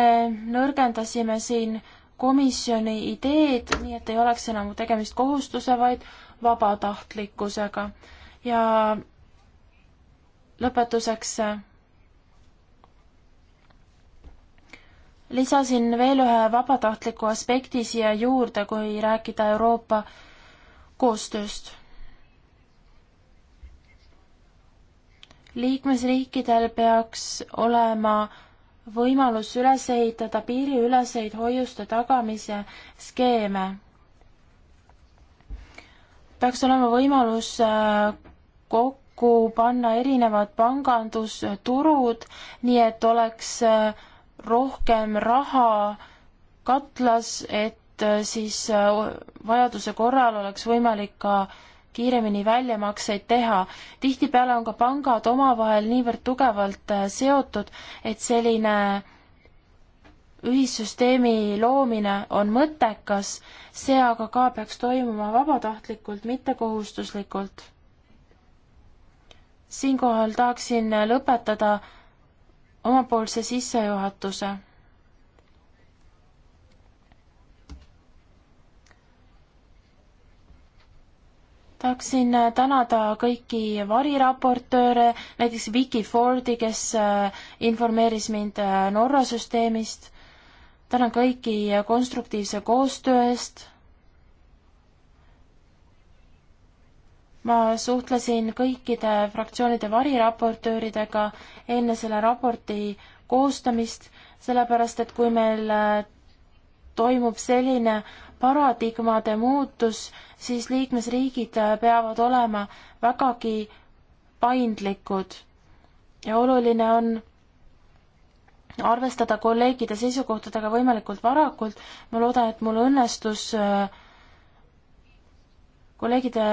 nõrgendasime siin komisjoni ideed, nii et ei oleks enam tegemist kohustuse, vaid vabatahtlikkusega. ja lõpetuseks lisasin veel ühe vabatahtliku aspekti siia juurde, kui rääkida Euroopa koostööst liikmesriikidel peaks olema võimalus üles ehitada piiriüleseid hoiuste tagamise skeeme. peaks olema võimalus äh, kokku panna erinevad pangandusturud, nii et oleks äh, rohkem raha katlas, et äh, siis äh, vajaduse korral oleks võimalik ka kiiremini väljamakseid teha. tihtipeale on ka pangad omavahel niivõrd tugevalt äh, seotud, et selline ühissüsteemi loomine on mõttekas, see aga ka peaks toimuma vabatahtlikult, mitte kohustuslikult. siinkohal tahaksin lõpetada omapoolse sissejuhatuse. tahaksin äh, tänada kõiki variraportööre, näiteks Vicky Fordi, kes äh, informeeris mind äh, Norra süsteemist. tänan kõiki konstruktiivse koostöö eest ma suhtlesin kõikide fraktsioonide variraportööridega enne selle raporti koostamist, sellepärast et kui meil äh, toimub selline paradigmade muutus, siis liikmesriigid äh, peavad olema vägagi paindlikud ja oluline on arvestada kolleegide seisukohtadega võimalikult varakult. ma loodan, et mul õnnestus äh, kolleegide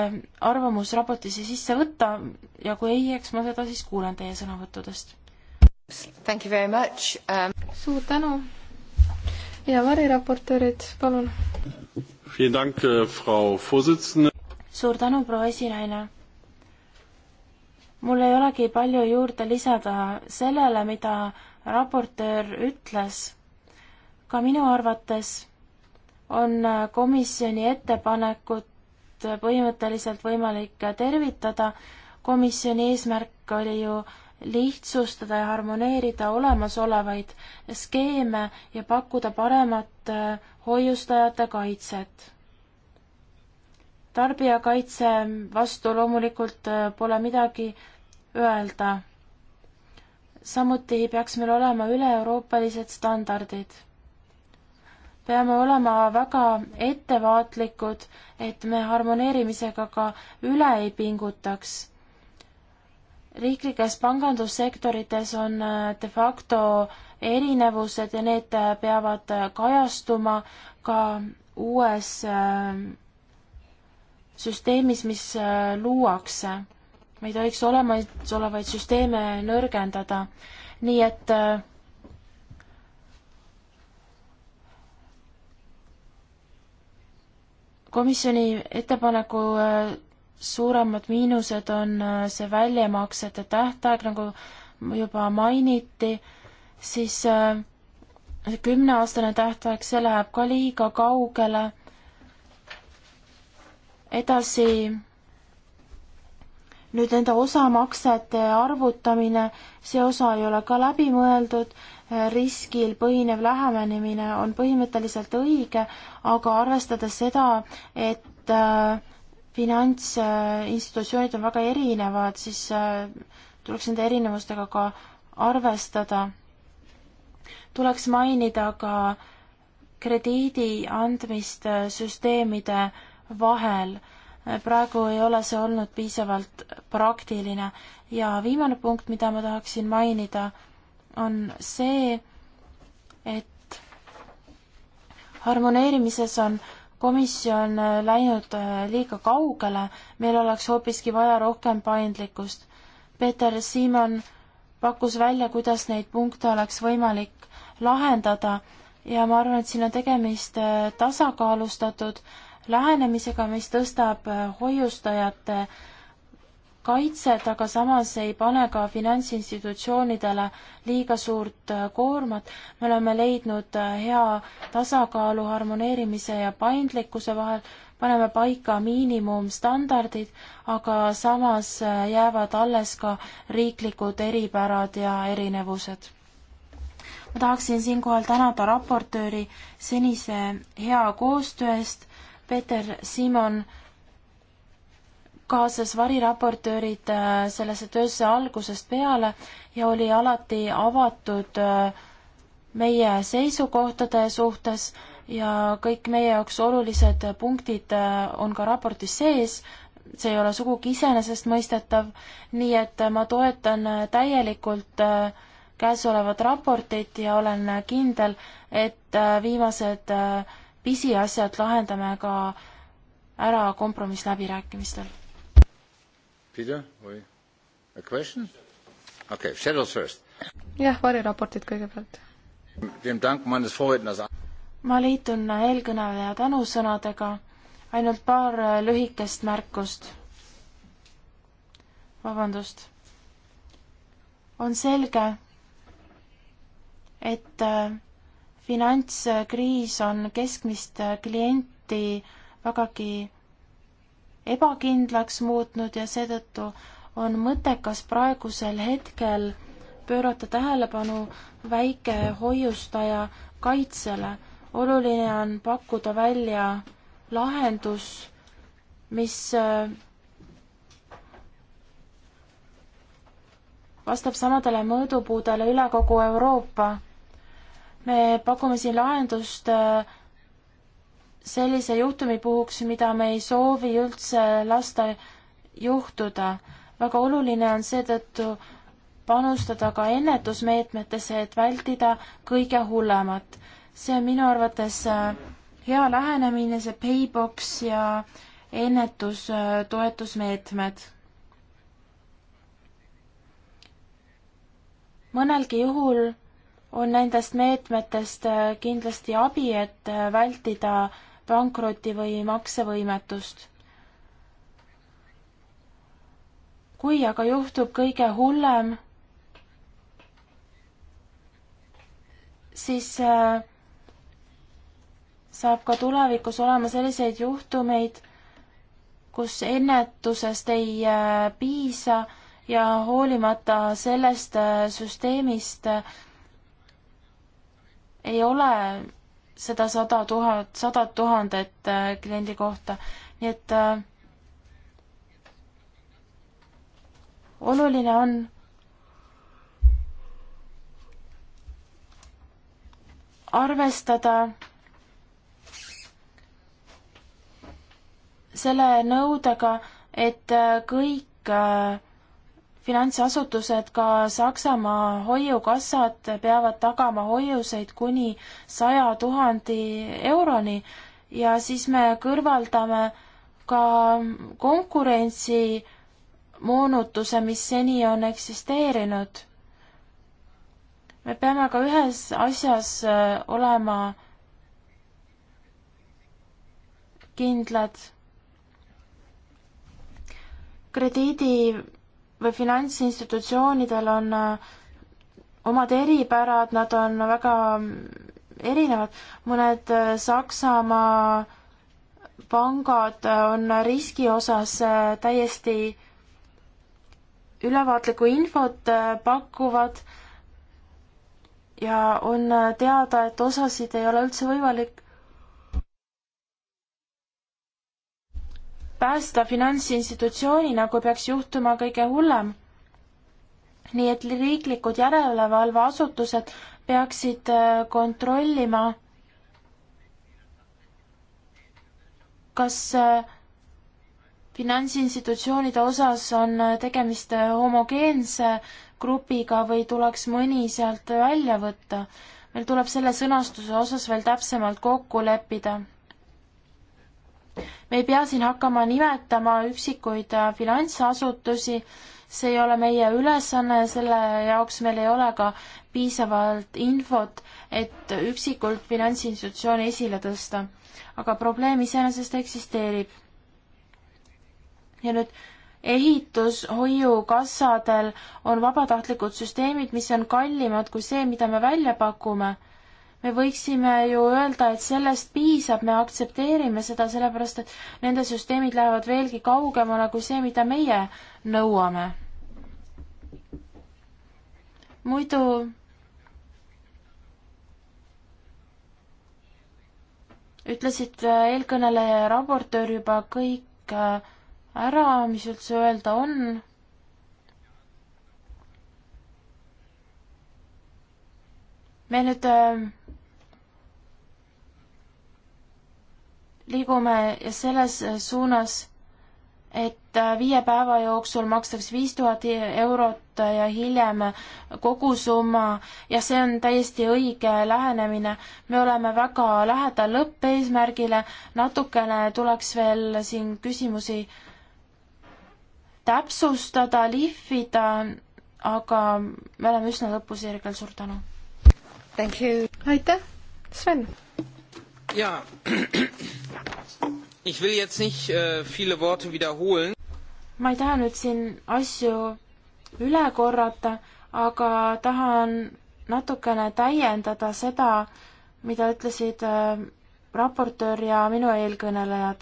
arvamus raportisse sisse võtta ja kui ei, eks ma seda siis kuulen teie sõnavõttudest. Thank you very much um.... suur tänu ja variraportöörid, palun. Äh, suur tänu, proua esinaine. mul ei olegi palju juurde lisada sellele, mida raportöör ütles. ka minu arvates on komisjoni ettepanekut põhimõtteliselt võimalik tervitada. komisjoni eesmärk oli ju lihtsustada ja harmoneerida olemasolevaid skeeme ja pakkuda paremat äh, hoiustajate kaitset. tarbijakaitse vastu loomulikult äh, pole midagi öelda. samuti peaks meil olema üle-euroopalised standardid peame olema väga ettevaatlikud, et me harmoneerimisega ka üle ei pingutaks. riiklikes pangandussektorites on äh, de facto erinevused ja need äh, peavad äh, kajastuma ka uues süsteemis, mis luuakse. me ei tohiks olemasolevaid süsteeme nõrgendada. nii et äh, komisjoni ettepaneku äh, suuremad miinused on äh, see väljamaksete tähtaeg, nagu juba mainiti, siis äh, see kümneaastane tähtaeg, see läheb ka liiga kaugele. edasi nüüd nende osamaksete arvutamine, see osa ei ole ka läbi mõeldud, riskil põhinev lähenemine on põhimõtteliselt õige, aga arvestades seda, et äh, finantsinstitutsioonid on väga erinevad, siis äh, tuleks nende erinevustega ka arvestada. tuleks mainida ka krediidi andmist äh, süsteemide vahel praegu ei ole see olnud piisavalt praktiline. ja viimane punkt, mida ma tahaksin mainida, on see, et harmoneerimises on komisjon läinud äh, liiga kaugele, meil oleks hoopiski vaja rohkem paindlikkust. Peeter Siimon pakkus välja, kuidas neid punkte oleks võimalik lahendada ja ma arvan, et siin on tegemist äh, tasakaalustatud äh, lähenemisega, mis tõstab äh, hoiustajate kaitset, aga samas ei pane ka finantsinstitutsioonidele liiga suurt äh, koormat. me oleme leidnud äh, hea tasakaalu harmoneerimise ja paindlikkuse vahel, paneme paika miinimumstandardid, aga samas jäävad alles ka riiklikud eripärad ja erinevused ma tahaksin siinkohal tänada raportööri senise hea koostöö eest Peeter Simon kaasas variraportöörid äh, sellesse töösse algusest peale ja oli alati avatud äh, meie seisukohtade suhtes ja kõik meie jaoks olulised punktid äh, on ka raportis sees, see ei ole sugugi iseenesestmõistetav, nii et ma toetan täielikult käesolevat raportit ja olen kindel, et viimased äh, pisiasjad lahendame ka ära kompromissläbirääkimistel. Peter, või? A question? Okay, shadows first. jah, variraportid kõigepealt. ma liitun eelkõneleja tänusõnadega, ainult paar lühikest märkust. vabandust. on selge, et äh, finantskriis on keskmist klienti vägagi ebakindlaks muutnud ja seetõttu on mõttekas praegusel hetkel pöörata tähelepanu väikehoiustaja kaitsele. oluline on pakkuda välja lahendus, mis äh, vastab samadele mõõdupuudele üle kogu Euroopa me pakume siin lahendust äh, sellise juhtumi puhuks, mida me ei soovi üldse lasta juhtuda. väga oluline on seetõttu panustada ka ennetusmeetmetesse, et vältida kõige hullemat. see on minu arvates äh, hea lähenemine, see paybox ja ennetustoetusmeetmed. Äh, mõnelgi juhul on nendest meetmetest äh, kindlasti abi, et äh, vältida pankroti või maksevõimetust. kui aga juhtub kõige hullem, siis äh, saab ka tulevikus olema selliseid juhtumeid, kus ennetusest ei piisa ja hoolimata sellest süsteemist ei ole seda sada tuhat, sadat tuhandet äh, kliendi kohta, nii et äh, oluline on arvestada selle nõudega, et äh, kõik äh, finantsasutused, ka Saksamaa hoiukassad peavad tagama hoiuseid kuni saja tuhande euroni ja siis me kõrvaldame ka konkurentsi moonutuse, mis seni on eksisteerinud. me peame ka ühes asjas äh, olema kindlad. krediidi või finantsinstitutsioonidel on äh, omad eripärad, nad on väga mm, erinevad, mõned äh, Saksamaa pangad äh, on riski osas täiesti ülevaatlikku infot pakuvad ja on teada, et osasid ei ole üldse võimalik päästa finantsinstitutsioonina, nagu kui peaks juhtuma kõige hullem. nii et riiklikud järelevalveasutused peaksid äh, kontrollima, kas äh, finantsinstitutsioonide osas on äh, tegemist homogeense grupiga või tuleks mõni sealt välja võtta. meil tuleb selle sõnastuse osas veel täpsemalt kokku leppida me ei pea siin hakkama nimetama üksikuid äh, finantsasutusi, see ei ole meie ülesanne, selle jaoks meil ei ole ka piisavalt infot, et üksikult finantsinstitutsiooni esile tõsta. aga probleem iseenesest eksisteerib. ja nüüd ehitushoiukassadel on vabatahtlikud süsteemid, mis on kallimad kui see, mida me välja pakume me võiksime ju öelda, et sellest piisab, me aktsepteerime seda, sellepärast et nende süsteemid lähevad veelgi kaugemale kui see, mida meie nõuame. muidu ütlesid eelkõneleja ja raportöör juba kõik ära, mis üldse öelda on me nüüd äh, liigume selles suunas, et viie päeva jooksul makstakse viis tuhat eurot ja hiljem kogusumma ja see on täiesti õige lähenemine. me oleme väga lähedal lõppeesmärgile, natukene tuleks veel siin küsimusi täpsustada, lihvida, aga me oleme üsna lõpusirgel, suur tänu! aitäh, Sven! Ja, ich will jetzt nicht äh, viele Worte wiederholen. ma ei taha nüüd siin asju üle korrata, aga tahan natukene täiendada seda, mida ütlesid äh, raportöör ja minu eelkõnelejad.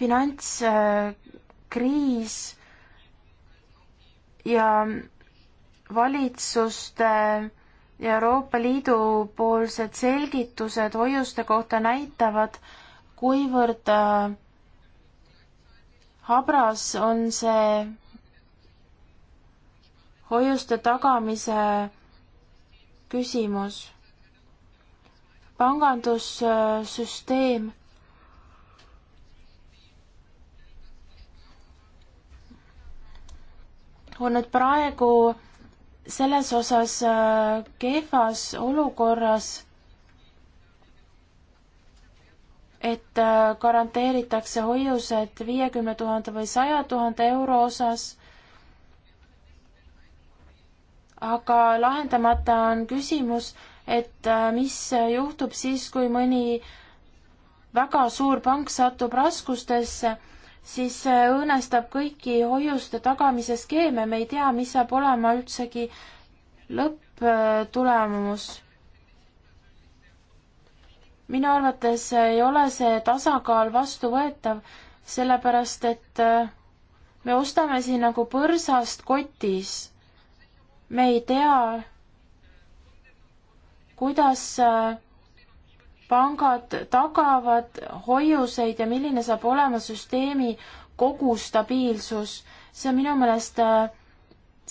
finantskriis äh, ja valitsuste äh, ja Euroopa Liidu poolsed selgitused hoiuste kohta näitavad, kuivõrd äh, habras on see hoiuste tagamise küsimus. pangandussüsteem on nüüd praegu selles osas äh, kehvas olukorras, et äh, garanteeritakse hoiused viiekümne tuhande või saja tuhande euro osas, aga lahendamata on küsimus, et äh, mis juhtub siis, kui mõni väga suur pank satub raskustesse siis see õõnestab kõiki hoiuste tagamise skeeme, me ei tea, mis saab olema üldsegi lõpptulemus. minu arvates ei ole see tasakaal vastuvõetav, sellepärast et äh, me ostame siin nagu põrsast kotis. me ei tea, kuidas äh, pangad tagavad hoiuseid ja milline saab olema süsteemi kogu stabiilsus. see on minu meelest äh,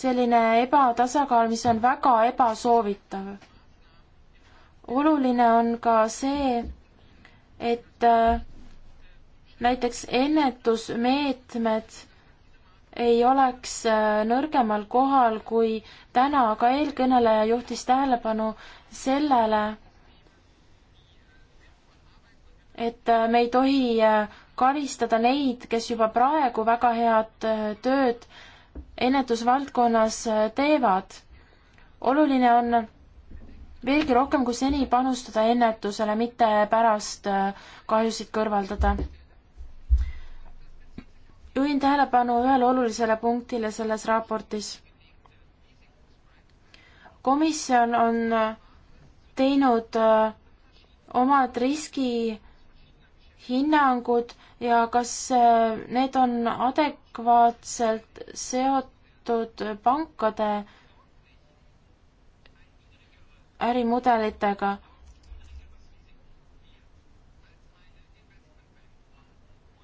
selline ebatasakaal, mis on väga ebasoovitav. oluline on ka see, et äh, näiteks ennetusmeetmed ei oleks äh, nõrgemal kohal kui täna, aga eelkõneleja juhtis tähelepanu sellele, et äh, me ei tohi äh, karistada neid, kes juba praegu väga head äh, tööd ennetusvaldkonnas teevad. oluline on veelgi rohkem kui seni panustada ennetusele, mitte pärast kahjusid kõrvaldada. juhin tähelepanu ühele olulisele punktile selles raportis. komisjon on teinud omad riski hinnangud ja kas äh, need on adekvaatselt seotud pankade ärimudelitega?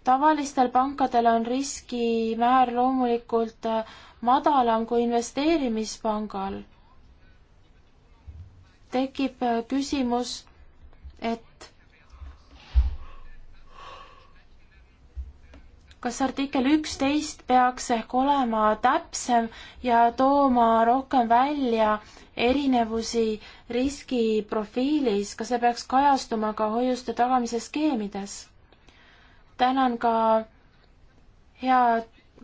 tavalistel pankadel on riskimäär loomulikult äh, madalam kui investeerimispangal. tekib äh, küsimus, et kas artikkel üksteist peaks ehk olema täpsem ja tooma rohkem välja erinevusi riskiprofiilis, kas see peaks kajastuma ka hoiuste tagamise skeemides? tänan ka hea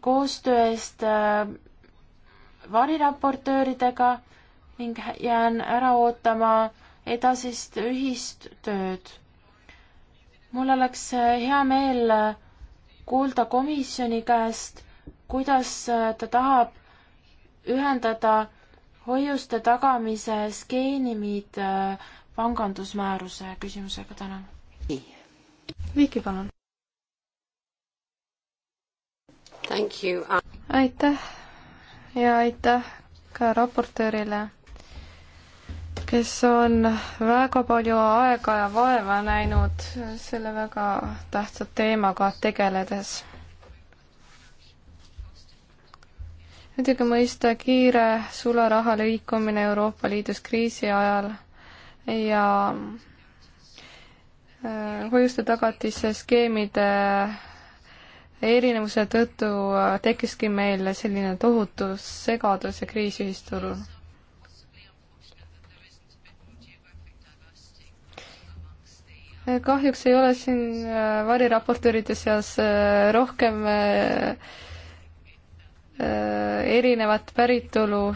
koostöö eest äh, variraportööridega ning jään ära ootama edasist ühist tööd. mul oleks äh, hea meel äh, kuulda komisjoni käest, kuidas äh, ta tahab ühendada hoiuste tagamise skeemid äh, pangandusmääruse küsimusega, tänan. Viki, palun. aitäh ja aitäh ka raportöörile kes on väga palju aega ja vaeva näinud selle väga tähtsa teemaga tegeledes. muidugi mõista kiire sularaha liikumine Euroopa Liidus kriisi ajal ja äh, hoiuste tagatise skeemide erinevuse tõttu äh, tekkiski meil selline tohutu segadus ja kriis ühisturul Eh, kahjuks ei ole siin eh, variraportööride seas eh, rohkem erinevat päritolu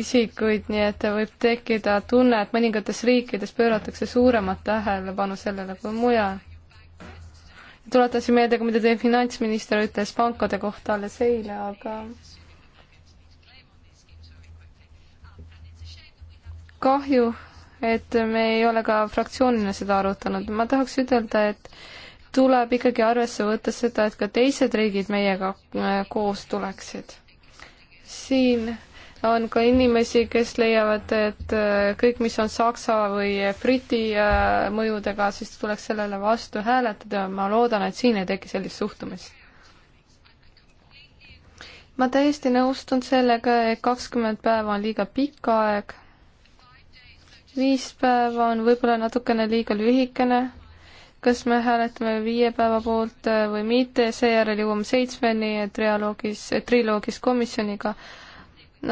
isikuid, nii et võib tekkida tunne, et mõningates riikides pööratakse suuremat tähelepanu sellele kui mujal. tuletasin meelde ka, mida teie finantsminister ütles pankade kohta alles eile, aga kahju, et me ei ole ka fraktsioonina seda arutanud. ma tahaks ütelda, et tuleb ikkagi arvesse võtta seda, et ka teised riigid meiega äh, koos tuleksid. siin on ka inimesi, kes leiavad, et äh, kõik, mis on Saksa või Briti äh, mõjudega, siis tuleks sellele vastu hääletada. ma loodan, et siin ei teki sellist suhtumist. ma täiesti nõustun sellega, et kakskümmend päeva on liiga pikk aeg viis päeva on võib-olla natukene liiga lühikene, kas me hääletame viie päeva poolt äh, või mitte, seejärel jõuame seitsmeni äh, trialoogis, äh, triloogis komisjoniga.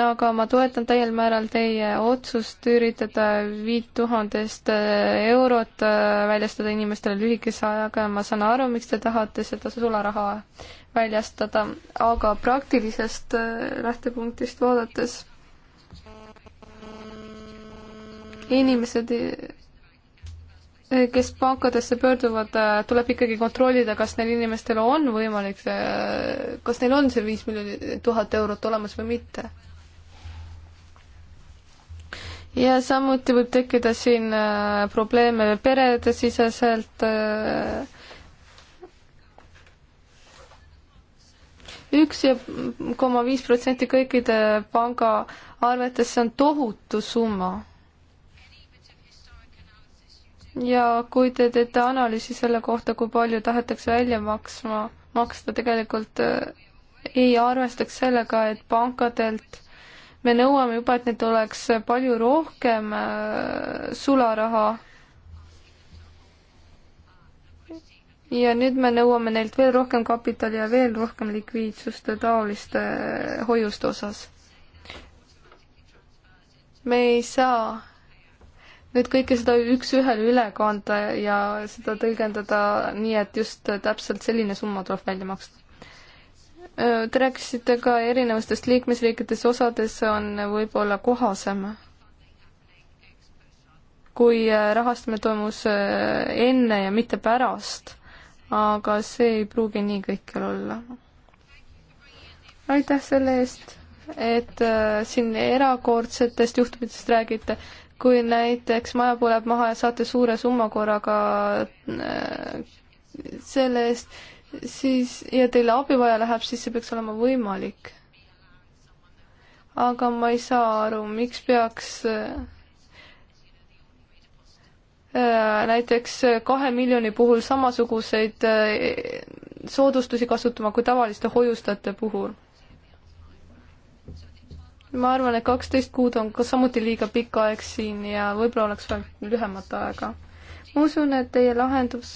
aga ma toetan täiel määral teie otsust üritada viit tuhandest eurot väljastada inimestele lühikese ajaga ja ma saan aru, miks te tahate seda sularaha väljastada, aga praktilisest lähtepunktist vaadates inimesed, eh, kes pankadesse pöörduvad, eh, tuleb ikkagi kontrollida, kas neil inimestel on võimalik see, eh, kas neil on see viis miljonit, tuhat eurot olemas või mitte. ja samuti võib tekkida siin probleeme perede siseselt üks ja koma viis protsenti kõikide pangaarvetesse on tohutu summa ja kui te teete analüüsi selle kohta, kui palju tahetakse välja maksma, maksta tegelikult äh, ei arvestaks sellega, et pankadelt me nõuame juba, et neid oleks palju rohkem äh, sularaha. ja nüüd me nõuame neilt veel rohkem kapitali ja veel rohkem likviidsust taoliste äh, hoiuste osas. me ei saa nüüd kõike seda üks-ühele üle kanda ja seda tõlgendada nii, et just täpselt selline summa tuleb välja maksta. Te rääkisite ka erinevustest liikmesriikides, osades on võib-olla kohasem, kui äh, rahastamine toimus äh, enne ja mitte pärast, aga see ei pruugi nii kõikjal olla. aitäh selle eest, et äh, siin erakordsetest juhtumitest räägite kui näiteks maja põleb maha ja saate suure summa korraga äh, selle eest, siis ja teile abi vaja läheb, siis see peaks olema võimalik. aga ma ei saa aru, miks peaks äh, näiteks kahe miljoni puhul samasuguseid äh, soodustusi kasutama kui tavaliste hoiustajate puhul ma arvan, et kaksteist kuud on ka samuti liiga pikk aeg siin ja võib-olla oleks vaja lühemat aega. ma usun, et teie lahendus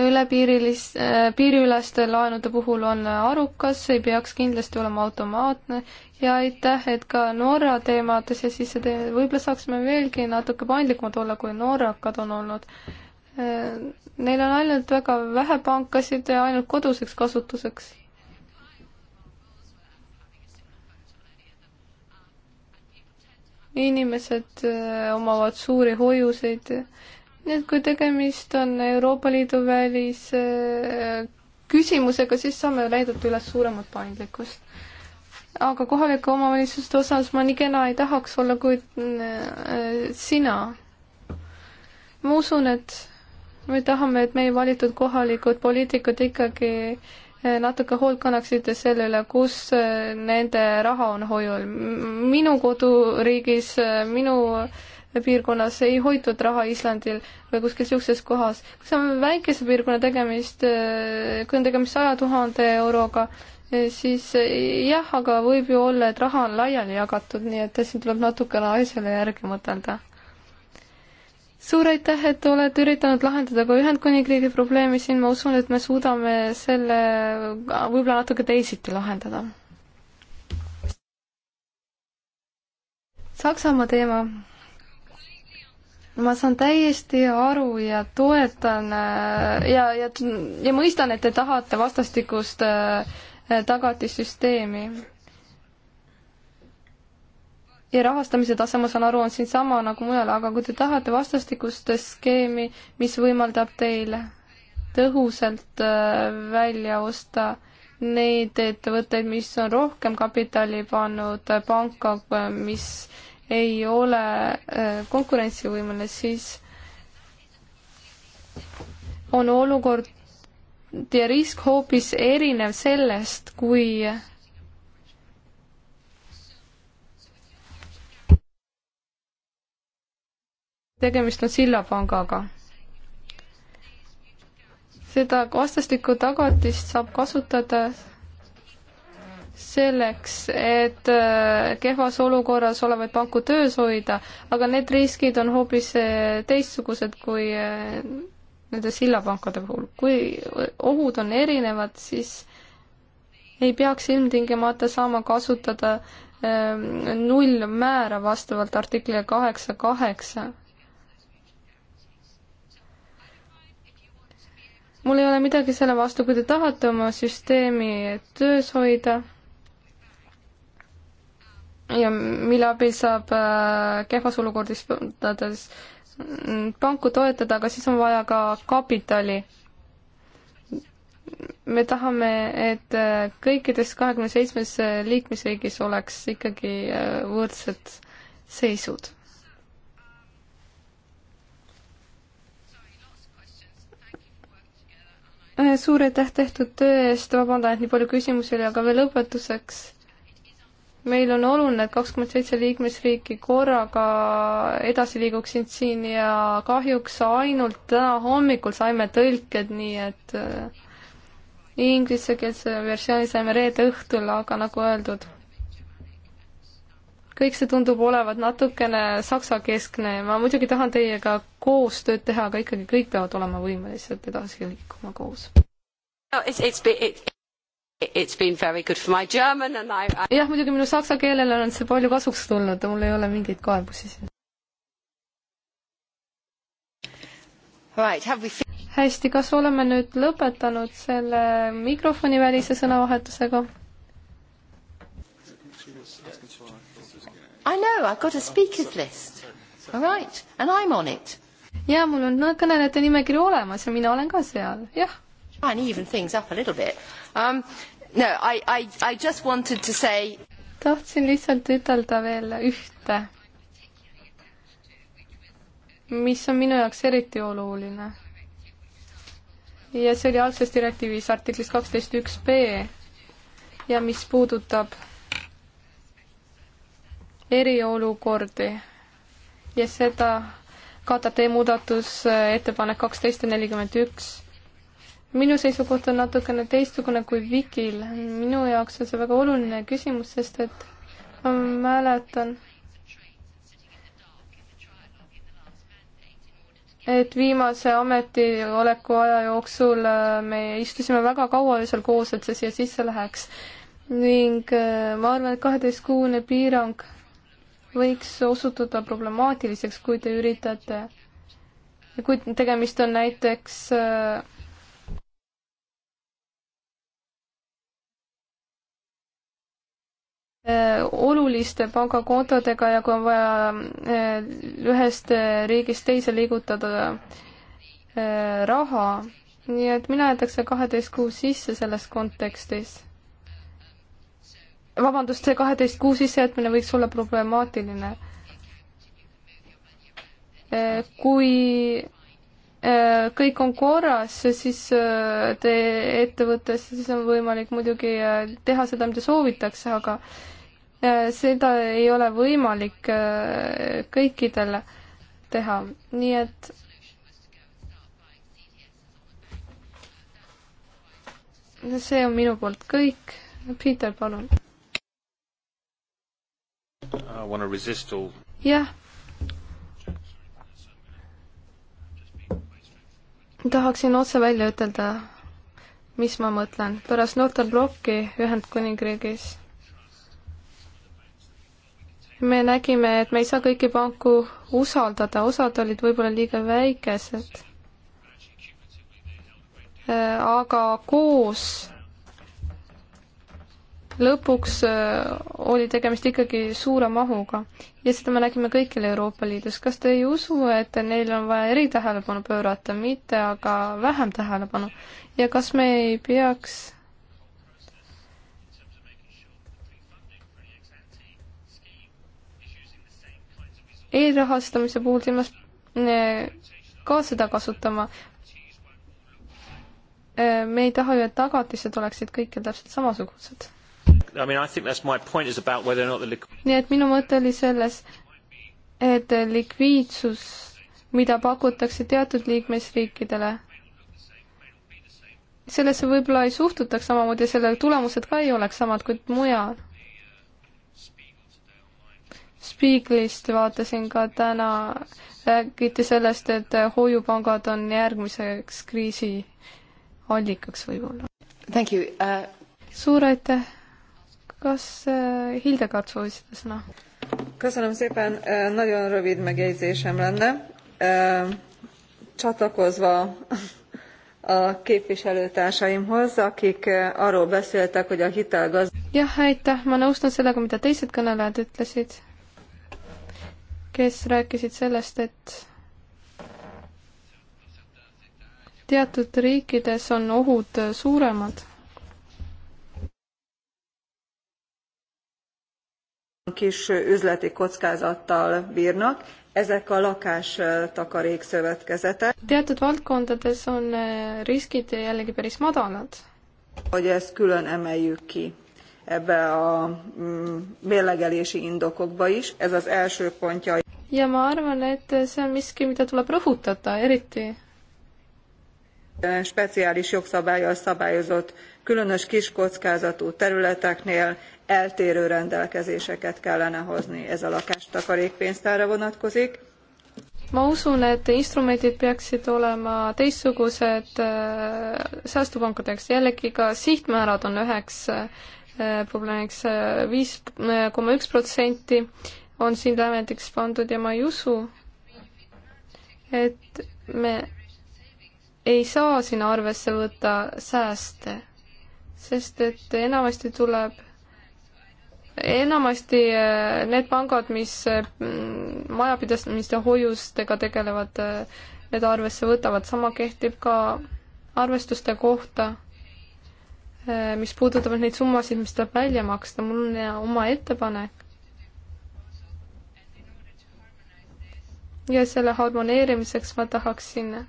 ülepiirilis-, äh, piiriüleste laenude puhul on arukas, ei peaks kindlasti olema automaatne ja aitäh, et ka Norra teemad siia sisse tee-, võib-olla saaksime veelgi natuke paindlikumad olla, kui norrakad on olnud. Äh, neil on ainult väga vähe pankasid ja ainult koduseks kasutuseks inimesed äh, omavad suuri hoiuseid. nii et kui tegemist on Euroopa Liidu välise äh, küsimusega, siis saame näidata üles suuremat paindlikkust. aga kohalike omavalitsuste osas ma nii kena ei tahaks olla kui äh, sina. ma usun, et me tahame, et meie valitud kohalikud poliitikud ikkagi äh, Eh, natuke hoolt kannaksite selle üle, kus eh, nende raha on hoiul. minu koduriigis, eh, minu piirkonnas ei hoitud raha Islandil või kuskil niisuguses kohas. kui see on väikese piirkonna tegemist, kui on tegemist saja tuhande euroga, siis jah, aga võib ju olla, et raha on laiali jagatud, nii et siin tuleb natukene asjale järgi mõtelda suur aitäh, et olete üritanud lahendada ka Ühendkuningriigi probleemi siin, ma usun, et me suudame selle võib-olla natuke teisiti lahendada. Saksamaa teema. ma saan täiesti aru ja toetan äh, ja, ja, ja mõistan, et te tahate vastastikust äh, tagatissüsteemi ja rahastamise tase, ma saan aru, on siinsama nagu mujal, aga kui te tahate vastastikust skeemi, mis võimaldab teil tõhusalt äh, välja osta neid ettevõtteid, mis on rohkem kapitali pannud äh, panka, äh, mis ei ole konkurentsivõimeline, siis on olukord ja risk hoopis erinev sellest, kui tegemist on sillapangaga. seda vastastikku tagatist saab kasutada selleks, et äh, kehvas olukorras olevaid panku töös hoida, aga need riskid on hoopis äh, teistsugused kui äh, nende sillapankade puhul. kui ohud on erinevad, siis ei peaks ilmtingimata saama kasutada nullmäära vastavalt artiklile kaheksa kaheksa mul ei ole midagi selle vastu, kui te tahate oma süsteemi töös hoida ja mille abil saab äh, kehvas olukordis panku toetada, aga siis on vaja ka kapitali. me tahame, et äh, kõikides kahekümne seitsmes liikmesriigis oleks ikkagi äh, võrdsed seisud Äh, suur aitäh tehtud töö eest, vabandan, et nii palju küsimusi oli, aga veel lõpetuseks. meil on oluline, et kakskümmend seitse liikmesriiki korraga edasi liiguksid siin ja kahjuks ainult täna hommikul saime tõlked, nii et äh, inglisekeelse versiooni saime reede õhtul, aga nagu öeldud kõik see tundub olevat natukene saksakeskne ja ma muidugi tahan teiega koostööd teha, aga ikkagi kõik peavad olema võimelised edasi liikuma koos. jah, muidugi minu saksa keelele on see palju kasuks tulnud, mul ei ole mingeid kaebusi siin. hästi, kas oleme nüüd lõpetanud selle mikrofonivälise sõnavahetusega? I know, I've got a speakers list. All right, and I'm on it. jaa, mul on no, kõnelejate nimekiri olemas ja mina olen ka seal, jah. Try and even things up a little bit um,. No, I, I, I just wanted to say tahtsin lihtsalt ütelda veel ühte, mis on minu jaoks eriti oluline. ja see oli algses direktiivis artiklis kaksteist üks B ja mis puudutab eriolukordi ja seda katab teie muudatusettepanek eh, kaksteist ja nelikümmend üks. minu seisukoht on natukene teistsugune kui Vikil. minu jaoks on see väga oluline küsimus, sest et ma mäletan, et viimase ametioleku aja jooksul eh, me istusime väga kaua öösel koos, et see siia sisse läheks. ning eh, ma arvan, et kaheteistkuune piirang võiks osutuda problemaatiliseks, kui te üritate, kui tegemist on näiteks äh, oluliste pangakontodega ja kui on vaja äh, ühest riigist teise liigutada äh, raha, nii et mina jätaks selle kaheteist kuu sisse selles kontekstis vabandust, see kaheteist kuu sissejätmine võiks olla problemaatiline. kui eh, kõik on korras, siis eh, teie ettevõttes, siis on võimalik muidugi eh, teha seda, mida soovitakse, aga seda ei ole võimalik kõikidel teha, nii et see on minu poolt kõik. Peter, palun jah. Uh, tahaksin otse välja ütelda, mis ma mõtlen. pärast Northern Rocki Ühendkuningriigis me nägime, et me ei saa kõiki panku usaldada, osad olid võib-olla liiga väikesed. Äh, aga koos lõpuks äh, oli tegemist ikkagi suure mahuga ja seda me nägime kõikjal Euroopa Liidus. kas te ei usu, et neil on vaja eritähelepanu pöörata, mitte aga vähem tähelepanu ja kas me ei peaks eelrahastamise puhul silmas äh, ka seda kasutama, äh, me ei taha ju, et tagatised oleksid kõikjal täpselt samasugused I mean, I think that's my point is about whether or not the liqu- nii et minu mõte oli selles, et likviidsus, mida pakutakse teatud liikmesriikidele, sellesse võib-olla ei suhtutaks samamoodi ja selle tulemused ka ei oleks samad kui mujal. Spieglist vaatasin ka täna, räägiti sellest, et hoiupangad on järgmiseks kriisi allikaks võib-olla. Uh... suur aitäh! Kas eh, Hildegard soovisid sõna? Köszönöm szépen, eh, nagyon rövid megjegyzésem lenne. Eh, csatlakozva a képviselőtársaimhoz, akik arról beszéltek, hogy a hitelgaz... Jah, aitäh, ma nõustun sellega, mida teised kõnelejad ütlesid, kes rääkisid sellest, et teatud riikides on ohud suuremad kis üzleti kockázattal bírnak, ezek a lakástakarék szövetkezetek. Teatud valdkondades on riskid jällegi päris madalad. Hogy ezt külön emeljük ki ebbe a mm, mérlegelési indokokba is, ez az első pontja. ja ma arvan, et see on miski, mida tuleb rõhutada eriti. Speciális jogszabályal szabályozott különös kiskockázatú területeknél eltérő rendelkezéseket kellene hozni. Ez a lakástakarékpénztára vonatkozik. ma usun, et instrumendid peaksid olema teistsugused äh, säästupankadeks, jällegi ka sihtmäärad on üheks äh, probleemiks, viis äh, koma üks protsenti on siin lävendiks pandud ja ma ei usu, et me ei saa siin arvesse võtta sääste, sest et enamasti tuleb enamasti äh, need pangad, mis äh, majapidamiste hoiustega tegelevad, äh, need arvesse võtavad, sama kehtib ka arvestuste kohta, mis puudutavad neid summasid, mis tuleb välja maksta, mul on oma ettepanek. ja selle harmoneerimiseks ma tahaksin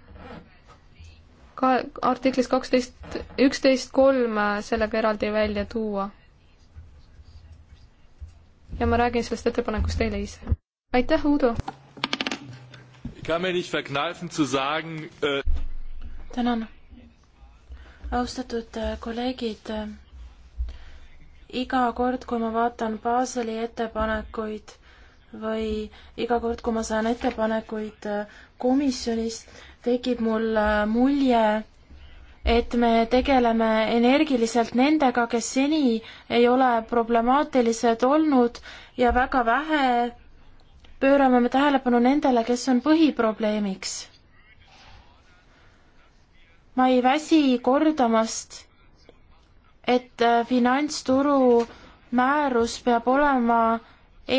ka artiklis kaksteist, üksteist kolm sellega eraldi välja tuua ja ma räägin sellest ettepanekust teile ise. aitäh, Uudo! Äh, tänan. austatud äh, kolleegid, äh, iga kord, kui ma vaatan Baseli ettepanekuid või iga kord, kui ma saan ettepanekuid komisjonist, tekib mul mulje, et me tegeleme energiliselt nendega, kes seni ei ole problemaatilised olnud ja väga vähe pöörame me tähelepanu nendele, kes on põhiprobleemiks. ma ei väsi kordamast, et äh, finantsturu määrus peab olema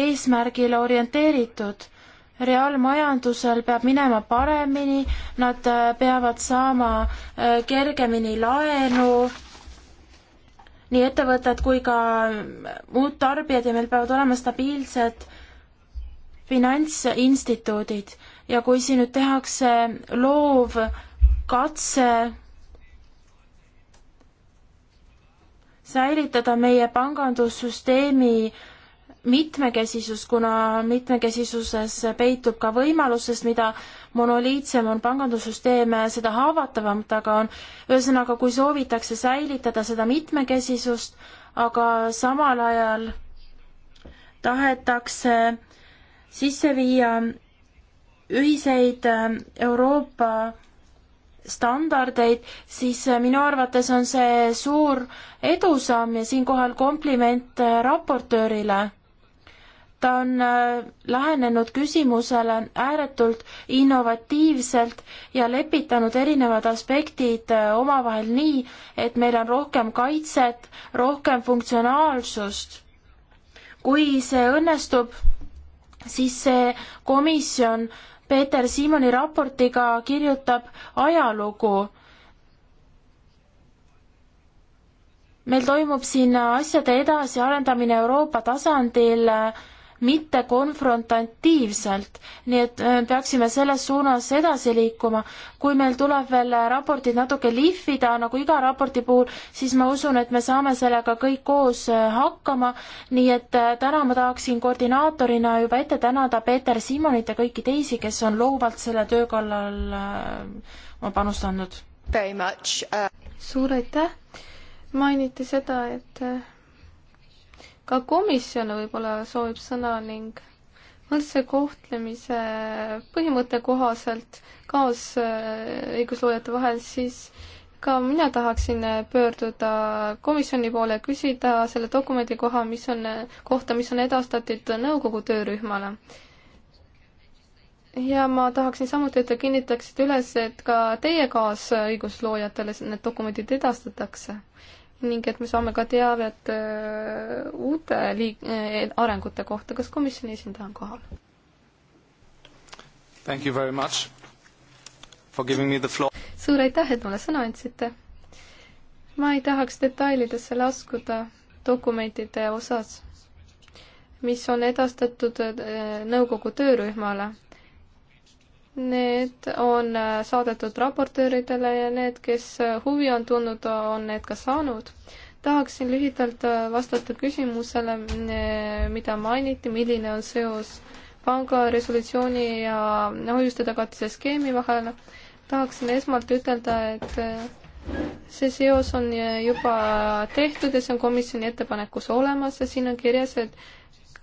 eesmärgile orienteeritud reaalmajandusel peab minema paremini, nad äh, peavad saama äh, kergemini laenu, nii ettevõtted kui ka äh, muud tarbijad ja meil peavad olema stabiilsed finantsinstituudid ja kui siin nüüd tehakse loov katse säilitada meie pangandussüsteemi mitmekesisus, kuna mitmekesisuses peitub ka võimalus, sest mida monoliitsem on pangandussüsteem, seda haavatavam ta ka on. ühesõnaga, kui soovitakse säilitada seda mitmekesisust, aga samal ajal tahetakse sisse viia ühiseid äh, Euroopa standardeid, siis äh, minu arvates on see suur edusamm ja siinkohal kompliment äh, raportöörile ta on äh, lähenenud küsimusele ääretult innovatiivselt ja lepitanud erinevad aspektid äh, omavahel nii, et meil on rohkem kaitset, rohkem funktsionaalsust. kui see õnnestub, siis see komisjon Peeter Siimoni raportiga kirjutab ajalugu meil toimub siin asjade edasiarendamine Euroopa tasandil äh, mitte konfrontatiivselt, nii et äh, peaksime selles suunas edasi liikuma. kui meil tuleb veel äh, raportid natuke lihvida, nagu iga raporti puhul, siis ma usun, et me saame sellega kõik koos äh, hakkama, nii et täna ma tahaksin koordinaatorina juba ette tänada Peeter Simonit ja kõiki teisi, kes on loovalt selle töö kallal oma panust andnud. Uh suur aitäh, mainiti seda, et ka komisjon võib-olla soovib sõna ning võrdse kohtlemise põhimõtte kohaselt kaasõigusloojate äh, vahel, siis ka mina tahaksin äh, pöörduda komisjoni poole ja küsida selle dokumendi koha, mis on, äh, kohta, mis on edastatud nõukogu töörühmale. ja ma tahaksin samuti, et te kinnitaksite üles, et ka teie kaasõigusloojatele need dokumendid edastatakse ning et me saame ka teavet äh, uute liik-, äh, arengute kohta. kas komisjoni esindaja on kohal? Thank you very much for giving me the floor. suur aitäh, et mulle sõna andsite. ma ei tahaks detailidesse laskuda dokumentide osas, mis on edastatud äh, nõukogu töörühmale Need on äh, saadetud raportööridele ja need, kes äh, huvi on tundnud, on need ka saanud. tahaksin lühidalt äh, vastata küsimusele, mida mainiti, milline on seos panga resolutsiooni ja hoiuste tagatise skeemi vahel. tahaksin esmalt ütelda, et see seos on juba tehtud ja see on komisjoni ettepanekus olemas ja siin on kirjas, et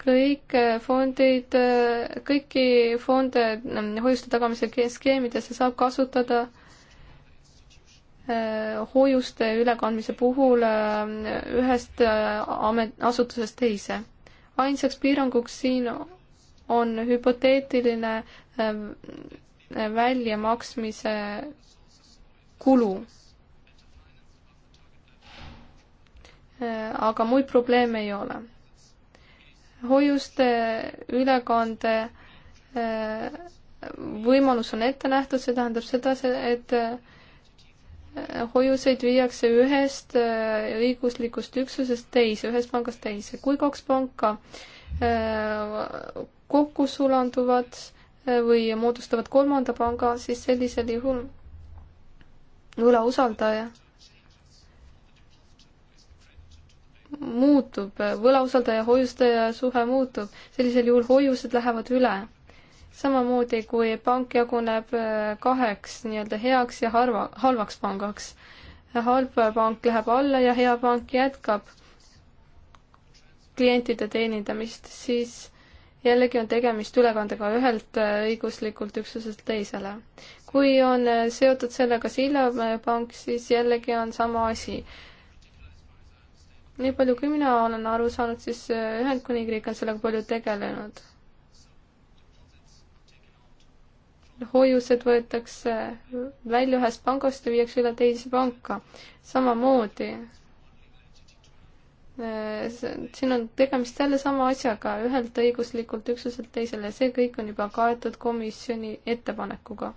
kõik äh, fondid, äh, kõiki fonde mm, hoiuste tagamise skeemidesse saab kasutada äh, hoiuste ülekandmise puhul ühest amet, asutusest teise. ainsaks piiranguks siin on hüpoteetiline väljamaksmise kulu aga muid probleeme ei ole hoiuste ülekande eh, võimalus on ette nähtud, see tähendab seda, et eh, hoiuseid viiakse ühest eh, õiguslikust üksusest teise, ühest pangast teise. kui kaks panka kokku sulanduvad või moodustavad kolmanda panga, siis sellisel juhul võlausaldaja muutub, võlausaldaja hoiustaja suhe muutub, sellisel juhul hoiused lähevad üle. samamoodi kui pank jaguneb äh, kaheks nii-öelda heaks ja harva, halvaks pangaks. halb pank läheb alla ja hea pank jätkab klientide teenindamist, siis jällegi on tegemist ülekandega ühelt äh, õiguslikult üksuselt teisele. kui on äh, seotud sellega Sillamäe pank, siis jällegi on sama asi nii palju, kui mina olen aru saanud, siis äh, Ühendkuningriik on sellega palju tegelenud. hoiused võetakse välja ühest pangast ja viiakse üle teise panka. samamoodi. Äh, siin on tegemist sellesama asjaga ühelt õiguslikult üksuselt teisele, see kõik on juba kaetud komisjoni ettepanekuga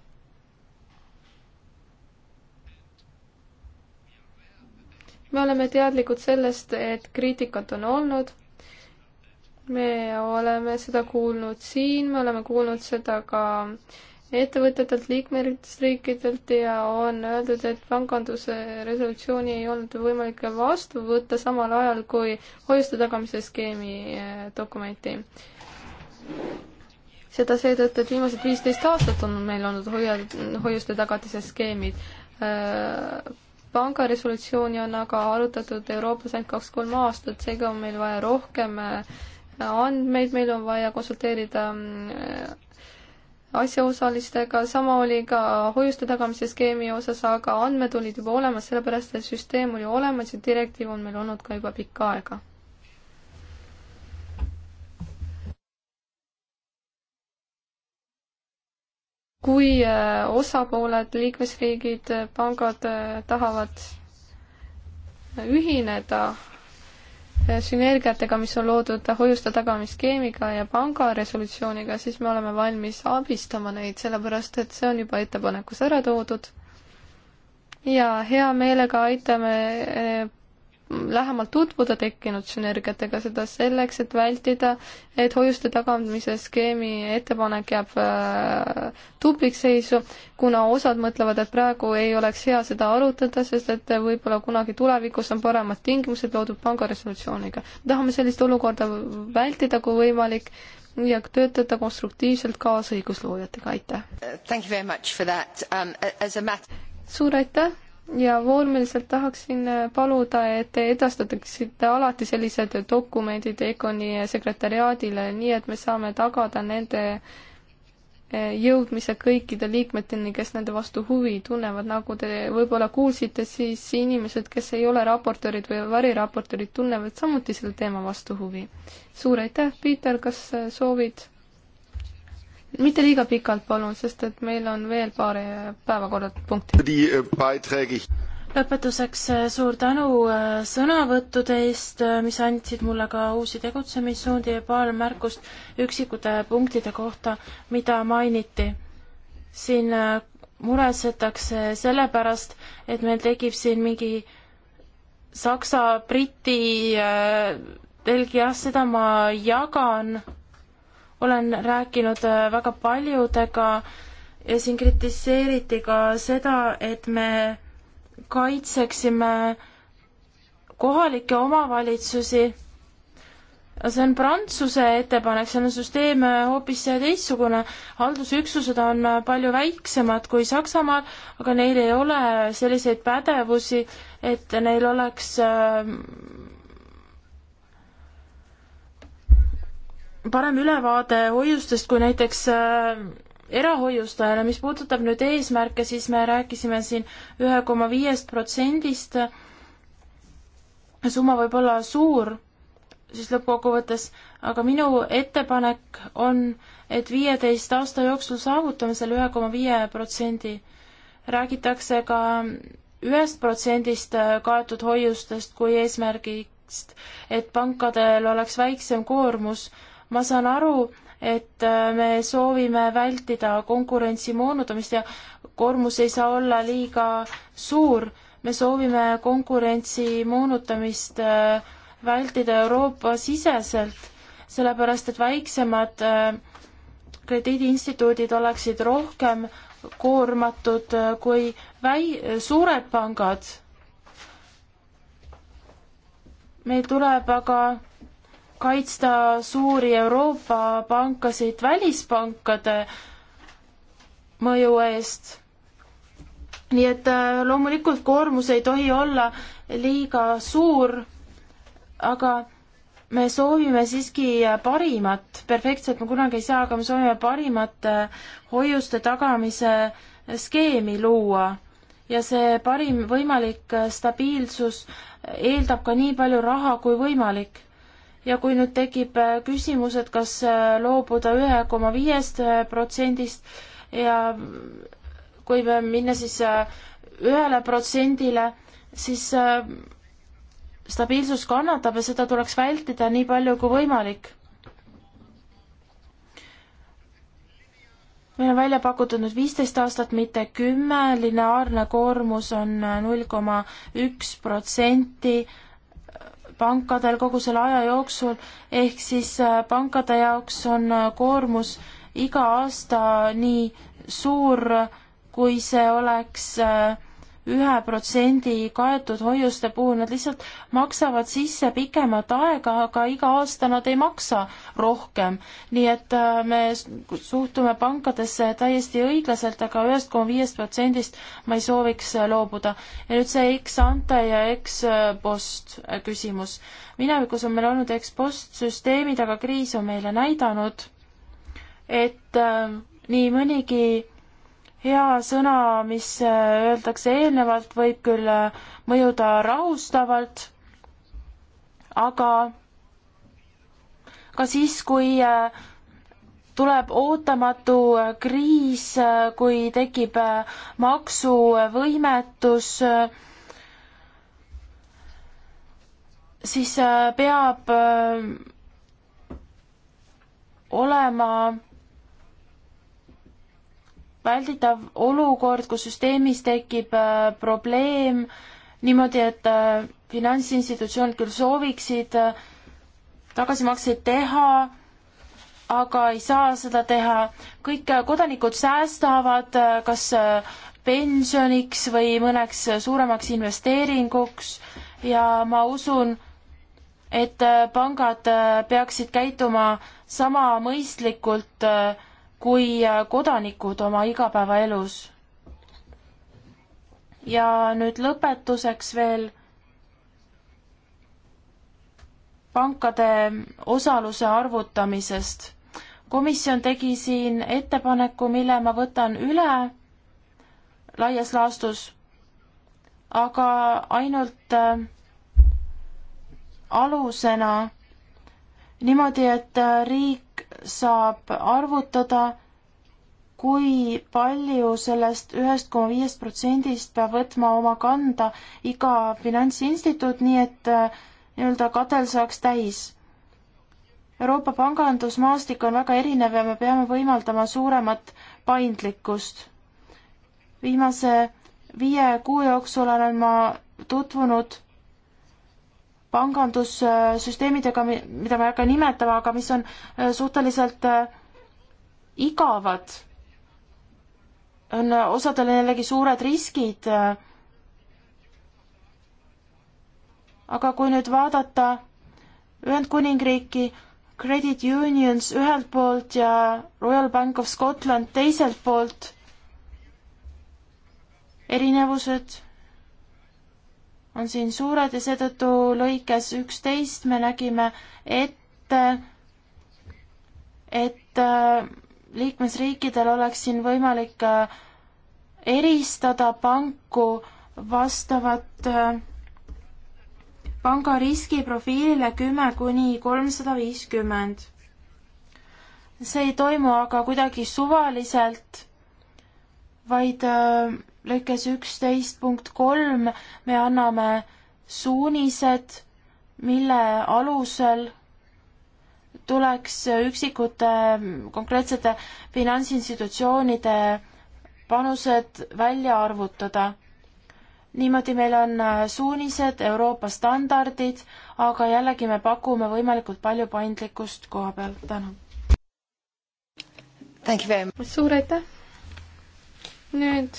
me oleme teadlikud sellest, et kriitikat on olnud. me oleme seda kuulnud siin, me oleme kuulnud seda ka ettevõtetelt, liikmesriikidelt ja on öeldud, et panganduse resolutsiooni ei olnud võimalik vastu võtta samal ajal kui hoiuste tagamise skeemi eh, dokumenti. seda seetõttu, et viimased viisteist aastat on meil olnud hoia-, hoiuste tagatise skeemid eh, pangaresolutsiooni on aga arutatud Euroopas ainult kaks-kolm aastat, seega on meil vaja rohkem äh, andmeid, meil on vaja konsulteerida äh, asjaosalistega, sama oli ka hoiuste tagamise skeemi osas, aga andmed olid juba olemas, sellepärast et süsteem oli olemas ja direktiiv on meil olnud ka juba pikka aega. kui äh, osapooled, liikmesriigid, äh, pangad äh, tahavad ühineda sünergiatega, mis on loodud hoiuste tagamisskeemiga ja panga resolutsiooniga, siis me oleme valmis abistama neid, sellepärast et see on juba ettepanekus ära toodud. ja hea meelega aitame lähemalt tutvuda tekkinud sünergiatega, seda selleks, et vältida, et hoiuste tagamise skeemi ettepanek jääb äh, tupikseisu, kuna osad mõtlevad, et praegu ei oleks hea seda arutada, sest et võib-olla kunagi tulevikus on paremad tingimused loodud panga resolutsiooniga. tahame sellist olukorda vältida, kui võimalik, ja töötada konstruktiivselt kaasa õigusloojatega, aitäh! Um, suur aitäh! ja vormiliselt tahaksin äh, paluda, et te edastataksite alati sellised dokumendid EKONi sekretäriaadile, nii et me saame tagada nende äh, jõudmise kõikide liikmeteni, kes nende vastu huvi tunnevad, nagu te võib-olla kuulsite, siis inimesed, kes ei ole raportöörid või variraportöörid, tunnevad samuti selle teema vastu huvi. suur aitäh, Piiter, kas äh, soovid mitte liiga pikalt, palun, sest et meil on veel paari päevakorrapunkti. Äh, lõpetuseks äh, suur tänu äh, sõnavõttude eest, mis andsid mulle ka uusi tegutsemissuundi ja paar märkust üksikute punktide kohta, mida mainiti. siin muretsetakse selle pärast, et meil tekib siin mingi Saksa, Briti, Belgia, seda ma jagan olen rääkinud äh, väga paljudega ja siin kritiseeriti ka seda, et me kaitseksime kohalikke omavalitsusi. see on Prantsuse ettepanek, seal on süsteem äh, hoopis teistsugune. haldusüksused on äh, palju väiksemad kui Saksamaal, aga neil ei ole selliseid pädevusi, et neil oleks parem ülevaade hoiustest kui näiteks äh, erahoiustajale, mis puudutab nüüd eesmärke, siis me rääkisime siin ühe koma viiest protsendist. summa võib olla suur siis lõppkokkuvõttes, aga minu ettepanek on, et viieteist aasta jooksul saavutame selle ühe koma viie protsendi. räägitakse ka ühest protsendist äh, kaetud hoiustest kui eesmärgist, et pankadel oleks väiksem koormus ma saan aru, et äh, me soovime vältida konkurentsi moonutamist ja koormus ei saa olla liiga suur. me soovime konkurentsi moonutamist äh, vältida Euroopa siseselt, sellepärast et väiksemad äh, krediidiinstituudid oleksid rohkem koormatud kui väi-, suured pangad. meil tuleb aga kaitsta suuri Euroopa pankasid välispankade mõju eest. nii et äh, loomulikult koormus ei tohi olla liiga suur, aga me soovime siiski parimat, perfektset me kunagi ei saa, aga me soovime parimat äh, hoiuste tagamise skeemi luua ja see parim võimalik äh, stabiilsus eeldab ka nii palju raha kui võimalik ja kui nüüd tekib äh, küsimus, et kas äh, loobuda ühe koma viiest äh, protsendist ja kui minna siis ühele protsendile, siis stabiilsus kannatab ja seda tuleks vältida nii palju kui võimalik. meil on välja pakutud nüüd viisteist aastat, mitte kümme, lineaarne koormus on null koma üks protsenti pankadel kogu selle aja jooksul, ehk siis äh, pankade jaoks on äh, koormus iga aasta nii suur, kui see oleks äh, ühe protsendi kaetud hoiuste puhul, nad lihtsalt maksavad sisse pikemat aega, aga iga aasta nad ei maksa rohkem. nii et äh, me suhtume pankadesse täiesti õiglaselt aga, aga ühest koma viiest protsendist ma ei sooviks äh, loobuda. ja nüüd see ex ante ja ex post äh, küsimus. minevikus on meil olnud ex post süsteemid, aga kriis on meile näidanud, et äh, nii mõnigi hea sõna, mis äh, öeldakse eelnevalt, võib küll äh, mõjuda rahustavalt, aga ka siis, kui äh, tuleb ootamatu kriis, kui tekib maksuvõimetus, siis peab olema välditav olukord, kus süsteemis tekib äh, probleem niimoodi, et äh, finantsinstitutsioonid küll sooviksid äh, tagasimakseid teha, aga ei saa seda teha. kõik kodanikud säästavad kas pensioniks või mõneks suuremaks investeeringuks ja ma usun, et pangad peaksid käituma sama mõistlikult äh, kui äh, kodanikud oma igapäevaelus. ja nüüd lõpetuseks veel pankade osaluse arvutamisest. komisjon tegi siin ettepaneku, mille ma võtan üle laias laastus, aga ainult äh, alusena niimoodi, et äh, riik saab arvutada, kui palju sellest ühest koma viiest protsendist peab võtma oma kanda iga finantsinstituut, nii et äh, nii-öelda katel saaks täis. Euroopa pangandusmaastik on väga erinev ja me peame võimaldama suuremat paindlikkust. viimase viie kuu jooksul olen ma tutvunud pangandussüsteemidega, mida ma ei hakka nimetama, aga mis on äh, suhteliselt äh, igavad. on äh, osadel jällegi suured riskid. aga kui nüüd vaadata Ühendkuningriiki, Credit Unions ühelt poolt ja Royal Bank of Scotland teiselt poolt, erinevused on siin suured ja seetõttu lõikes üksteist me nägime ette, et äh, liikmesriikidel oleks siin võimalik äh, eristada panku vastavat äh, panga riskiprofiilile kümme kuni kolmsada viiskümmend. see ei toimu aga kuidagi suvaliselt, vaid lõikes üksteist punkt kolm me anname suunised, mille alusel tuleks üksikute konkreetsete finantsinstitutsioonide panused välja arvutada. niimoodi meil on suunised, Euroopa standardid, aga jällegi me pakume võimalikult palju paindlikkust koha pealt, tänu. suur aitäh! nüüd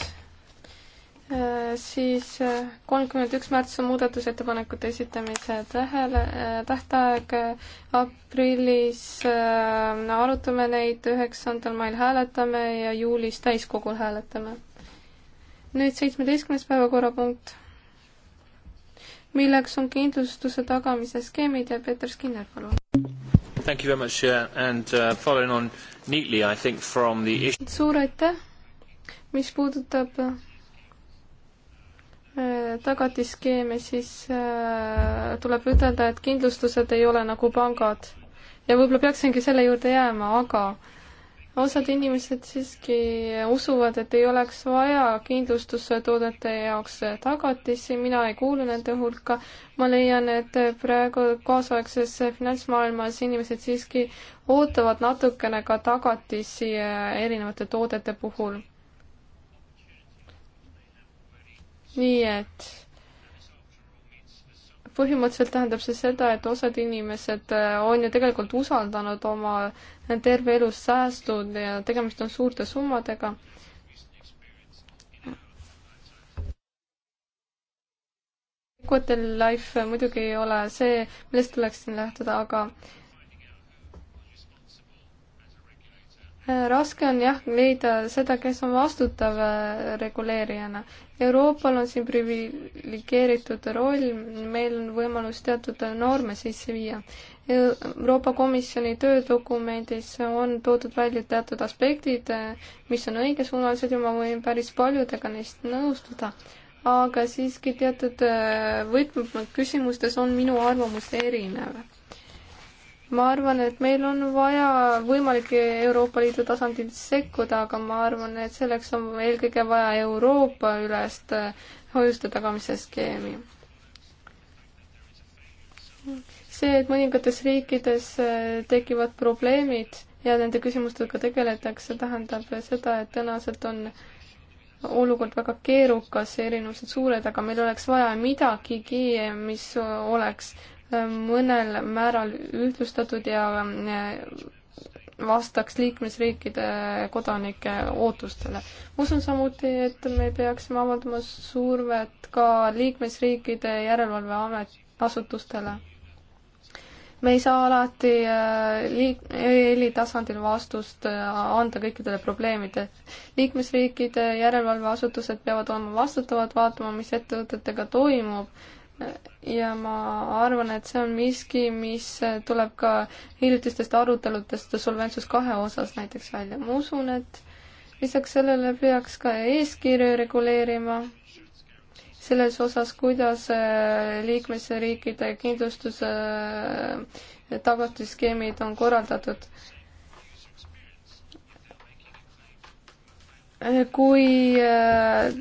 Äh, siis äh, kolmkümmend üks märts on muudatusettepanekute esitamise tähele, äh, tähtaeg aprillis no, arutame neid, üheksandal mail hääletame ja juulis täiskogul hääletame. nüüd seitsmeteistkümnes päevakorrapunkt, milleks on kindlustuse tagamise skeemid ja Peeter Skinner, palun. Thank you very much uh, and uh, following on neatly I think from the suur aitäh, mis puudutab Äh, tagatisskeeme, siis äh, tuleb ütelda, et kindlustused ei ole nagu pangad. ja võib-olla peaksingi selle juurde jääma, aga osad inimesed siiski usuvad, et ei oleks vaja kindlustustoodete jaoks tagatisi, mina ei kuulu nende hulka. ma leian, et praegu kaasaegses finantsmaailmas inimesed siiski ootavad natukene ka tagatisi äh, erinevate toodete puhul nii et põhimõtteliselt tähendab see seda, et osad inimesed äh, on ju tegelikult usaldanud oma terve elu säästud ja tegemist on suurte summadega. Equatel Life muidugi ei ole see, millest tuleks siin lähtuda, aga raske on jah leida seda, kes on vastutav äh, reguleerijana. Euroopal on siin priviligeeritud roll, meil on võimalus teatud norme sisse viia. Euroopa Komisjoni töödokumendis on toodud välja teatud aspektid, äh, mis on õigesuunalised ja ma võin päris paljudega neist nõustuda, aga siiski teatud äh, võtmeküsimustes on minu arvamus erinev ma arvan, et meil on vaja võimalike Euroopa Liidu tasandil sekkuda, aga ma arvan, et selleks on eelkõige vaja Euroopa ülest eh, hoiuste tagamise skeemi. see, et mõningates riikides eh, tekivad probleemid ja nende küsimustega tegeletakse, tähendab seda, et tõenäoliselt on olukord väga keerukas ja erinevused suured, aga meil oleks vaja midagigi, eh, mis oleks mõnel määral ühtlustatud ja e, vastaks liikmesriikide kodanike ootustele. ma usun samuti, et me peaksime avaldama survet ka liikmesriikide järelevalveamet, asutustele. me ei saa alati e, liik-, EL-i tasandil vastust e, anda kõikidele probleemidele. liikmesriikide järelevalveasutused peavad olema vastutavad, vaatama, mis ettevõtetega toimub ja ma arvan, et see on miski, mis tuleb ka hiljutistest aruteludest Solventsus kahe osas näiteks välja. ma usun, et lisaks sellele peaks ka eeskirju reguleerima selles osas, kuidas äh, liikmesriikide kindlustuse äh, tagatisskeemid on korraldatud kui äh,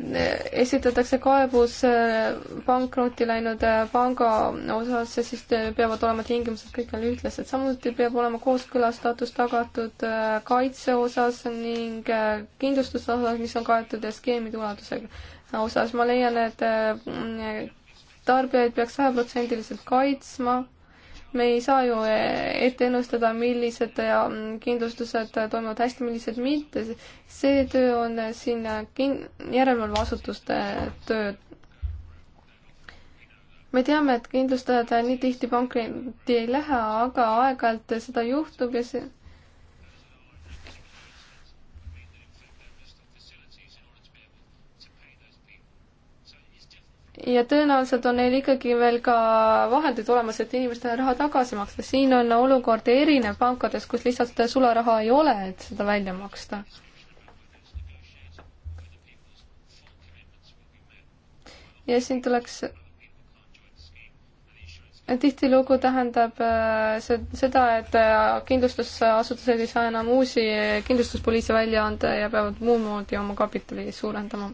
esitatakse kaebus äh, pankrotti läinud äh, panga osas, siis peavad olema tingimused kõikjal ühtlased. samuti peab olema kooskõlastatus tagatud kaitse osas ning kindlustuse osas, mis on kaetud skeemide ulatusega osas. ma leian, et tarbijaid peaks sajaprotsendiliselt kaitsma me ei saa ju eh, ette ennustada, millised eh, kindlustused eh, toimuvad hästi, millised mitte. see töö on siin kin-, järelevalveasutuste töö. me teame, et kindlustajad nii tihti pankrotti ei lähe, aga aeg-ajalt seda juhtub ja see ja tõenäoliselt on neil ikkagi veel ka vahendid olemas, et inimestele raha tagasi maksta. siin on olukord erinev pankades, kus lihtsalt sularaha ei ole, et seda välja maksta. ja siin tuleks tihtilugu tähendab äh, see, seda, et äh, kindlustusasutused ei saa enam uusi kindlustuspoliise välja anda ja peavad muud moodi oma kapitali suurendama.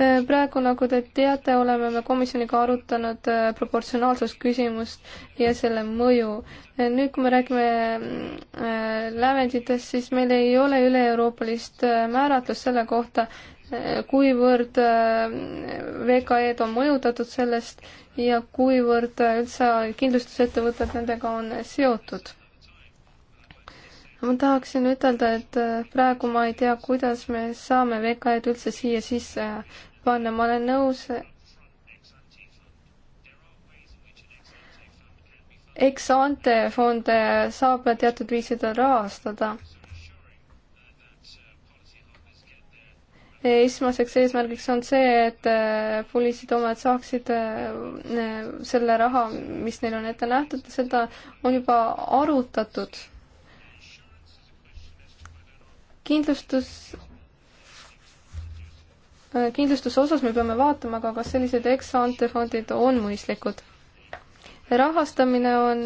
Äh, praegu, nagu te teate, oleme me komisjoniga arutanud proportsionaalsusküsimust ja selle mõju. nüüd, kui me räägime lävenditest, siis meil ei ole üle-euroopalist määratlust selle kohta, kuivõrd VKE-d on mõjutatud sellest ja kuivõrd üldse kindlustusettevõtted nendega on seotud. ma tahaksin ütelda, et praegu ma ei tea, kuidas me saame VKE-d üldse siia sisse panna, ma olen nõus, eks ante fonde saab teatud viisidel rahastada esmaseks eesmärgiks on see, et äh, poliisid omad saaksid äh, äh, selle raha, mis neil on ette nähtud, seda on juba arutatud. kindlustus, kindlustuse osas me peame vaatama ka, kas sellised ex-ante fondid on mõistlikud rahastamine on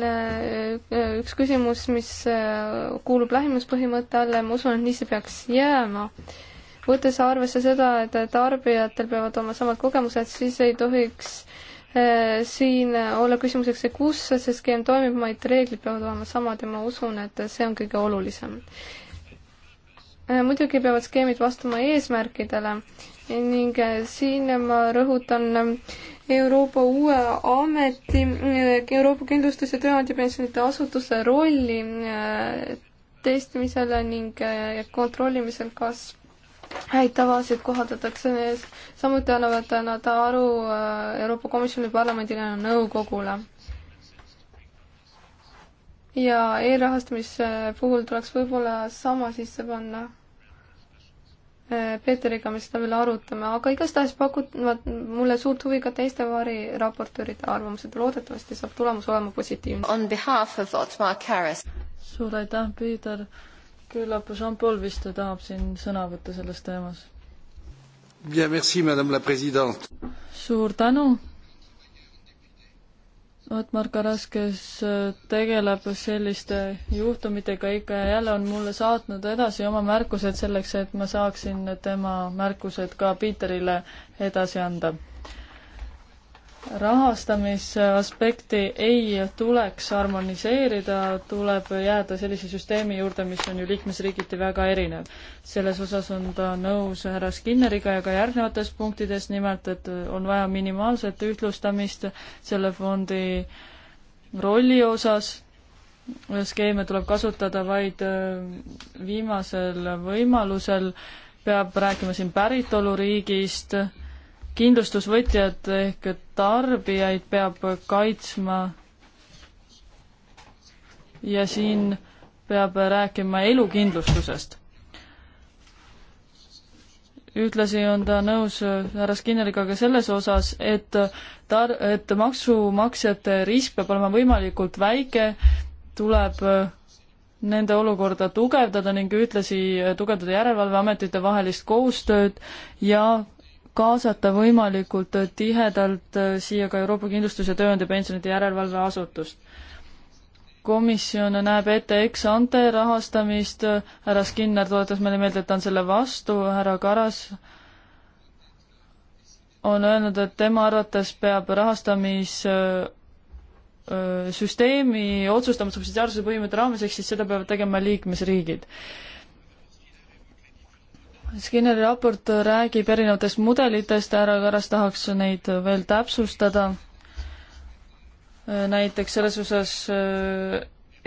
üks küsimus, mis kuulub lähimuspõhimõtte alla ja ma usun, et nii see peaks jääma võttes arvesse seda, et tarbijatel peavad olema samad kogemused, siis ei tohiks eh, siin olla küsimuseks see, kus see skeem toimib, vaid reeglid peavad olema samad ja ma usun, et see on kõige olulisem. Eh, muidugi peavad skeemid vastama eesmärkidele ning eh, siin ma rõhutan Euroopa uue ameti, Euroopa Kindlustus- ja Tööandjapensionide Asutuse rolli testimisele ning kontrollimisel, kas häid tavasid kohaldatakse neis, samuti annavad nad aru äh, Euroopa Komisjoni parlamendile ja nõukogule. ja eelrahastamise puhul tuleks võib-olla sama sisse panna äh, Peeteriga me seda veel arutame, aga igastahes pakuvad mulle suurt huvi ka teiste variraportööride arvamused, loodetavasti saab tulemus olema positiivne. suur aitäh, Peeter küllap Jean-Paul vist tahab siin sõna võtta selles teemas. suur tänu. Otmar Karas, kes äh, tegeleb selliste juhtumitega ikka ja jälle, on mulle saatnud edasi oma märkused selleks, et ma saaksin tema märkused ka Piiterile edasi anda rahastamisaspekti ei tuleks harmoniseerida, tuleb jääda sellise süsteemi juurde, mis on ju liikmesriigiti väga erinev. selles osas on ta nõus härra Skinneriga ja ka järgnevates punktides, nimelt et on vaja minimaalset ühtlustamist selle fondi rolli osas, skeeme tuleb kasutada vaid äh, viimasel võimalusel, peab rääkima siin päritoluriigist, kindlustusvõtjad ehk tarbijaid peab kaitsma ja siin peab rääkima elukindlustusest. ühtlasi on ta nõus härra Skinneriga ka selles osas, et tar-, et maksumaksjate risk peab olema võimalikult väike, tuleb nende olukorda tugevdada ning ühtlasi tugevdada Järelevalveametite vahelist koostööd ja kaasata võimalikult tihedalt äh, siia ka Euroopa Kindlustus- ja Tööandjapensionide Järelevalveasutust. komisjon näeb ette ex-ante rahastamist, härra Skinner tuletas meile meelde, et ta on selle vastu, härra Karas on öelnud, et tema arvates peab rahastamis süsteemi otsustama subsidiaarsuse põhimõtte raames, ehk siis seda peavad tegema liikmesriigid. Skinneri raport räägib erinevatest mudelitest, härra Karas tahaks neid veel täpsustada. näiteks selles osas,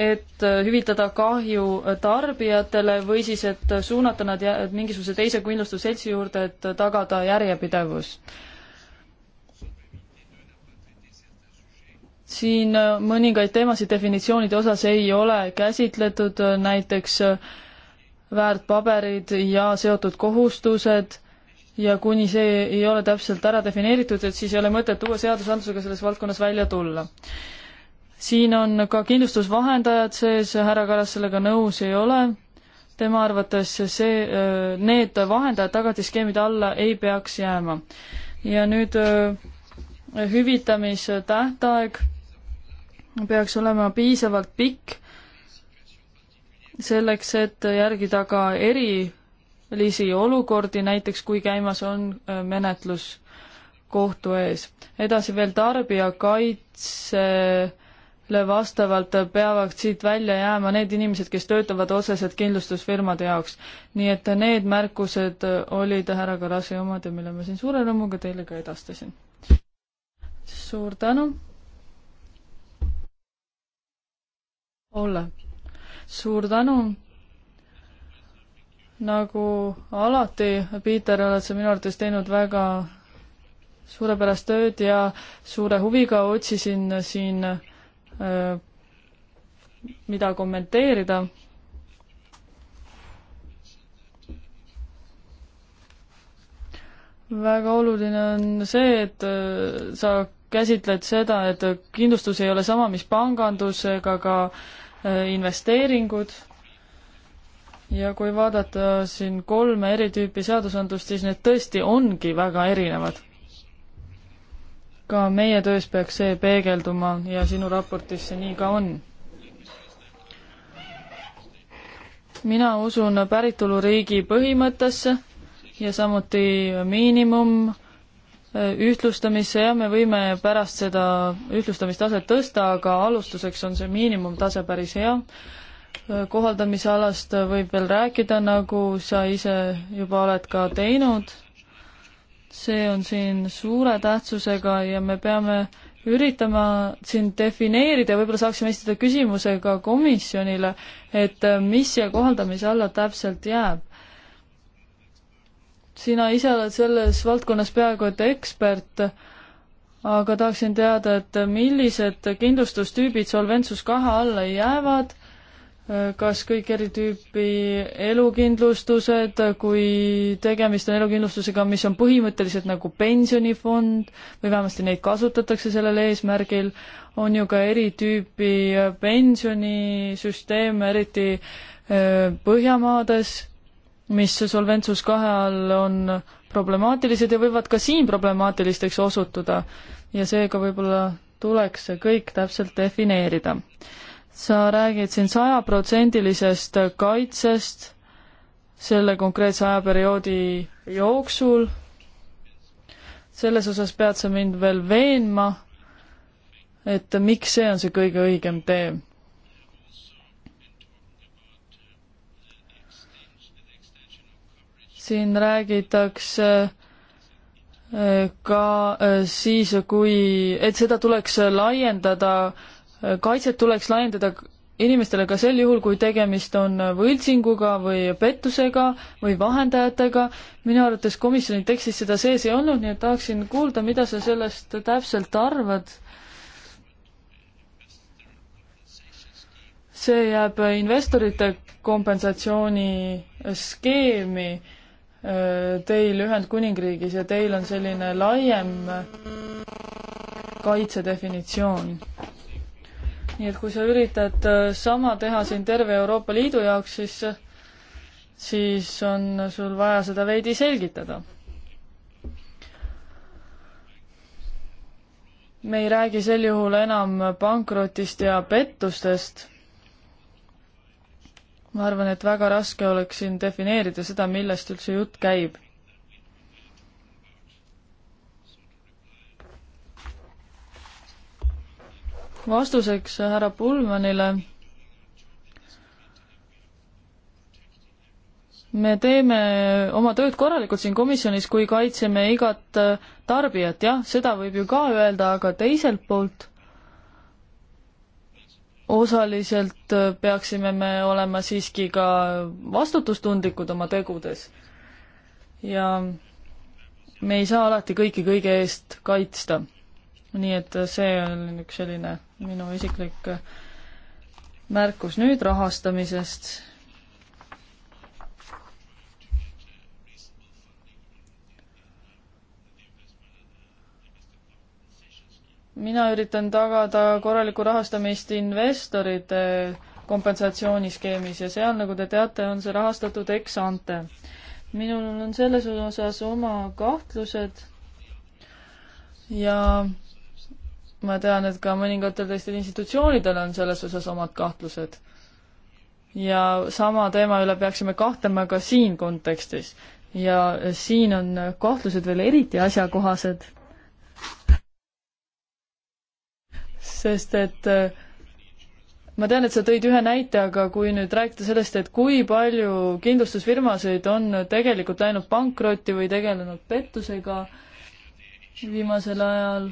et hüvitada kahju tarbijatele või siis, et suunata nad mingisuguse teise kindlustusseltsi juurde, et tagada järjepidevus. siin mõningaid teemasid definitsioonide osas ei ole käsitletud, näiteks äh, väärtpaberid ja seotud kohustused ja kuni see ei ole täpselt ära defineeritud, et siis ei ole mõtet uue seadusandlusega selles valdkonnas välja tulla. siin on ka kindlustusvahendajad sees, härra Karas sellega nõus ei ole, tema arvates see, äh, need vahendajad tagatisskeemide alla ei peaks jääma. ja nüüd äh, hüvitamistähtaeg peaks olema piisavalt pikk selleks, et järgida ka erilisi olukordi, näiteks kui käimas on äh, menetlus kohtu ees. edasi veel tarbijakaitsele vastavalt peavad siit välja jääma need inimesed, kes töötavad otseselt kindlustusfirmade jaoks. nii et need märkused olid härra Karasi omad ja mille ma siin suure rõõmuga teile ka edastasin. suur tänu. Olle suur tänu. nagu alati, Piiter, oled sa minu arvates teinud väga suurepärast tööd ja suure huviga otsisin siin äh, mida kommenteerida. väga oluline on see, et äh, sa käsitled seda, et kindlustus ei ole sama, mis pangandus ega ka äh, Äh, investeeringud ja kui vaadata siin kolme eri tüüpi seadusandlust, siis need tõesti ongi väga erinevad. ka meie töös peaks see peegelduma ja sinu raportis see nii ka on. mina usun päritoluriigi põhimõttesse ja samuti miinimum ühtlustamisse, jah, me võime pärast seda ühtlustamistaset tõsta, aga alustuseks on see miinimumtase päris hea. kohaldamisalast võib veel rääkida, nagu sa ise juba oled ka teinud. see on siin suure tähtsusega ja me peame üritama siin defineerida, võib-olla saaksime esitada küsimuse ka komisjonile, et mis siia kohaldamise alla täpselt jääb sina ise oled selles valdkonnas peaaegu et ekspert, aga tahaksin teada, et millised kindlustustüübid Solventsus kahe alla jäävad, kas kõik eri tüüpi elukindlustused, kui tegemist on elukindlustusega, mis on põhimõtteliselt nagu pensionifond või vähemasti neid kasutatakse sellel eesmärgil, on ju ka eri tüüpi pensionisüsteeme, eriti äh, Põhjamaades mis Solventsus kahe all on problemaatilised ja võivad ka siin problemaatilisteks osutuda. ja seega võib-olla tuleks see kõik täpselt defineerida. sa räägid siin sajaprotsendilisest kaitsest selle konkreetse ajaperioodi jooksul, selles osas pead sa mind veel veenma, et miks see on see kõige õigem tee siin räägitakse eh, ka eh, siis, kui, et seda tuleks laiendada, eh, kaitset tuleks laiendada inimestele ka sel juhul, kui tegemist on võltsinguga või pettusega või vahendajatega. minu arvates komisjoni tekstis seda sees ei olnud, nii et tahaksin kuulda, mida sa sellest täpselt arvad. see jääb investorite kompensatsiooni skeemi teil Ühendkuningriigis ja teil on selline laiem kaitsedefinitsioon. nii et kui sa üritad äh, sama teha siin terve Euroopa Liidu jaoks, siis, siis on sul vaja seda veidi selgitada. me ei räägi sel juhul enam pankrotist ja pettustest ma arvan, et väga raske oleks siin defineerida seda, millest üldse jutt käib. vastuseks härra Pulmanile. me teeme oma tööd korralikult siin komisjonis, kui kaitseme igat tarbijat, jah, seda võib ju ka öelda, aga teiselt poolt osaliselt äh, peaksime me olema siiski ka vastutustundlikud oma tegudes. ja me ei saa alati kõiki kõige eest kaitsta. nii et äh, see on üks selline minu isiklik äh, märkus nüüd rahastamisest mina üritan tagada korralikku rahastamist investorite kompensatsiooniskeemis ja seal, nagu te teate, on see rahastatud ex-ante. minul on selles osas oma kahtlused ja ma tean, et ka mõningatel teistel institutsioonidel on selles osas omad kahtlused. ja sama teema üle peaksime kahtlema ka siin kontekstis. ja siin on kahtlused veel eriti asjakohased sest et äh, ma tean, et sa tõid ühe näite, aga kui nüüd rääkida sellest, et kui palju kindlustusfirmasid on tegelikult läinud pankrotti või tegelenud pettusega viimasel ajal,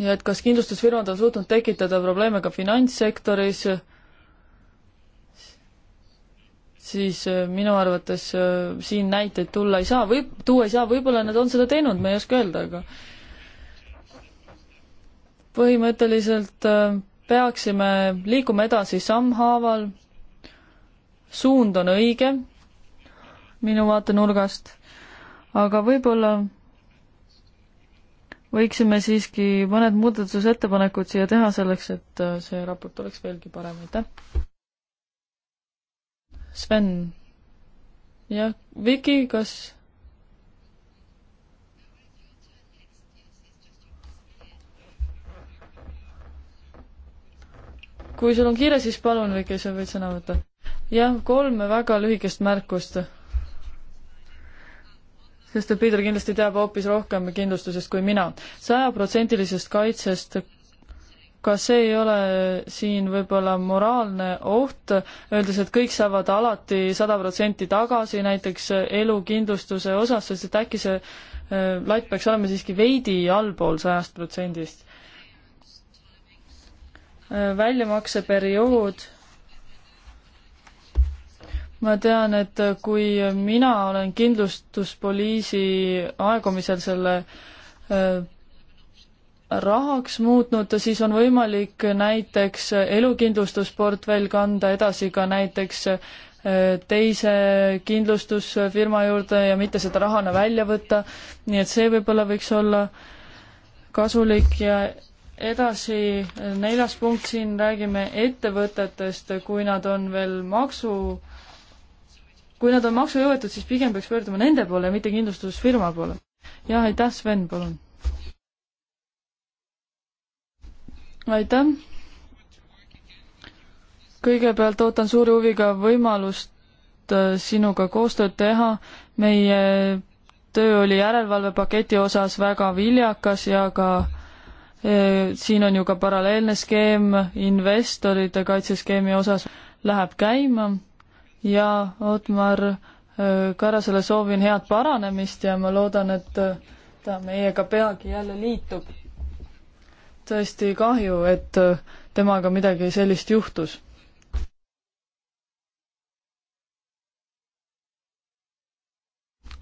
ja et kas kindlustusfirmad on suutnud tekitada probleeme ka finantssektoris siis äh, minu arvates äh, siin näiteid tulla ei saa, võib, tuua ei saa, võib-olla nad on seda teinud, ma ei oska öelda, aga põhimõtteliselt äh, peaksime liikuma edasi sammhaaval, suund on õige minu vaatenurgast, aga võib-olla võiksime siiski mõned muudatusettepanekud siia teha selleks, et see raport oleks veelgi parem, aitäh! Sven. jah, Viki, kas? kui sul on kiire, siis palun, Viki, sa võid sõna võtta. jah, kolme väga lühikest märkust. sest et Peeter kindlasti teab hoopis rohkem kindlustusest kui mina. sajaprotsendilisest kaitsest ka see ei ole siin võib-olla moraalne oht, öeldes, et kõik saavad alati sada protsenti tagasi näiteks elukindlustuse osas, sest et äkki see äh, latt peaks olema siiski veidi allpool sajast protsendist. Äh, väljamakseperiood. ma tean, et kui mina olen kindlustuspoliisi aegumisel selle äh, rahaks muutnud, siis on võimalik näiteks elukindlustusportfell kanda edasi ka näiteks äh, teise kindlustusfirma juurde ja mitte seda rahana välja võtta, nii et see võib-olla võiks olla kasulik ja edasi äh, neljas punkt, siin räägime ettevõtetest, kui nad on veel maksu, kui nad on maksujõuetud, siis pigem peaks pöörduma nende poole, mitte kindlustusfirma poole. jah, aitäh, Sven, palun aitäh! kõigepealt ootan suure huviga võimalust äh, sinuga koostööd teha. meie töö oli järelevalvepaketi osas väga viljakas ja ka e, siin on ju ka paralleelne skeem investorite kaitseskeemi osas läheb käima ja Otmar e, Karasele soovin head paranemist ja ma loodan, et ta meiega peagi jälle liitub tõesti kahju, et äh, temaga midagi sellist juhtus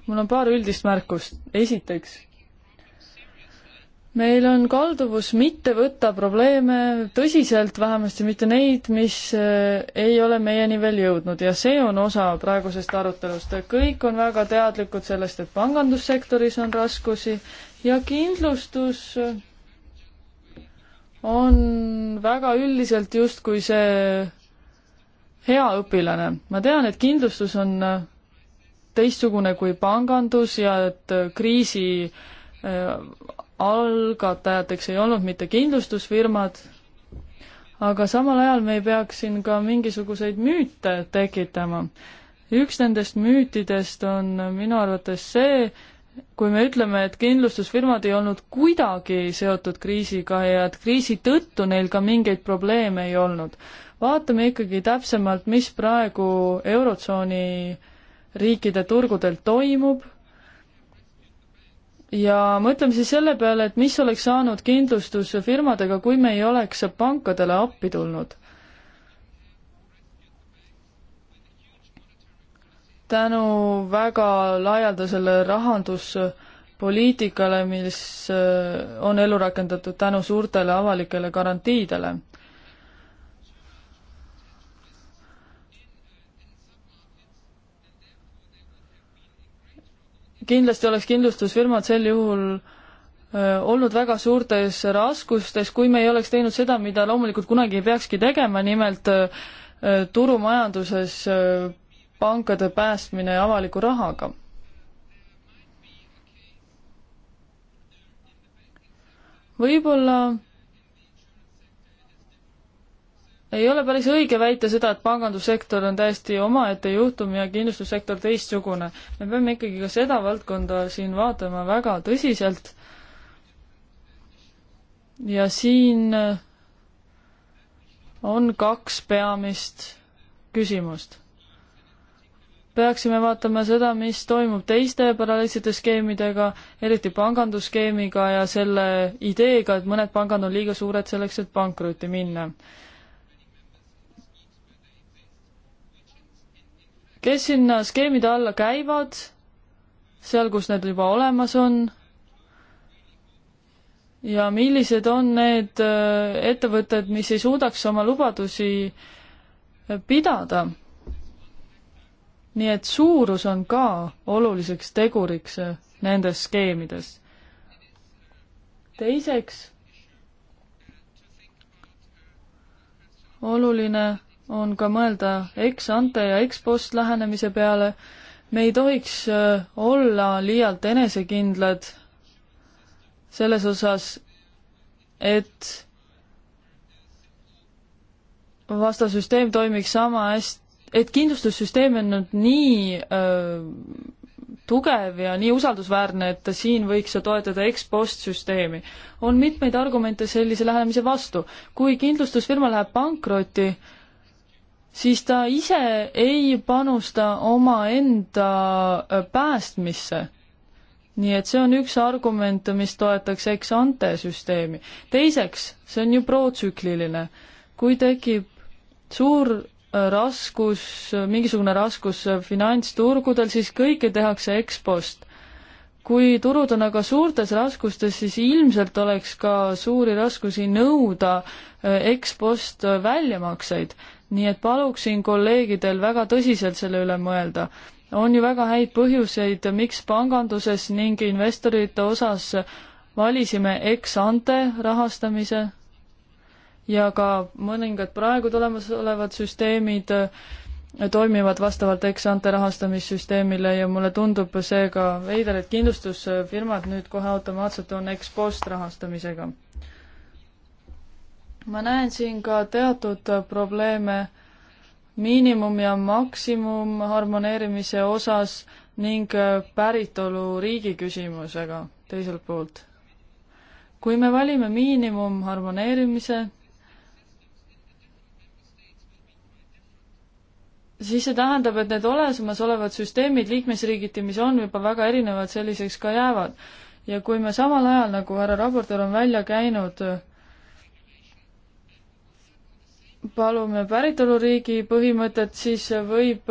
mul on paar üldist märkust. esiteks, meil on kalduvus mitte võtta probleeme tõsiselt, vähemasti mitte neid, mis äh, ei ole meieni veel jõudnud ja see on osa praegusest arutelust. kõik on väga teadlikud sellest, et pangandussektoris on raskusi ja kindlustus äh, on väga üldiselt justkui see hea õpilane. ma tean, et kindlustus on äh, teistsugune kui pangandus ja et äh, kriisi äh, algatajateks ei olnud mitte kindlustusfirmad, aga samal ajal me ei peaks siin ka mingisuguseid müüte tekitama. üks nendest müütidest on minu arvates see, kui me ütleme, et kindlustusfirmad ei olnud kuidagi seotud kriisiga ja et kriisi tõttu neil ka mingeid probleeme ei olnud, vaatame ikkagi täpsemalt, mis praegu Eurotsooni riikide turgudel toimub ja mõtleme siis selle peale, et mis oleks saanud kindlustusfirmadega, kui me ei oleks pankadele appi tulnud. tänu väga laialdasele rahanduspoliitikale, mis äh, on ellu rakendatud tänu suurtele avalikele garantiidele kindlasti oleks kindlustusfirmad sel juhul äh, olnud väga suurtes raskustes, kui me ei oleks teinud seda, mida loomulikult kunagi ei peakski tegema, nimelt äh, turumajanduses pankade päästmine avaliku rahaga. võib-olla ei ole päris õige väita seda, et pangandussektor on täiesti omaette juhtum ja kindlustussektor teistsugune. me peame ikkagi ka seda valdkonda siin vaatama väga tõsiselt. ja siin on kaks peamist küsimust peaksime vaatama seda, mis toimub teiste paralleelsete skeemidega, eriti pangandusskeemiga ja selle ideega, et mõned pangad on liiga suured selleks, et pankrotti minna. kes sinna skeemide alla käivad, seal, kus need juba olemas on, ja millised on need äh, ettevõtted, mis ei suudaks oma lubadusi pidada nii et suurus on ka oluliseks teguriks eh, nendes skeemides. teiseks, oluline on ka mõelda ex-ante ja ex-post lähenemise peale. me ei tohiks eh, olla liialt enesekindlad selles osas, et vastasüsteem toimiks sama hästi et kindlustussüsteem on nüüd nii öö, äh, tugev ja nii usaldusväärne, et siin võiks ju toetada ex-post süsteemi. on mitmeid argumente sellise lähenemise vastu. kui kindlustusfirma läheb pankrotti, siis ta ise ei panusta omaenda äh, päästmisse. nii et see on üks argument, mis toetaks ex-ante süsteemi. teiseks, see on ju protsükliline. kui tekib suur raskus, mingisugune raskus finantsturgudel, siis kõike tehakse ekspost. kui turud on aga suurtes raskustes, siis ilmselt oleks ka suuri raskusi nõuda ekspost eh, väljamakseid. nii et paluksin kolleegidel väga tõsiselt selle üle mõelda on ju väga häid põhjuseid, miks panganduses ning investorite osas valisime ex-ante rahastamise ja ka mõningad praegu olemasolevad süsteemid äh, toimivad vastavalt ex-ante rahastamissüsteemile ja mulle tundub seega veider, et kindlustusfirmad nüüd kohe automaatselt on ex-post rahastamisega. ma näen siin ka teatud probleeme miinimum- ja maksimumharmoneerimise osas ning äh, päritoluriigi küsimusega teiselt poolt. kui me valime miinimumharmoneerimise, siis see tähendab, et need olemasolevad süsteemid liikmesriigiti, mis on juba väga erinevad, selliseks ka jäävad. ja kui me samal ajal, nagu härra raportöör on välja käinud, palume päritoluriigi põhimõtet, siis võib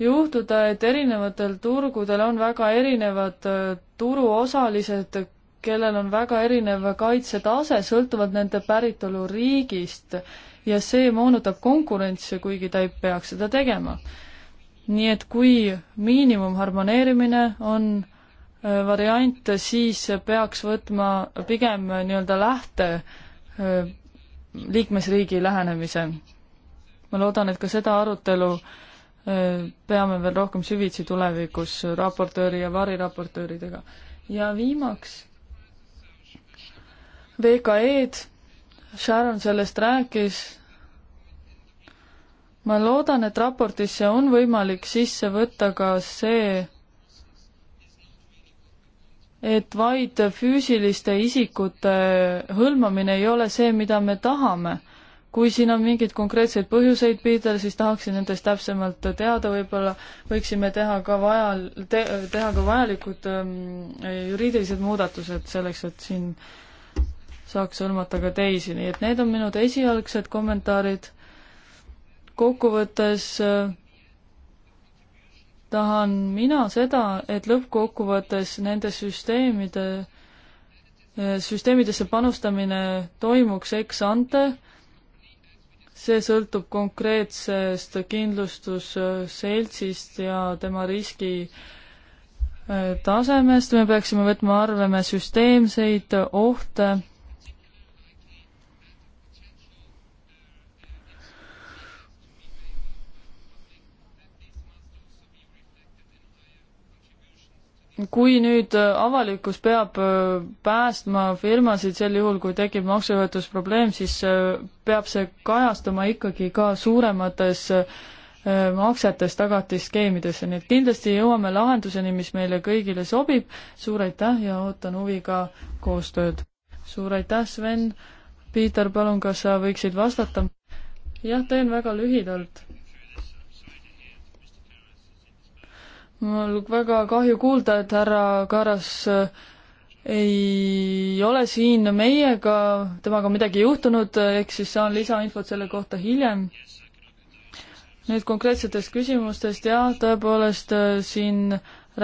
juhtuda, et erinevatel turgudel on väga erinevad äh, turuosalised, kellel on väga erinev kaitsetase, sõltuvalt nende päritoluriigist ja see moonutab konkurentsi, kuigi ta ei peaks seda tegema. nii et kui miinimumharmoneerimine on äh, variant, siis peaks võtma pigem nii-öelda lähte äh, liikmesriigi lähenemise. ma loodan, et ka seda arutelu äh, peame veel rohkem süvitsi tulevikus raportööri ja variraportööridega. ja viimaks VKE-d Sharon sellest rääkis. ma loodan, et raportisse on võimalik sisse võtta ka see, et vaid füüsiliste isikute hõlmamine ei ole see, mida me tahame. kui siin on mingeid konkreetseid põhjuseid, Peter, siis tahaksin nendest täpsemalt teada, võib-olla võiksime teha ka vajal- te,, teha ka vajalikud ähm, juriidilised muudatused selleks, et siin äh, saaks hõlmata ka teisi, nii et need on minu esialgsed kommentaarid. kokkuvõttes äh, tahan mina seda, et lõppkokkuvõttes nende süsteemide, äh, süsteemidesse panustamine toimuks ex ante, see sõltub konkreetsest kindlustusseltsist ja tema riski äh, tasemest, me peaksime võtma arvele süsteemseid ohte kui nüüd äh, avalikkus peab äh, päästma firmasid sel juhul, kui tekib maksejõuetusprobleem, siis äh, peab see kajastuma ikkagi ka suuremates maksetes tagatisskeemidesse, nii et kindlasti jõuame lahenduseni, mis meile kõigile sobib. suur aitäh ja ootan huviga koostööd. suur aitäh, Sven. Piiter, palun, kas sa võiksid vastata? jah, teen väga lühidalt mul väga kahju kuulda, et härra Karas äh, ei ole siin meiega, temaga midagi juhtunud, ehk siis saan lisainfot selle kohta hiljem. nüüd konkreetsetest küsimustest, jah, tõepoolest äh, siin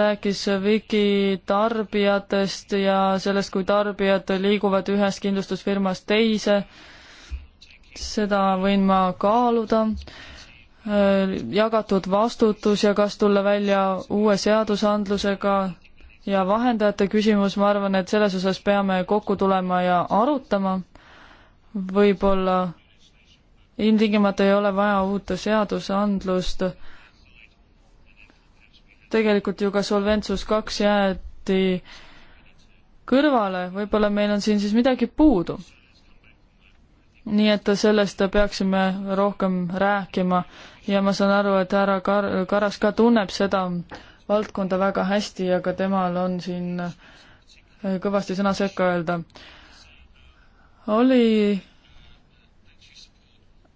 rääkis Viki tarbijatest ja sellest, kui tarbijad liiguvad ühest kindlustusfirmast teise. seda võin ma kaaluda Äh, jagatud vastutus ja kas tulla välja uue seadusandlusega ja vahendajate küsimus, ma arvan, et selles osas peame kokku tulema ja arutama. võib-olla ilmtingimata ei ole vaja uut seadusandlust. tegelikult ju ka Solventsus kaks jäeti kõrvale, võib-olla meil on siin siis midagi puudu nii et sellest peaksime rohkem rääkima ja ma saan aru, et härra Kar-, Karas ka tunneb seda valdkonda väga hästi ja ka temal on siin äh, kõvasti sõna sekka öelda. oli,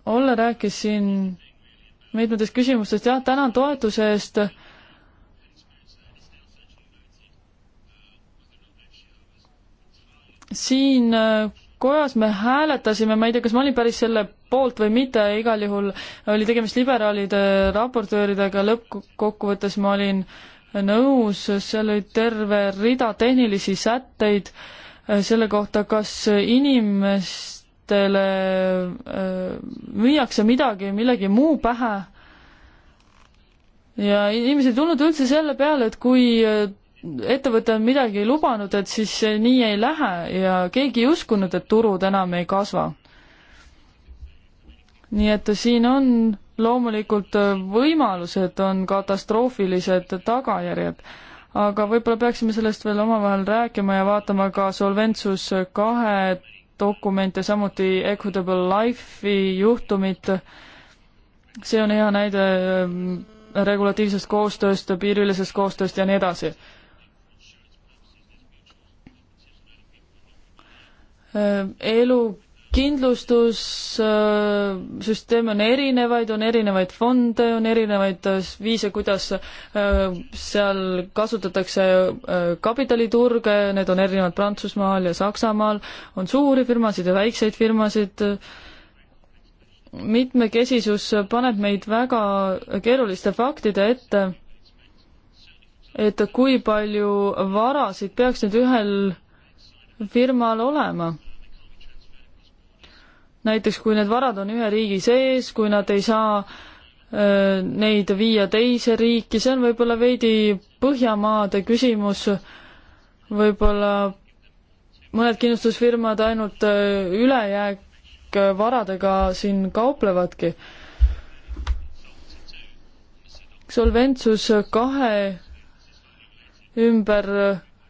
Olle rääkis siin mitmetest küsimustest, jah, tänan toetuse eest siin äh, kojas me hääletasime, ma ei tea, kas ma olin päris selle poolt või mitte, igal juhul oli tegemist liberaalide raportööridega, lõppkokkuvõttes ma olin nõus, seal oli terve rida tehnilisi sätteid äh, selle kohta, kas inimestele äh, müüakse midagi millegi muu pähe ja inimesed ei tulnud üldse selle peale, et kui äh, ettevõte on midagi lubanud, et siis nii ei lähe ja keegi ei uskunud, et turud enam ei kasva. nii et siin on loomulikult võimalused, on katastroofilised tagajärjed, aga võib-olla peaksime sellest veel omavahel rääkima ja vaatama ka Solventsus kahe dokumente, samuti Equitable Life'i juhtumit, see on hea näide ähm, regulatiivsest koostööst, piiriülesest koostööst ja nii edasi Äh, elukindlustussüsteeme on erinevaid, on erinevaid fonde, on erinevaid äh, viise, kuidas äh, seal kasutatakse kapitaliturge, need on erinevad Prantsusmaal ja Saksamaal, on suuri firmasid ja väikseid firmasid, mitmekesisus paneb meid väga keeruliste faktide ette, et kui palju varasid peaks nüüd ühel firmal olema. näiteks kui need varad on ühe riigi sees, kui nad ei saa öö, neid viia teise riiki, see on võib-olla veidi Põhjamaade küsimus, võib-olla mõned kindlustusfirmad ainult ülejääk varadega siin kauplevadki. solventsus kahe ümber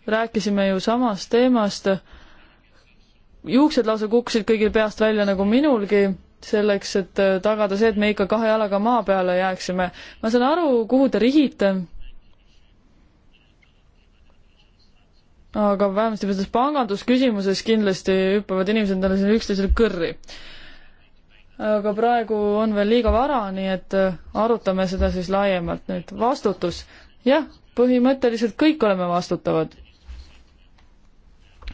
rääkisime ju samast teemast. juuksed lausa kukkusid kõigil peast välja nagu minulgi, selleks, et äh, tagada see, et me ikka kahe jalaga maa peale jääksime. ma saan aru, kuhu te rihite. aga vähemasti selles pangandusküsimuses kindlasti hüppavad inimesed endale siin üksteisele kõrri. aga praegu on veel liiga vara, nii et äh, arutame seda siis laiemalt nüüd. vastutus. jah, põhimõtteliselt kõik oleme vastutavad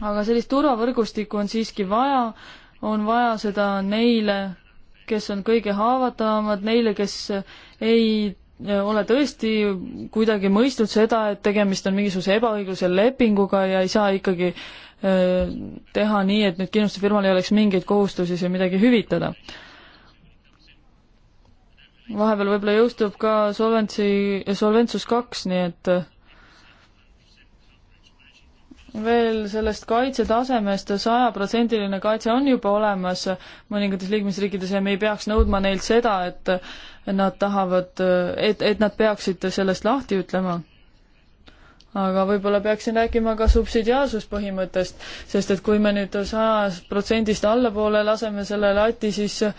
aga sellist turvavõrgustikku on siiski vaja, on vaja seda neile, kes on kõige haavatavamad, neile, kes ei e, ole tõesti kuidagi mõistnud seda, et tegemist on mingisuguse ebaõigluse lepinguga ja ei saa ikkagi e, teha nii, et nüüd kindlustusfirmal ei oleks mingeid kohustusi siin midagi hüvitada. vahepeal võib-olla jõustub ka Solventsi, Solventsus kaks, nii et veel sellest kaitsetasemest, sajaprotsendiline kaitse on juba olemas mõningates liikmesriikides ja me ei peaks nõudma neilt seda, et nad tahavad, et, et nad peaksid sellest lahti ütlema. aga võib-olla peaksin rääkima ka subsidiaarsuspõhimõttest, sest et kui me nüüd sajast protsendist allapoole laseme selle lati, siis äh,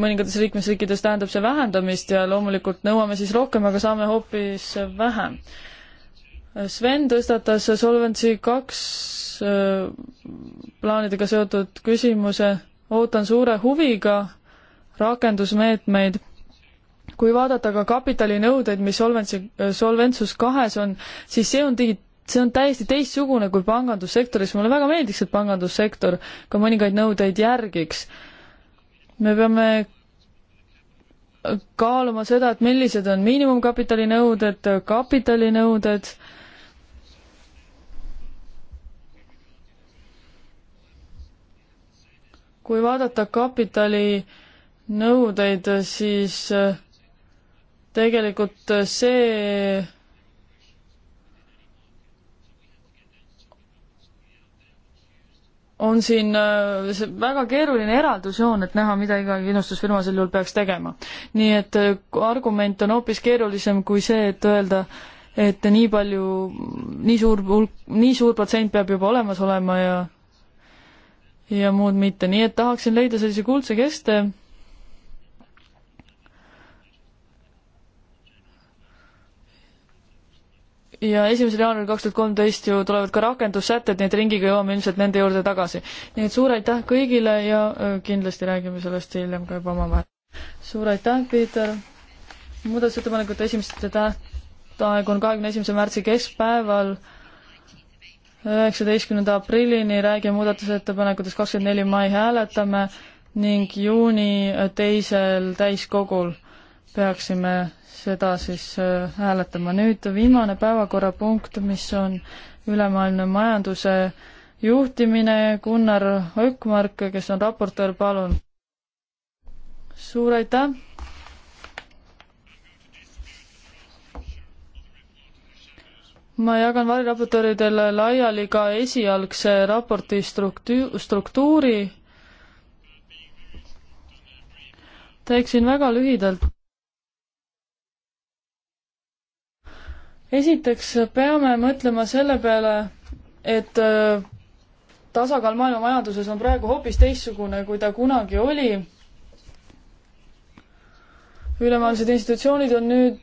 mõningates liikmesriikides tähendab see vähendamist ja loomulikult nõuame siis rohkem, aga saame hoopis vähem Sven tõstatas Solvency kaks äh, plaanidega seotud küsimuse, ootan suure huviga rakendusmeetmeid. kui vaadata ka kapitalinõudeid, mis Solvency, äh, Solventsus kahes on, siis see on digi-, see on täiesti teistsugune kui pangandussektoris, mulle väga meeldiks, et pangandussektor ka mõningaid nõudeid järgiks. me peame äh, kaaluma seda, et millised on miinimumkapitali nõuded, kapitalinõuded, kapitalinõuded kui vaadata kapitalinõudeid, siis eh, tegelikult eh, see on siin eh, see väga keeruline eraldusjoon, et näha, mida iga kindlustusfirma sel juhul peaks tegema. nii et argument on hoopis keerulisem kui see, et öelda, et nii palju, nii suur hulk, nii suur protsent peab juba olemas olema ja ja muud mitte, nii et tahaksin leida sellise kuldse keste. ja esimesel jaanuaril kaks tuhat kolmteist ju tulevad ka rakendussätted, nii et ringiga jõuame ilmselt nende juurde tagasi. nii et suur aitäh kõigile ja kindlasti räägime sellest hiljem ka juba omavahel. suur aitäh, Piiter! muudatusettepanekute esimeste tähtaeg on kahekümne esimese märtsi keskpäeval üheksateistkümnenda aprillini, räägime muudatusettepanekutest, kakskümmend neli mai hääletame ning juuni teisel täiskogul peaksime seda siis äh, hääletama. nüüd viimane päevakorrapunkt, mis on ülemaailmne majanduse juhtimine, Gunnar Hökmark, kes on raportöör, palun. suur aitäh! ma jagan variraportööridele laiali ka esialgse raporti struktu-, struktuuri. teeksin väga lühidalt. esiteks peame mõtlema selle peale, et äh, tasakaal maailma majanduses on praegu hoopis teistsugune, kui ta kunagi oli. ülemaailmsed institutsioonid on nüüd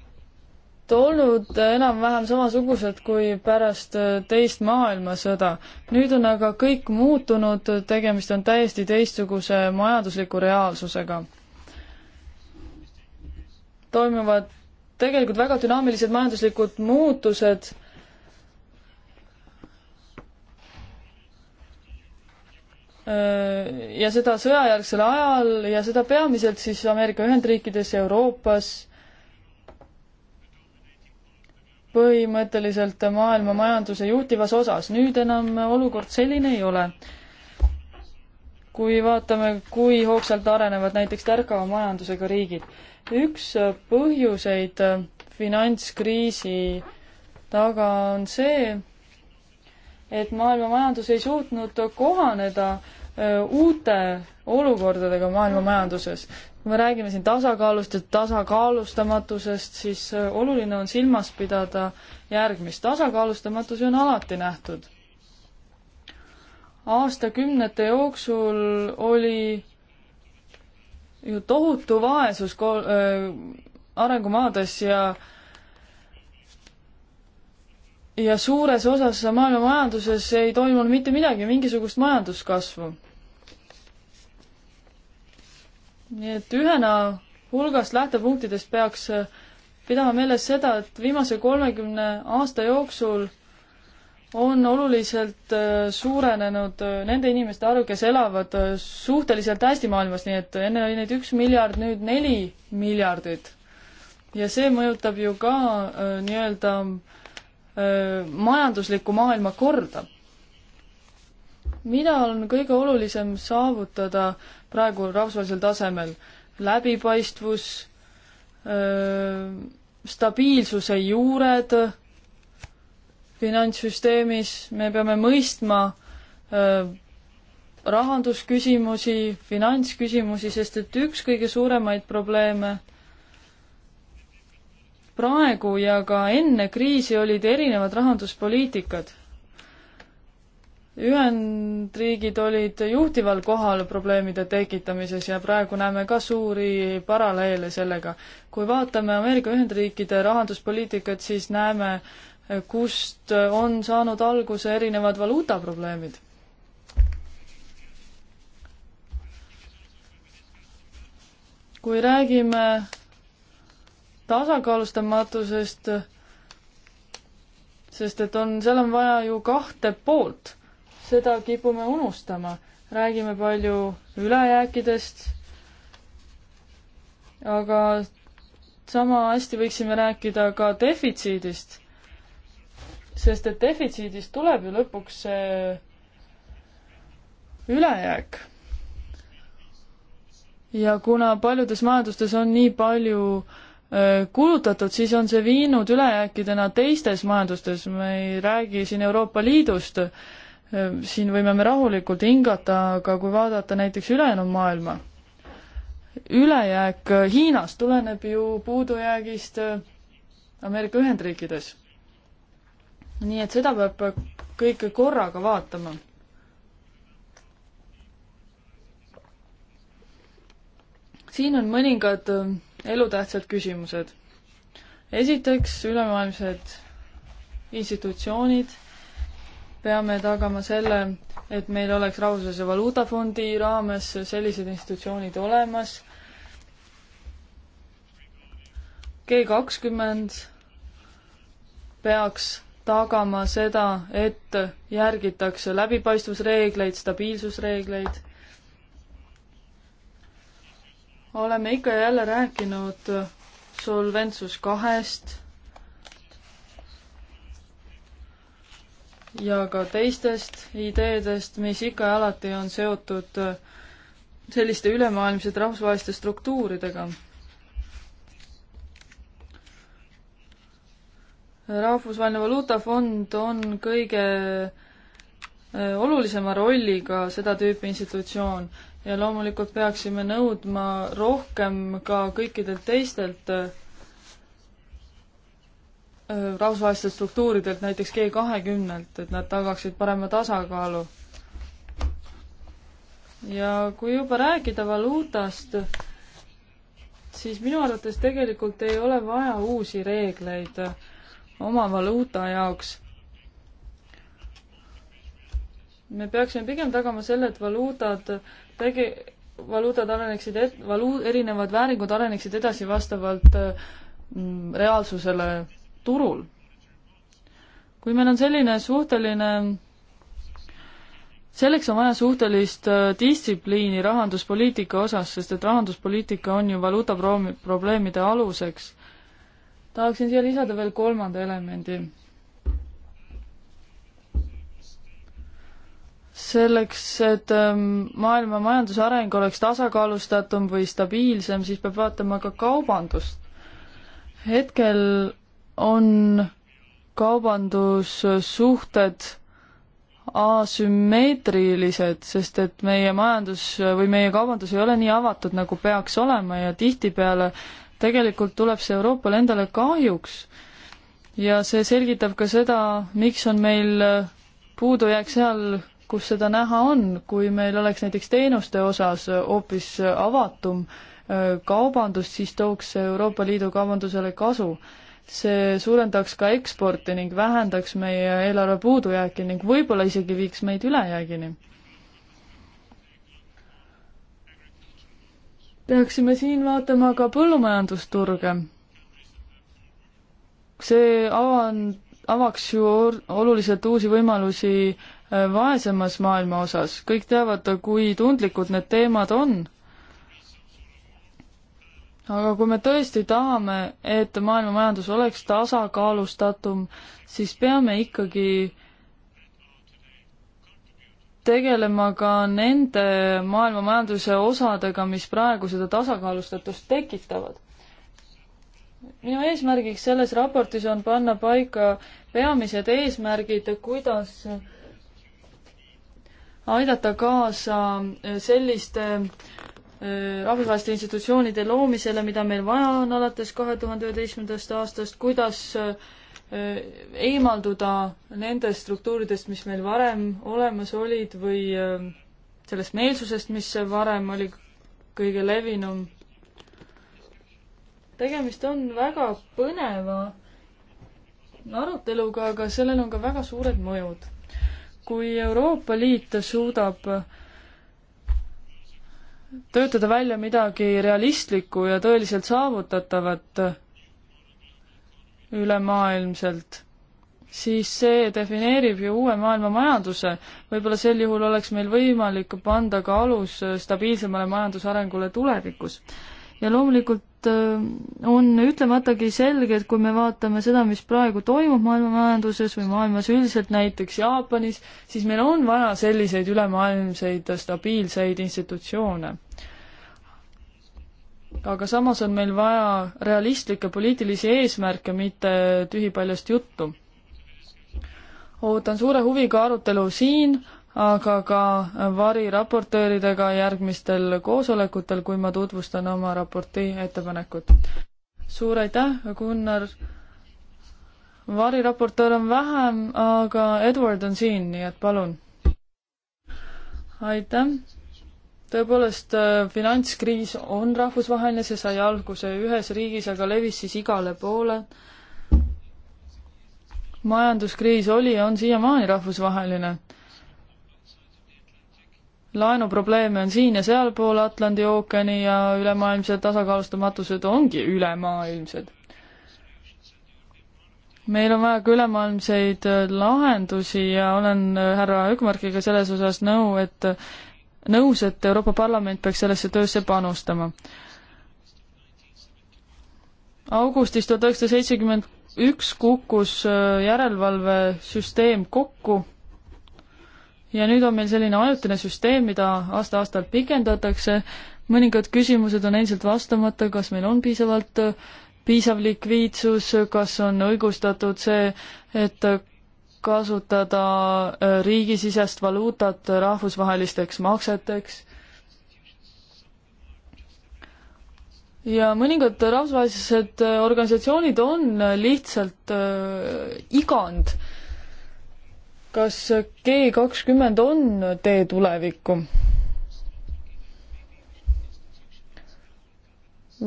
olnud enam-vähem samasugused kui pärast äh, teist maailmasõda. nüüd on aga kõik muutunud, tegemist on täiesti teistsuguse majandusliku reaalsusega. toimuvad tegelikult väga dünaamilised majanduslikud muutused äh, ja seda sõjajärgsel ajal ja seda peamiselt siis Ameerika Ühendriikides, Euroopas põhimõtteliselt maailma majanduse juhtivas osas. nüüd enam olukord selline ei ole. kui vaatame, kui hoogsalt arenevad näiteks tärkava majandusega riigid. üks põhjuseid finantskriisi taga on see, et maailma majandus ei suutnud kohaneda uute olukordadega maailma majanduses kui me räägime siin tasakaalust ja tasakaalustamatusest, siis äh, oluline on silmas pidada järgmist. tasakaalustamatusi on alati nähtud. aastakümnete jooksul oli ju tohutu vaesus ko-, äh, arengumaades ja ja suures osas maailma majanduses ei toimunud mitte midagi, mingisugust majanduskasvu nii et ühena hulgast lähtepunktidest peaks äh, pidama meeles seda, et viimase kolmekümne aasta jooksul on oluliselt äh, suurenenud äh, nende inimeste arv, kes elavad suhteliselt hästi maailmas, nii et enne oli neid üks miljard, nüüd neli miljardit. ja see mõjutab ju ka nii-öelda majanduslikku maailma korda. mida on kõige olulisem saavutada äh, praegu rahvusvahelisel tasemel. läbipaistvus, stabiilsuse juured finantssüsteemis, me peame mõistma rahandusküsimusi, finantsküsimusi, sest et üks kõige suuremaid probleeme praegu ja ka enne kriisi olid erinevad rahanduspoliitikad. Ühendriigid olid juhtival kohal probleemide tekitamises ja praegu näeme ka suuri paralleele sellega. kui vaatame Ameerika Ühendriikide rahanduspoliitikat, siis näeme, kust on saanud alguse erinevad valuutaprobleemid. kui räägime tasakaalustamatusest, sest et on, seal on vaja ju kahte poolt seda kipume unustama. räägime palju ülejääkidest, aga sama hästi võiksime rääkida ka defitsiidist, sest et defitsiidist tuleb ju lõpuks see ülejääk. ja kuna paljudes majandustes on nii palju äh, kulutatud, siis on see viinud ülejääkidena teistes majandustes, me ei räägi siin Euroopa Liidust, Ehm, siin võime me rahulikult hingata, aga kui vaadata näiteks ülejäänud maailma, ülejääk eh, Hiinas tuleneb ju puudujäägist eh, Ameerika Ühendriikides. nii et seda peab eh, kõike korraga vaatama. siin on mõningad elutähtsad küsimused. esiteks ülemaailmsed institutsioonid peame tagama selle, et meil oleks Rahvusvahelise Valuutafondi raames sellised institutsioonid olemas. G kakskümmend peaks tagama seda, et järgitakse läbipaistvusreegleid, stabiilsusreegleid. oleme ikka ja jälle rääkinud Solventsus kahest ja ka teistest ideedest, mis ikka ja alati on seotud äh, selliste ülemaailmsete rahvusvaheliste struktuuridega. rahvusvaheline valuutafond on kõige äh, olulisema rolliga seda tüüpi institutsioon ja loomulikult peaksime nõudma rohkem ka kõikidelt teistelt äh, rahvusvahelistelt struktuuridelt, näiteks G kahekümnelt, et nad tagaksid parema tasakaalu. ja kui juba rääkida valuutast, siis minu arvates tegelikult ei ole vaja uusi reegleid oma valuuta jaoks. me peaksime pigem tagama selle, et valuutad tege-, valuutad areneksid et-, valuu-, erinevad vääringud areneksid edasi vastavalt mm, reaalsusele turul. kui meil on selline suhteline selleks on vaja suhtelist äh, distsipliini rahanduspoliitika osas, sest et rahanduspoliitika on ju valuutaprobleemide aluseks. tahaksin siia lisada veel kolmanda elemendi. selleks, et ähm, maailma majanduse areng oleks tasakaalustatum või stabiilsem, siis peab vaatama ka kaubandust. hetkel on kaubandussuhted asümmeetrilised, sest et meie majandus või meie kaubandus ei ole nii avatud, nagu peaks olema ja tihtipeale tegelikult tuleb see Euroopale endale kahjuks. ja see selgitab ka seda, miks on meil puudujääk seal, kus seda näha on, kui meil oleks näiteks teenuste osas hoopis avatum äh, kaubandus, siis tooks see Euroopa Liidu kaubandusele kasu see suurendaks ka eksporti ning vähendaks meie eelarve puudujääki ning võib-olla isegi viiks meid ülejäägini. peaksime siin vaatama ka põllumajandusturge. see avan-, avaks ju oluliselt uusi võimalusi äh, vaesemas maailma osas, kõik teavad, kui tundlikud need teemad on aga kui me tõesti tahame, et maailma majandus oleks tasakaalustatum, siis peame ikkagi tegelema ka nende maailma majanduse osadega, mis praegu seda tasakaalustatust tekitavad. minu eesmärgiks selles raportis on panna paika peamised eesmärgid, kuidas aidata kaasa selliste äh, rahvusvaheliste institutsioonide loomisele, mida meil vaja on alates kahe tuhande üheteistkümnendast aastast, kuidas äh, eemalduda nendest struktuuridest, mis meil varem olemas olid või äh, sellest meelsusest, mis varem oli kõige levinum. tegemist on väga põneva aruteluga, aga sellel on ka väga suured mõjud. kui Euroopa Liit suudab äh, töötada välja midagi realistlikku ja tõeliselt saavutatavat ülemaailmselt, siis see defineerib ju uue maailma majanduse. võib-olla sel juhul oleks meil võimalik panda ka alus stabiilsemale majandusarengule tulevikus. ja loomulikult Äh, on ütlematagi selge, et kui me vaatame seda, mis praegu toimub maailma majanduses või maailmas üldiselt, näiteks Jaapanis, siis meil on vaja selliseid ülemaailmseid stabiilseid institutsioone. aga samas on meil vaja realistlikke poliitilisi eesmärke, mitte tühipaljast juttu ootan suure huviga arutelu siin, aga ka variraportööridega järgmistel koosolekutel, kui ma tutvustan oma raporti ettepanekut. suur aitäh, Gunnar! variraportöör on vähem, aga Edward on siin, nii et palun! aitäh! tõepoolest, finantskriis on rahvusvaheline, see sai alguse ühes riigis, aga levis siis igale poole. majanduskriis oli ja on siiamaani rahvusvaheline laenuprobleeme on siin ja sealpool Atlandi ookeani ja ülemaailmsed tasakaalustamatused ongi ülemaailmsed. meil on vaja ka ülemaailmseid äh, lahendusi ja olen äh, härra Ökmarkiga selles osas nõu, et nõus, et Euroopa Parlament peaks sellesse töösse panustama. augustis tuhat üheksasada seitsekümmend üks kukkus äh, järelevalvesüsteem kokku ja nüüd on meil selline ajutine süsteem, mida aasta-aastalt pikendatakse, mõningad küsimused on endiselt vastamata, kas meil on piisavalt, äh, piisav likviidsus, kas on õigustatud see, et kasutada äh, riigisisest valuutat rahvusvahelisteks makseteks, ja mõningad rahvusvahelised äh, organisatsioonid on lihtsalt äh, igand äh, kas G kakskümmend on tee tulevikku?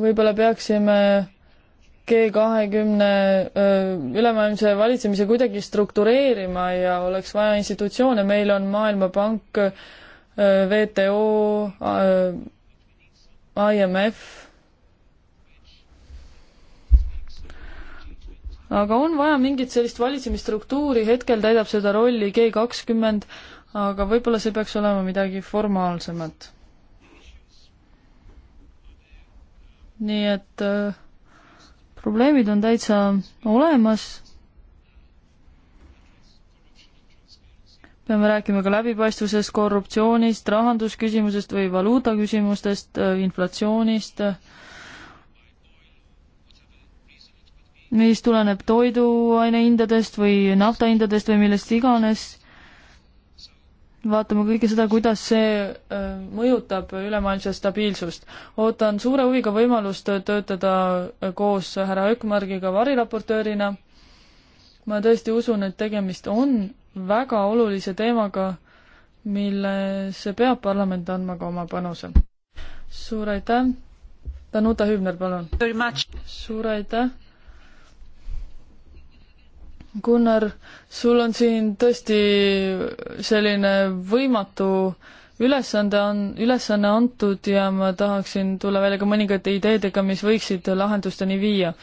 võib-olla peaksime G kahekümne ülemaailmse valitsemise kuidagi struktureerima ja oleks vaja institutsioone, meil on Maailmapank, WTO, IMF aga on vaja mingit sellist valitsemisstruktuuri, hetkel täidab seda rolli G kakskümmend, aga võib-olla see peaks olema midagi formaalsemat. nii et äh, probleemid on täitsa olemas. peame rääkima ka läbipaistvusest, korruptsioonist, rahandusküsimusest või valuutaküsimustest, äh, inflatsioonist äh,, mis tuleneb toiduaine hindadest või nafta hindadest või millest iganes. vaatame kõike seda, kuidas see äh, mõjutab ülemaailmset stabiilsust. ootan suure huviga võimalust töötada koos härra Ökmargiga variraportöörina. ma tõesti usun, et tegemist on väga olulise teemaga, millesse peab parlament andma ka oma panuse. suur aitäh! Danuta Hübner, palun! suur aitäh! Gunnar, sul on siin tõesti selline võimatu ülesande on, ülesanne antud ja ma tahaksin tulla välja ka mõningate ideedega, mis võiksid lahendusteni viia.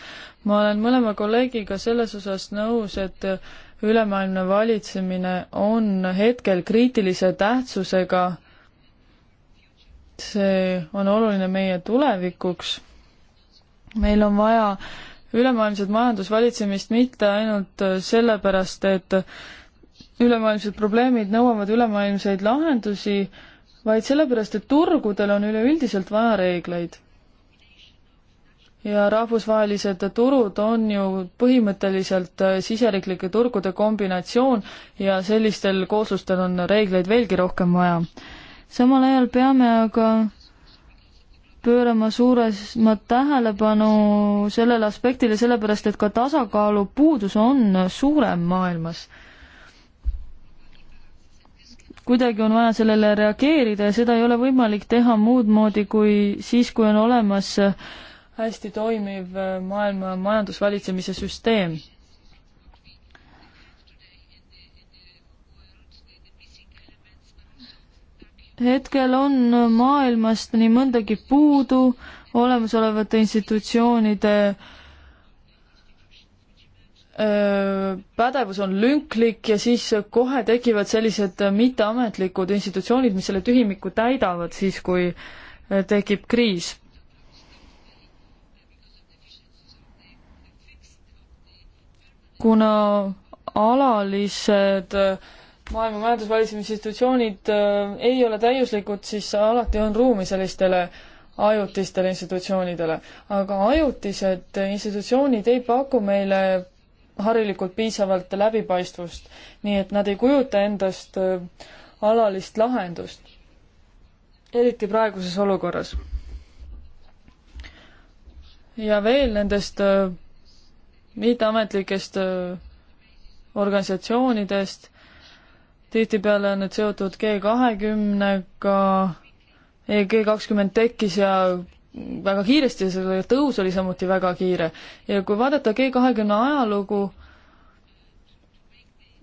ma olen mõlema kolleegiga selles osas nõus, et ülemaailmne valitsemine on hetkel kriitilise tähtsusega. see on oluline meie tulevikuks. meil on vaja äh, ülemaailmset majandusvalitsemist mitte ainult äh, sellepärast, et ülemaailmsed probleemid nõuavad ülemaailmseid lahendusi, vaid sellepärast, et turgudel on üleüldiselt vaja reegleid. ja rahvusvahelised turud on ju põhimõtteliselt äh, siseriiklike turgude kombinatsioon ja sellistel kooslustel on reegleid veelgi rohkem vaja. samal ajal peame aga pöörama suuremat tähelepanu sellele aspektile, sellepärast et ka tasakaalu puudus on suurem maailmas. kuidagi on vaja sellele reageerida ja seda ei ole võimalik teha muud moodi kui siis, kui on olemas hästi toimiv maailma majandusvalitsemise süsteem hetkel on maailmast nii mõndagi puudu olemasolevate institutsioonide pädevus on lünklik ja siis kohe tekivad sellised mitteametlikud institutsioonid, mis selle tühimiku täidavad siis, kui tekib kriis. kuna alalised äh, maailma majandusvalitsemisinstitutsioonid äh, ei ole täiuslikud, siis alati on ruumi sellistele ajutistele institutsioonidele. aga ajutised institutsioonid ei paku meile harilikult piisavalt läbipaistvust, nii et nad ei kujuta endast äh, alalist lahendust. eriti praeguses olukorras. ja veel nendest äh, mitteametlikest organisatsioonidest tihtipeale on need seotud G kahekümnega, G kakskümmend tekkis ja väga kiiresti ja selle tõus oli samuti väga kiire. ja kui vaadata G kahekümne ajalugu,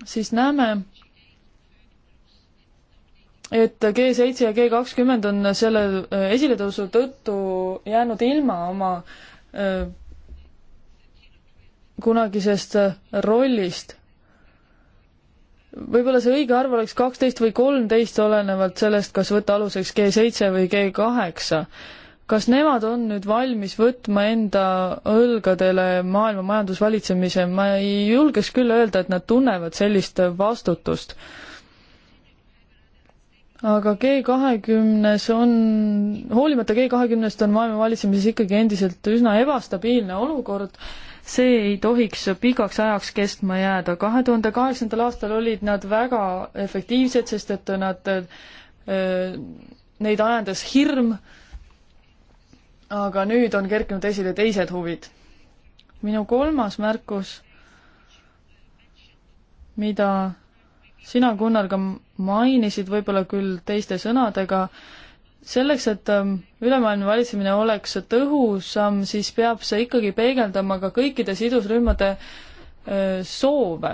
siis näeme, et G seitse ja G kakskümmend on selle äh, esiletõusu tõttu jäänud ilma oma äh, kunagisest rollist võib-olla see õige arv oleks kaksteist või kolmteist, olenevalt sellest, kas võtta aluseks G seitse või G kaheksa. kas nemad on nüüd valmis võtma enda õlgadele maailma majandusvalitsemise, ma ei julgeks küll öelda, et nad tunnevad sellist vastutust. aga G kahekümnes on, hoolimata G kahekümnest on maailma valitsemises ikkagi endiselt üsna ebastabiilne olukord see ei tohiks pikaks ajaks kestma jääda. kahe tuhande kaheksandal aastal olid nad väga efektiivsed, sest et nad, äh, neid ajendas hirm, aga nüüd on kerkinud esile teised huvid. minu kolmas märkus, mida sina, Gunnar, ka mainisid võib-olla küll teiste sõnadega, selleks, et ähm, ülemaailmne valitsemine oleks tõhusam, siis peab see ikkagi peegeldama ka kõikide sidusrühmade soove.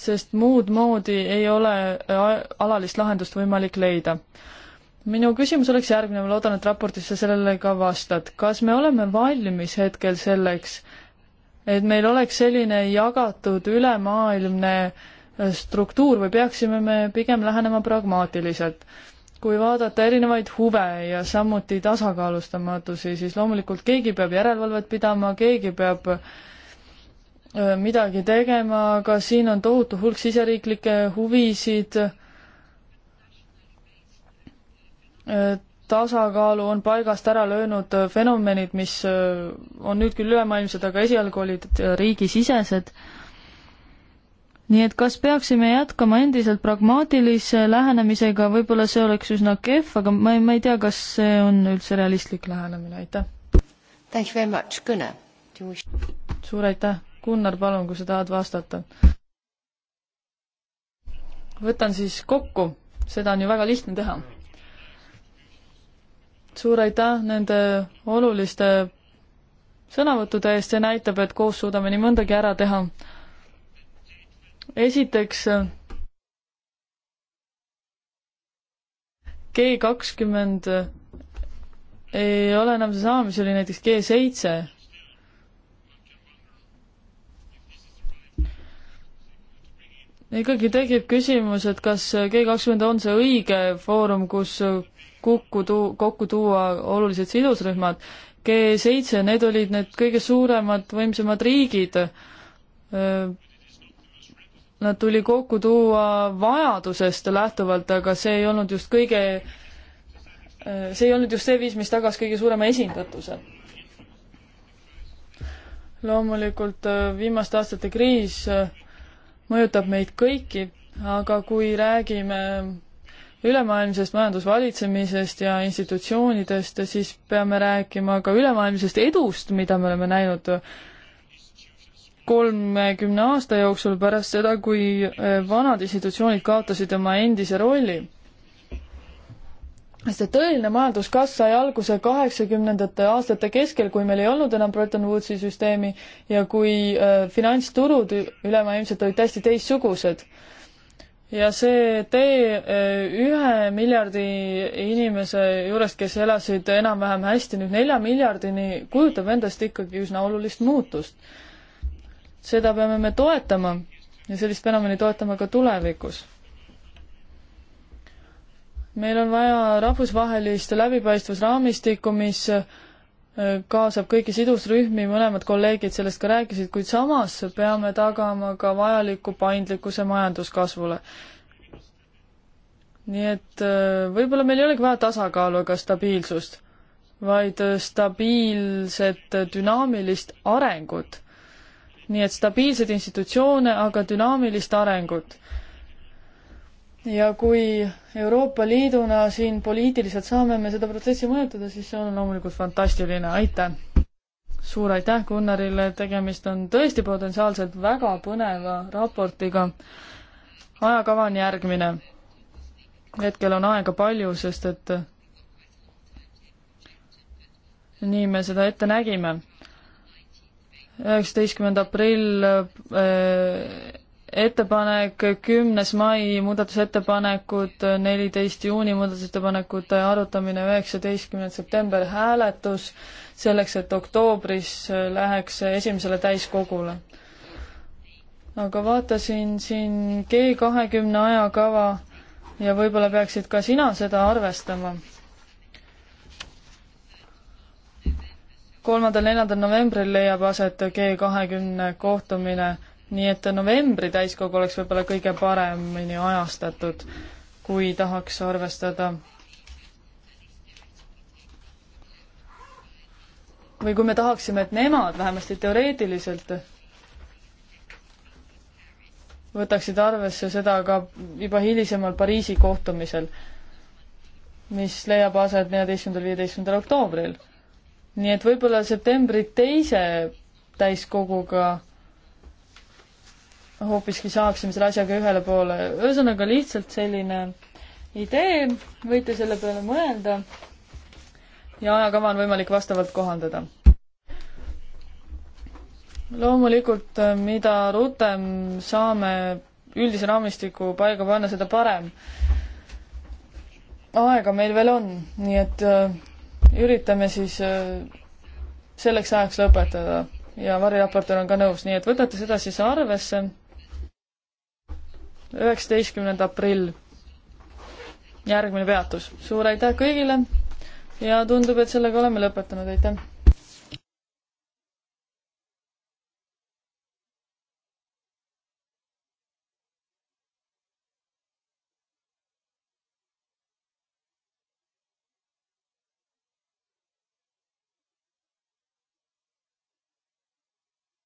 sest muud moodi ei ole äh, alalist lahendust võimalik leida. minu küsimus oleks järgmine, ma loodan, et raportis sa sellele ka vastad. kas me oleme valmis hetkel selleks, et meil oleks selline jagatud ülemaailmne äh, struktuur või peaksime me pigem lähenema pragmaatiliselt? kui vaadata erinevaid huve ja samuti tasakaalustamatusi, siis loomulikult keegi peab järelevalvet pidama, keegi peab äh, midagi tegema, aga siin on tohutu hulk siseriiklikke huvisid. Äh, tasakaalu on paigast ära löönud fenomenid, mis äh, on nüüd küll ülemaailmsed, aga esialgu olid riigisisesed nii et kas peaksime jätkama endiselt pragmaatilise lähenemisega, võib-olla see oleks üsna kehv, aga ma ei, ma ei tea, kas see on üldse realistlik lähenemine, aitäh. Thank you very much, Gunnar. Wish... suur aitäh, Gunnar, palun, kui sa tahad vastata. võtan siis kokku, seda on ju väga lihtne teha. suur aitäh nende oluliste sõnavõttude eest, see näitab, et koos suudame nii mõndagi ära teha esiteks G kakskümmend ei ole enam seesama, mis oli näiteks G seitse. ikkagi tekib küsimus, et kas G kakskümmend on see õige foorum, kus kokku tuu-, kokku tuua olulised sidusrühmad. G seitse, need olid need kõige suuremad, võimsamad riigid nad tuli kokku tuua vajadusest lähtuvalt, aga see ei olnud just kõige, see ei olnud just see viis, mis tagas kõige suurema esindatuse. loomulikult äh, viimaste aastate kriis äh, mõjutab meid kõiki, aga kui räägime ülemaailmsest majandusvalitsemisest ja institutsioonidest, siis peame rääkima ka ülemaailmsest edust, mida me oleme näinud kolmekümne aasta jooksul pärast seda, kui eh, vanad institutsioonid kaotasid oma endise rolli. sest et tõeline majanduskasv sai alguse kaheksakümnendate aastate keskel, kui meil ei olnud enam Bretton Woodsi süsteemi ja kui eh, finantsturud ülemaailmselt olid täiesti teistsugused. ja see tee eh, ühe miljardi inimese juurest, kes elasid enam-vähem hästi, nüüd nelja miljardini, kujutab endast ikkagi üsna olulist muutust seda peame me toetama ja sellist fenomeni toetama ka tulevikus. meil on vaja rahvusvahelist läbipaistvusraamistikku, mis äh, kaasab kõiki sidusrühmi, mõlemad kolleegid sellest ka rääkisid, kuid samas peame tagama ka vajaliku paindlikkuse majanduskasvule. nii et äh, võib-olla meil ei olegi vaja tasakaalu ega stabiilsust, vaid äh, stabiilset dünaamilist arengut nii et stabiilseid institutsioone, aga dünaamilist arengut. ja kui Euroopa Liiduna siin poliitiliselt saame me seda protsessi mõjutada, siis see on loomulikult fantastiline, aitäh! suur aitäh Gunnarile, tegemist on tõesti potentsiaalselt väga põneva raportiga. ajakava on järgmine. hetkel on aega palju, sest et nii me seda ette nägime üheksateistkümnenda aprill äh, ettepanek, kümnes mai muudatusettepanekud, neliteist juuni muudatusettepanekute arutamine, üheksateistkümnendal september hääletus, selleks et oktoobris äh, läheks esimesele täiskogule. aga vaatasin siin G kahekümne ajakava ja võib-olla peaksid ka sina seda arvestama kolmandal-neljandal novembril leiab aset G kahekümne kohtumine, nii et novembri täiskogu oleks võib-olla kõige paremini ajastatud, kui tahaks arvestada või kui me tahaksime, et nemad vähemasti teoreetiliselt võtaksid arvesse seda ka juba hilisemal Pariisi kohtumisel, mis leiab aset neljateistkümnendal, viieteistkümnendal oktoobril nii et võib-olla septembri teise täiskoguga hoopiski saaksime selle asjaga ühele poole. ühesõnaga lihtsalt selline idee, võite selle peale mõelda ja ajakava on võimalik vastavalt kohandada. loomulikult, mida rutem saame üldise raamistiku paika panna, seda parem. aega meil veel on, nii et äh, üritame siis äh, selleks ajaks lõpetada ja variraportöör on ka nõus, nii et võtate seda siis arvesse. üheksateistkümnenda aprill, järgmine peatus. suur aitäh kõigile ja tundub, et sellega oleme lõpetanud, aitäh!